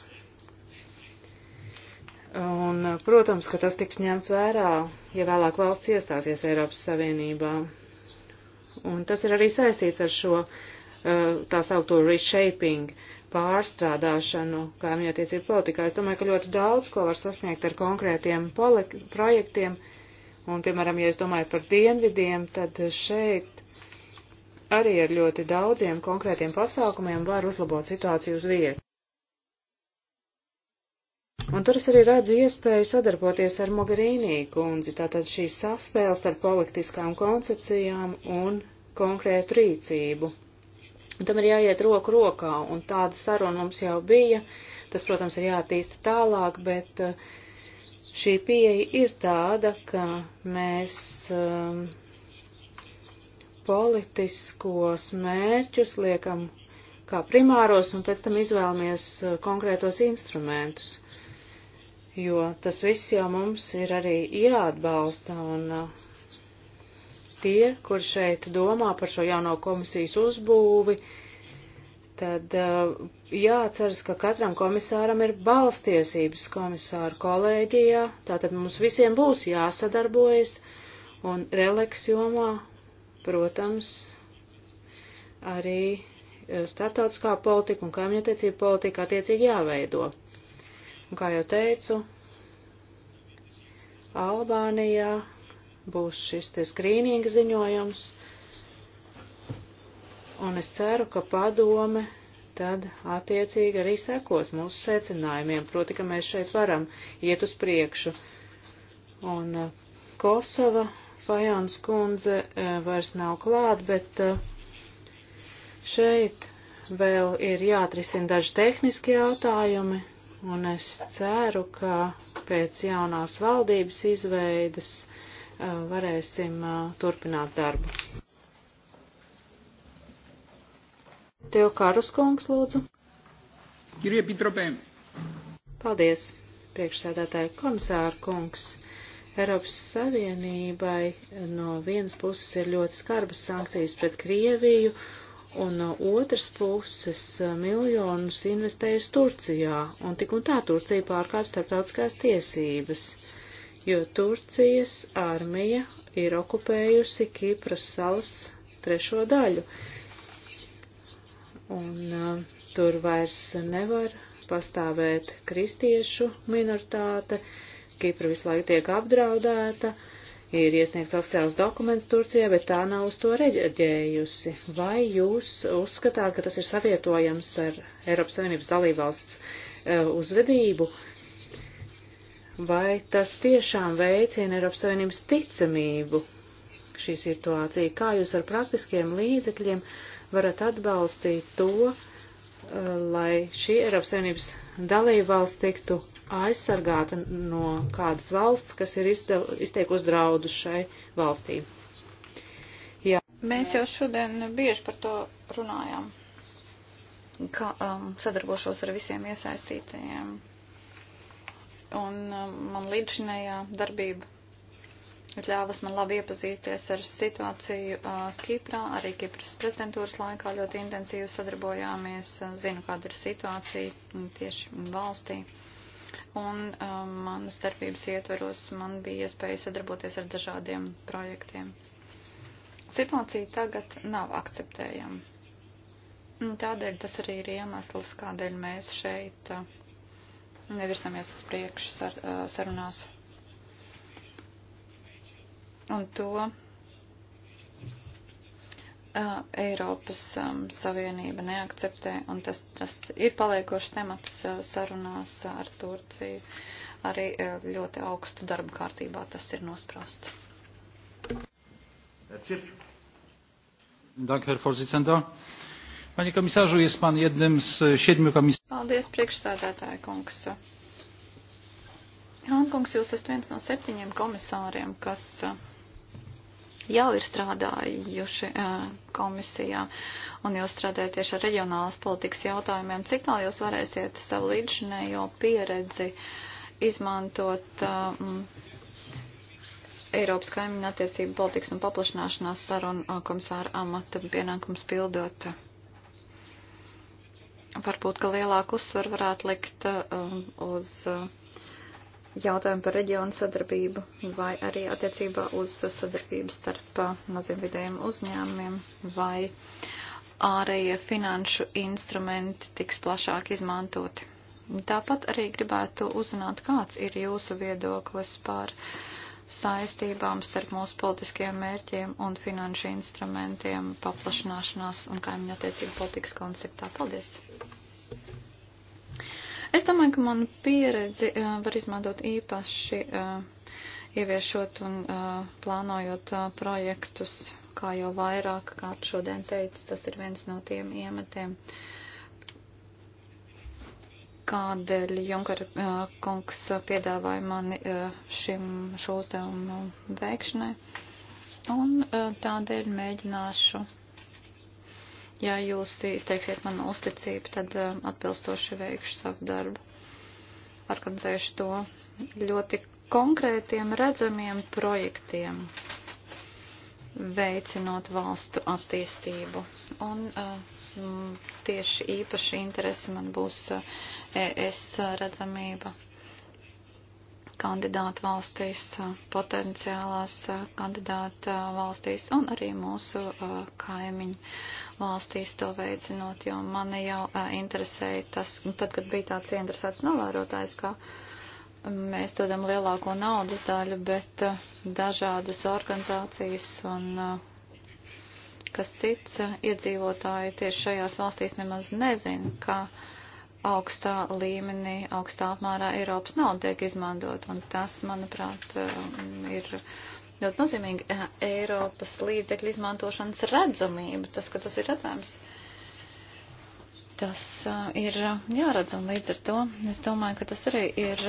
Un, protams, ka tas tiks ņemts vērā, ja vēlāk valsts iestāsies Eiropas Savienībā. Un tas ir arī saistīts ar šo uh, tā saukto reshaping, pārstrādāšanu kaimiņattiecību politikā. Es domāju, ka ļoti daudz ko var sasniegt ar konkrētiem projektiem. Un, piemēram, ja es domāju par dienvidiem, tad šeit arī ar ļoti daudziem konkrētiem pasākumiem var uzlabot situāciju uz vietas. Un tur es arī redzu iespēju sadarboties ar Mogarīnī kundzi, tātad šī saspēles ar politiskām koncepcijām un konkrētu rīcību. Un tam ir jāiet roku rokā, un tāda saruna mums jau bija. Tas, protams, ir jātīsta tālāk, bet uh, šī pieeja ir tāda, ka mēs um, politiskos mērķus liekam kā primāros, un pēc tam izvēlamies uh, konkrētos instrumentus jo tas viss jau mums ir arī jāatbalsta, un uh, tie, kur šeit domā par šo jauno komisijas uzbūvi, tad uh, jāatceras, ka katram komisāram ir balstiesības komisāra kolēģijā, tātad mums visiem būs jāsadarbojas, un releks jomā, protams, arī uh, startautiskā politika un kaimiņatiecība politika attiecīgi jāveido. Un, kā jau teicu, Albānijā būs šis te skrīninga ziņojums, un es ceru, ka padome tad attiecīgi arī sekos mūsu secinājumiem, proti, ka mēs šeit varam iet uz priekšu. Un uh, Kosova Fajāns kundze uh, vairs nav klāt, bet uh, šeit vēl ir jāatrisina daži tehniski jautājumi, un es ceru, ka pēc jaunās valdības izveidas uh, varēsim uh, turpināt darbu. Tev Kārus kungs, lūdzu. Paldies, priekšsēdētāji komisāra kungs. Eiropas Savienībai no vienas puses ir ļoti skarbas sankcijas pret Krieviju un no uh, otras puses uh, miljonus investējusi Turcijā, un tik un tā Turcija pārkāpj starptautiskās tiesības, jo Turcijas armija ir okupējusi Kipras salas trešo daļu, un uh, tur vairs nevar pastāvēt kristiešu minoritāte, Kipra visu laiku tiek apdraudēta, uh, ir iesniegts oficiāls dokuments Turcijai, bet tā nav uz to reģējusi. Vai jūs uzskatāt, ka tas ir savietojams ar Eiropas Savienības dalībvalsts e, uzvedību? Vai tas tiešām veicina Eiropas Savienības ticamību šī situācija? Kā jūs ar praktiskiem līdzekļiem varat atbalstīt to, lai šī Eiropas Savienības dalība valsts tiktu aizsargāta no kādas valsts, kas ir izteikusi draudus šai valstī. Jā. Mēs jau šodien bieži par to runājām, ka um, sadarbošos ar visiem iesaistītajiem. Un um, man līdzinējā darbība ir ļāvis man labi iepazīties ar situāciju Kiprā. Arī Kipras prezidentūras laikā ļoti intensīvi sadarbojāmies. Zinu, kāda ir situācija tieši valstī. Un um, manas darbības ietveros man bija iespēja sadarboties ar dažādiem projektiem. Situācija tagad nav akceptējama. Tādēļ tas arī ir iemesls, kādēļ mēs šeit nevirsamies uz priekšu sar, sarunās. Sar un to uh, Eiropas um, Savienība neakceptē, un tas, tas ir paliekošs temats uh, sarunās ar Turciju. Arī uh, ļoti augstu darbu kārtībā tas ir nosprosts. Dank, Herr Vorsitzender. Panie komisarzu, jest pan jednym z siedmiu komisarzy. Paldies, priekšsēdētāja kungs. Jānkungs, jūs esat viens no septiņiem komisāriem, kas uh, jau ir strādājuši e, komisijā un jūs strādājat tieši ar reģionālās politikas jautājumiem. Cik tālu jūs varēsiet savu līdzinējo pieredzi izmantot um, Eiropas kaimiņu attiecību politikas un paplašanāšanās sarunu e, komisāra amata pienākums pildot? Varbūt, ka lielāku uzsvaru varētu likt um, uz. Uh, jautājumu par reģionu sadarbību vai arī attiecībā uz sadarbību starp maziem vidējiem uzņēmumiem vai ārējie finanšu instrumenti tiks plašāk izmantoti. Tāpat arī gribētu uzzināt, kāds ir jūsu viedoklis par saistībām starp mūsu politiskajiem mērķiem un finanšu instrumentiem paplašanāšanās un kaimiņu attiecību politikas konceptā. Paldies! Es domāju, ka manu pieredzi uh, var izmantot īpaši uh, ieviešot un uh, plānojot uh, projektus, kā jau vairāk kārt šodien teicu, tas ir viens no tiem iemetiem, kādēļ Junkara uh, kungs piedāvāja mani uh, šim šo uzdevumu veikšanai. Un uh, tādēļ mēģināšu Ja jūs izteiksiet manu uzticību, tad um, atbilstoši veikšu savu darbu. Organizēšu to ļoti konkrētiem redzamiem projektiem, veicinot valstu attīstību. Un uh, tieši īpaši interesi man būs uh, ES uh, redzamība kandidātu valstīs, uh, potenciālās uh, kandidātu valstīs un arī mūsu kaimiņu valstīs to veicinot, jo mani jau uh, interesēja tas, nu, tad, kad bija tāds interesēts novērotājs, ka mēs dodam lielāko naudas daļu, bet uh, dažādas organizācijas un uh, kas cits uh, iedzīvotāji tieši šajās valstīs nemaz nezin, ka augstā līmenī, augstā apmērā Eiropas nauda tiek izmantot, un tas, manuprāt, uh, ir ļoti nozīmīga eh, Eiropas līdzekļu izmantošanas redzamība, tas, ka tas ir redzams. Tas eh, ir jāredz un līdz ar to es domāju, ka tas arī ir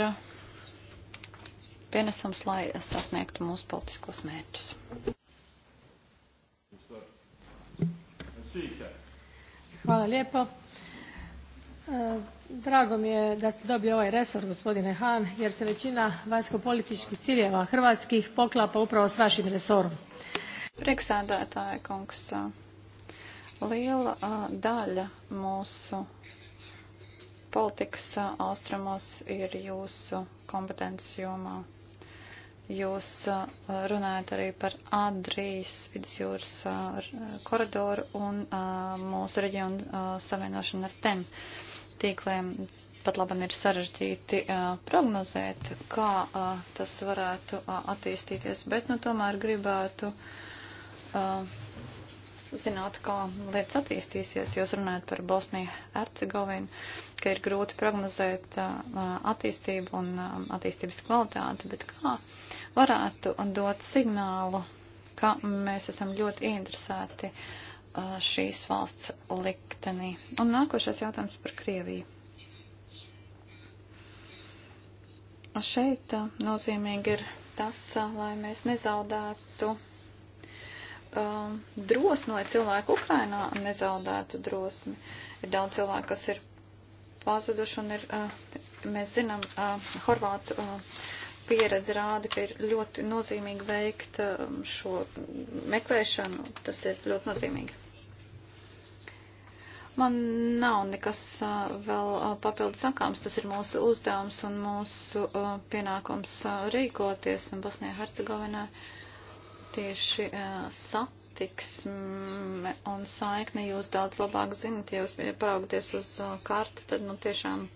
pienesums, lai sasniegtu mūsu politiskos mērķus. Hvala lijepo. Uh, drago mi je da ste dobili ovaj resor gospodine hahn jer se većina vanjskopolitičkih ciljeva hrvatskih poklapa upravo s vašim resorom. Priekšsēdētāja kungs, liela daļa mūsu politikas austrumos ir jūsu kompetences jomā. Jūs runājat arī par Adrijas vidusjūras koridoru un mūsu reģionu savienošanu ar TEN tīkliem pat labam ir sarežģīti uh, prognozēt, kā uh, tas varētu uh, attīstīties, bet nu tomēr gribētu uh, zināt, kā lietas attīstīsies. Jūs runājat par Bosniju Hercegovinu, ka ir grūti prognozēt uh, attīstību un uh, attīstības kvalitāti, bet kā varētu dot signālu, ka mēs esam ļoti interesēti uh, šīs valsts likteni. Un nākošais jautājums par Krieviju. Šeit nozīmīgi ir tas, lai mēs nezaudētu um, drosmi, lai cilvēki Ukrainā nezaudētu drosmi. Ir daudz cilvēku, kas ir pazuduši un ir, uh, mēs zinām, uh, Horvātu uh, pieredze rāda, ka ir ļoti nozīmīgi veikt uh, šo meklēšanu. Tas ir ļoti nozīmīgi. Man nav nekas vēl papildu sakāms. Tas ir mūsu uzdevums un mūsu pienākums rīkoties. Un Bosnijā Hercegovinā tieši satiksme un saikne jūs daudz labāk zinat. Ja jūs paraugties uz karti, tad nu tiešām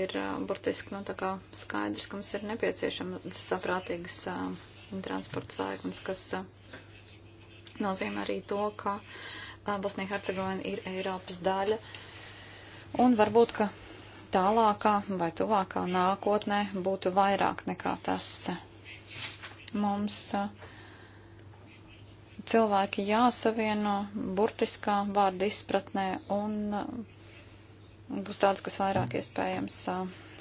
ir burtiski nu, tā kā skaidrs, ka mums ir nepieciešama saprātīgas transporta saiknes, kas nozīmē arī to, ka. Uh, Bosnija Hercegovina ir Eiropas daļa. Un varbūt, ka tālākā vai tuvākā nākotnē būtu vairāk nekā tas. Eh, mums eh, cilvēki jāsavieno burtiskā vārda izpratnē un eh, būs tāds, kas vairāk iespējams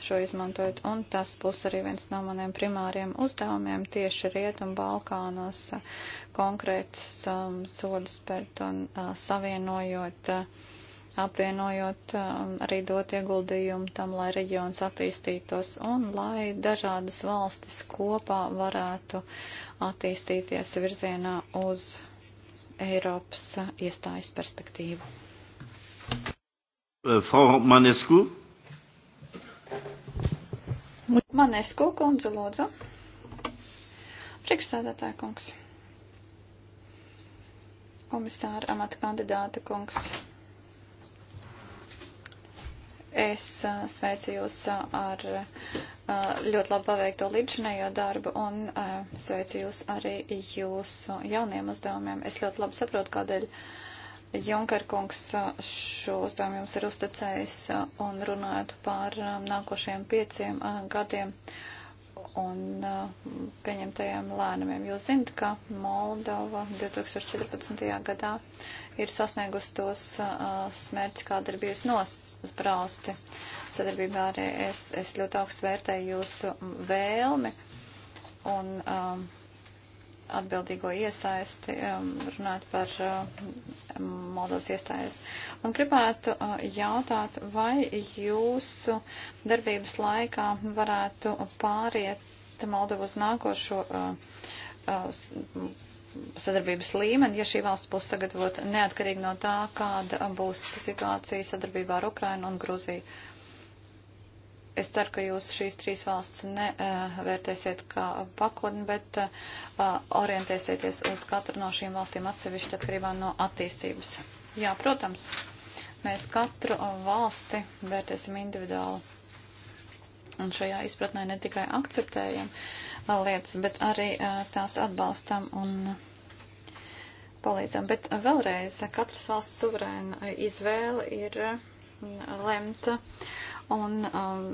šo izmantojot, un tas būs arī viens no maniem primāriem uzdevumiem tieši Rietum Balkānos konkrēts um, soļus spērt un uh, savienojot, uh, apvienojot um, arī dot ieguldījumu tam, lai reģions attīstītos un lai dažādas valstis kopā varētu attīstīties virzienā uz Eiropas uh, iestājas perspektīvu. Frau Manescu. Manesko kundze, lūdzu. Priekšsēdētāja kungs. Komisāra amata kandidāta kungs. Es sveicu jūs ar ļoti labi paveikto līdzinējo darbu un sveicu jūs arī jūsu jauniem uzdevumiem. Es ļoti labi saprotu, kādēļ. Uh, Junkerkungs uh, šo uzdevumu jums ir uzticējis uh, un runājot par um, nākošajiem pieciem uh, gadiem un pieņemtajiem lēnumiem. Jūs zinat, ka Moldova 2014. gadā ir sasniegusi tos smērķus, kāda ir bijusi nosprausti sadarbībā ar ES. Es ļoti augstu vērtēju jūsu vēlmi un um, atbildīgo iesaisti, um, runāt par um, Moldovas iestājas. Un gribētu uh, jautāt, vai jūsu darbības laikā varētu pāriet Moldovu uz nākošo uh, uh, sadarbības līmeni, ja šī valsts būs sagatavota neatkarīgi no tā, kāda būs situācija sadarbībā ar Ukrainu un Gruziju. Es ceru, ka jūs šīs trīs valsts nevērtēsiet kā pakotni, bet uh, orientēsieties uz katru no šīm valstīm atsevišķi atkarībā no attīstības. Jā, protams, mēs katru valsti vērtēsim individuāli. Un šajā izpratnē ne tikai akceptējam uh, lietas, bet arī uh, tās atbalstam un palīdzam. Bet vēlreiz, katras valsts suverēna izvēle ir lemta. Uh, Un um,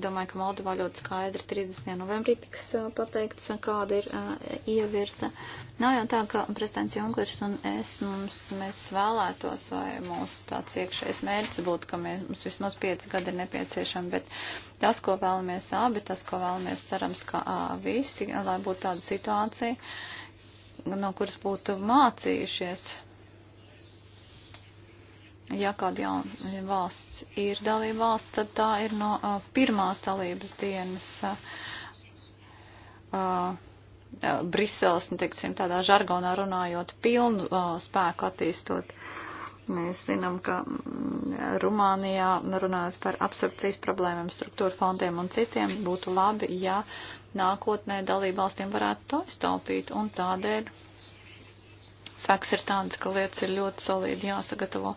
domāju, ka Moldovā ļoti skaidri 30. novembrī tiks uh, pateikts, uh, kāda ir uh, ievirsa. Nav jau tā, ka prezidents Junkers un es, mums, mēs vēlētos, vai mūsu tāds iekšējais mērķis būtu, ka mēs, mums vismaz 5 gadi ir nepieciešami, bet tas, ko vēlamies abi, tas, ko vēlamies cerams, ka uh, visi, lai būtu tāda situācija, no kuras būtu mācījušies ja kāda jauna valsts ir dalība valsts, tad tā ir no uh, pirmās dalības dienas uh, uh, Briseles, nu, teiksim, tādā žargonā runājot, pilnu uh, spēku attīstot. Mēs zinām, ka Rumānijā, runājot par absorpcijas problēmām, struktūra fondiem un citiem, būtu labi, ja nākotnē dalību valstīm varētu to iztaupīt, un tādēļ Saks ir tāds, ka lietas ir ļoti solīdi jāsagatavo,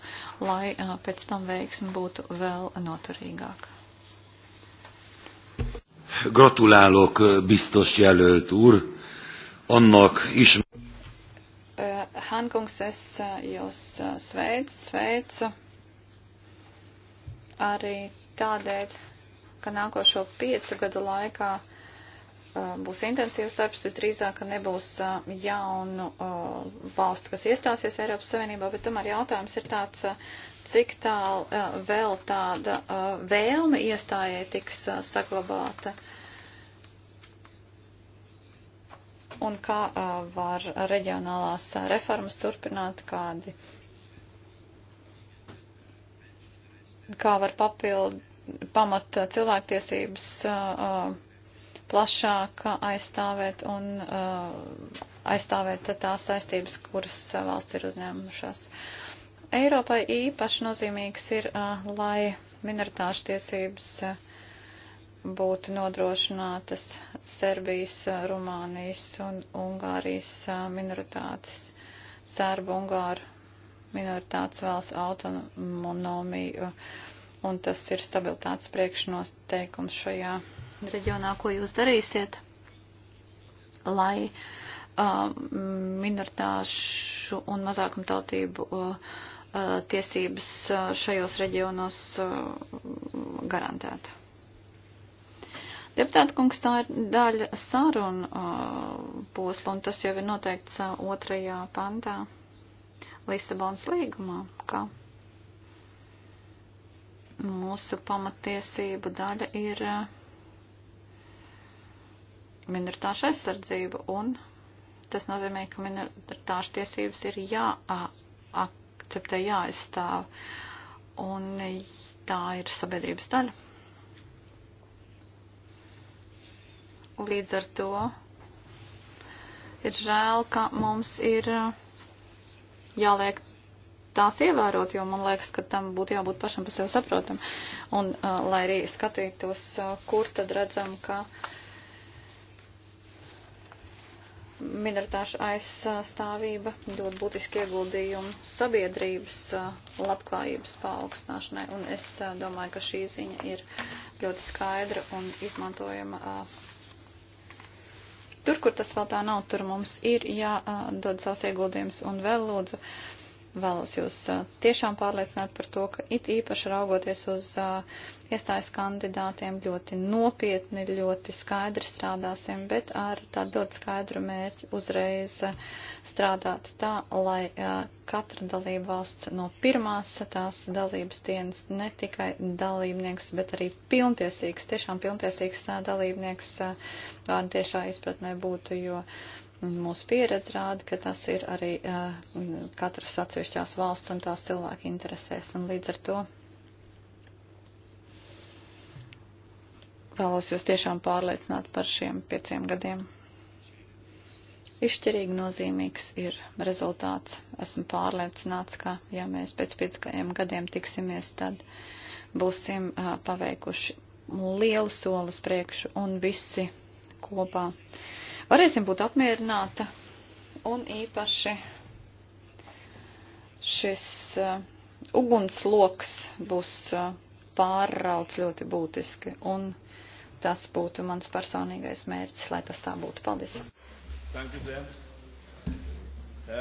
lai pēc tam veiksmi būtu vēl noturīgāka. Gratulálok, biztos jelölt úr, annak is. Hankungs, es jūs sveicu, sveicu arī tādēļ, ka nākošo piecu gadu laikā Uh, būs intensīvs darbs, visdrīzāk, ka nebūs uh, jaunu uh, valstu, kas iestāsies Eiropas Savienībā, bet tomēr jautājums ir tāds, cik tālu vēl tāda vēlme iestājai tiks saglabāta. Un kā var reģionālās reformas turpināt, kādi, kā var papildu pamat cilvēktiesības uh, plašāk aizstāvēt un uh, aizstāvēt tās saistības, kuras valsts ir uzņēmušās. Eiropai īpaši nozīmīgs ir, uh, lai minoritāšu tiesības uh, būtu nodrošinātas Serbijas, uh, Rumānijas un Ungārijas uh, minoritātes, Sērbu, Ungāru minoritātes vēlas autonomiju, un tas ir stabilitātes priekšnoteikums šajā reģionā, ko jūs darīsiet, lai uh, minoritāšu un mazākumtautību uh, uh, tiesības uh, šajos reģionos uh, garantētu? Deputāta kungs, tā ir daļa saruna uh, posla, un tas jau ir noteikts uh, otrajā pantā Lisabonas līgumā, kā mūsu pamatiesību daļa ir uh, minoritāšu aizsardzību, un tas nozīmē, ka minoritāšu tiesības ir jāakceptē, jāaizstāv, un tā ir sabiedrības daļa. Līdz ar to ir žēl, ka mums ir jāliek tās ievērot, jo man liekas, ka tam būtu jābūt pašam par sevi saprotam. Un, uh, lai arī skatītos, uh, kur tad redzam, ka uh, minoritāšu aizstāvība dod būtiski ieguldījumu sabiedrības labklājības paaugstināšanai, un es domāju, ka šī ziņa ir ļoti skaidra un izmantojama. Tur, kur tas vēl tā nav, tur mums ir jādod savs ieguldījums, un vēl lūdzu Vēlos jūs tiešām pārliecināt par to, ka it īpaši raugoties uz iestājas kandidātiem ļoti nopietni, ļoti skaidri strādāsim, bet ar tādu ļoti skaidru mērķi uzreiz strādāt tā, lai katra dalība valsts no pirmās tās dalības dienas ne tikai dalībnieks, bet arī pilntiesīgs, tiešām pilntiesīgs dalībnieks vārdu tiešā izpratnē būtu, jo Mūsu pieredze rāda, ka tas ir arī uh, katras atsevišķās valsts un tās cilvēku interesēs. Un līdz ar to vēlos jūs tiešām pārliecināt par šiem pieciem gadiem. Išķirīgi nozīmīgs ir rezultāts. Esmu pārliecināts, ka ja mēs pēc pieciem gadiem tiksimies, tad būsim uh, paveikuši lielu soli uz priekšu un visi kopā. Uh, varēsim būt apmierināta un īpaši šis uh, ugunsloks būs uh, pārrauts ļoti būtiski un tas būtu mans personīgais mērķis, lai tas tā būtu. Paldies! Thank you,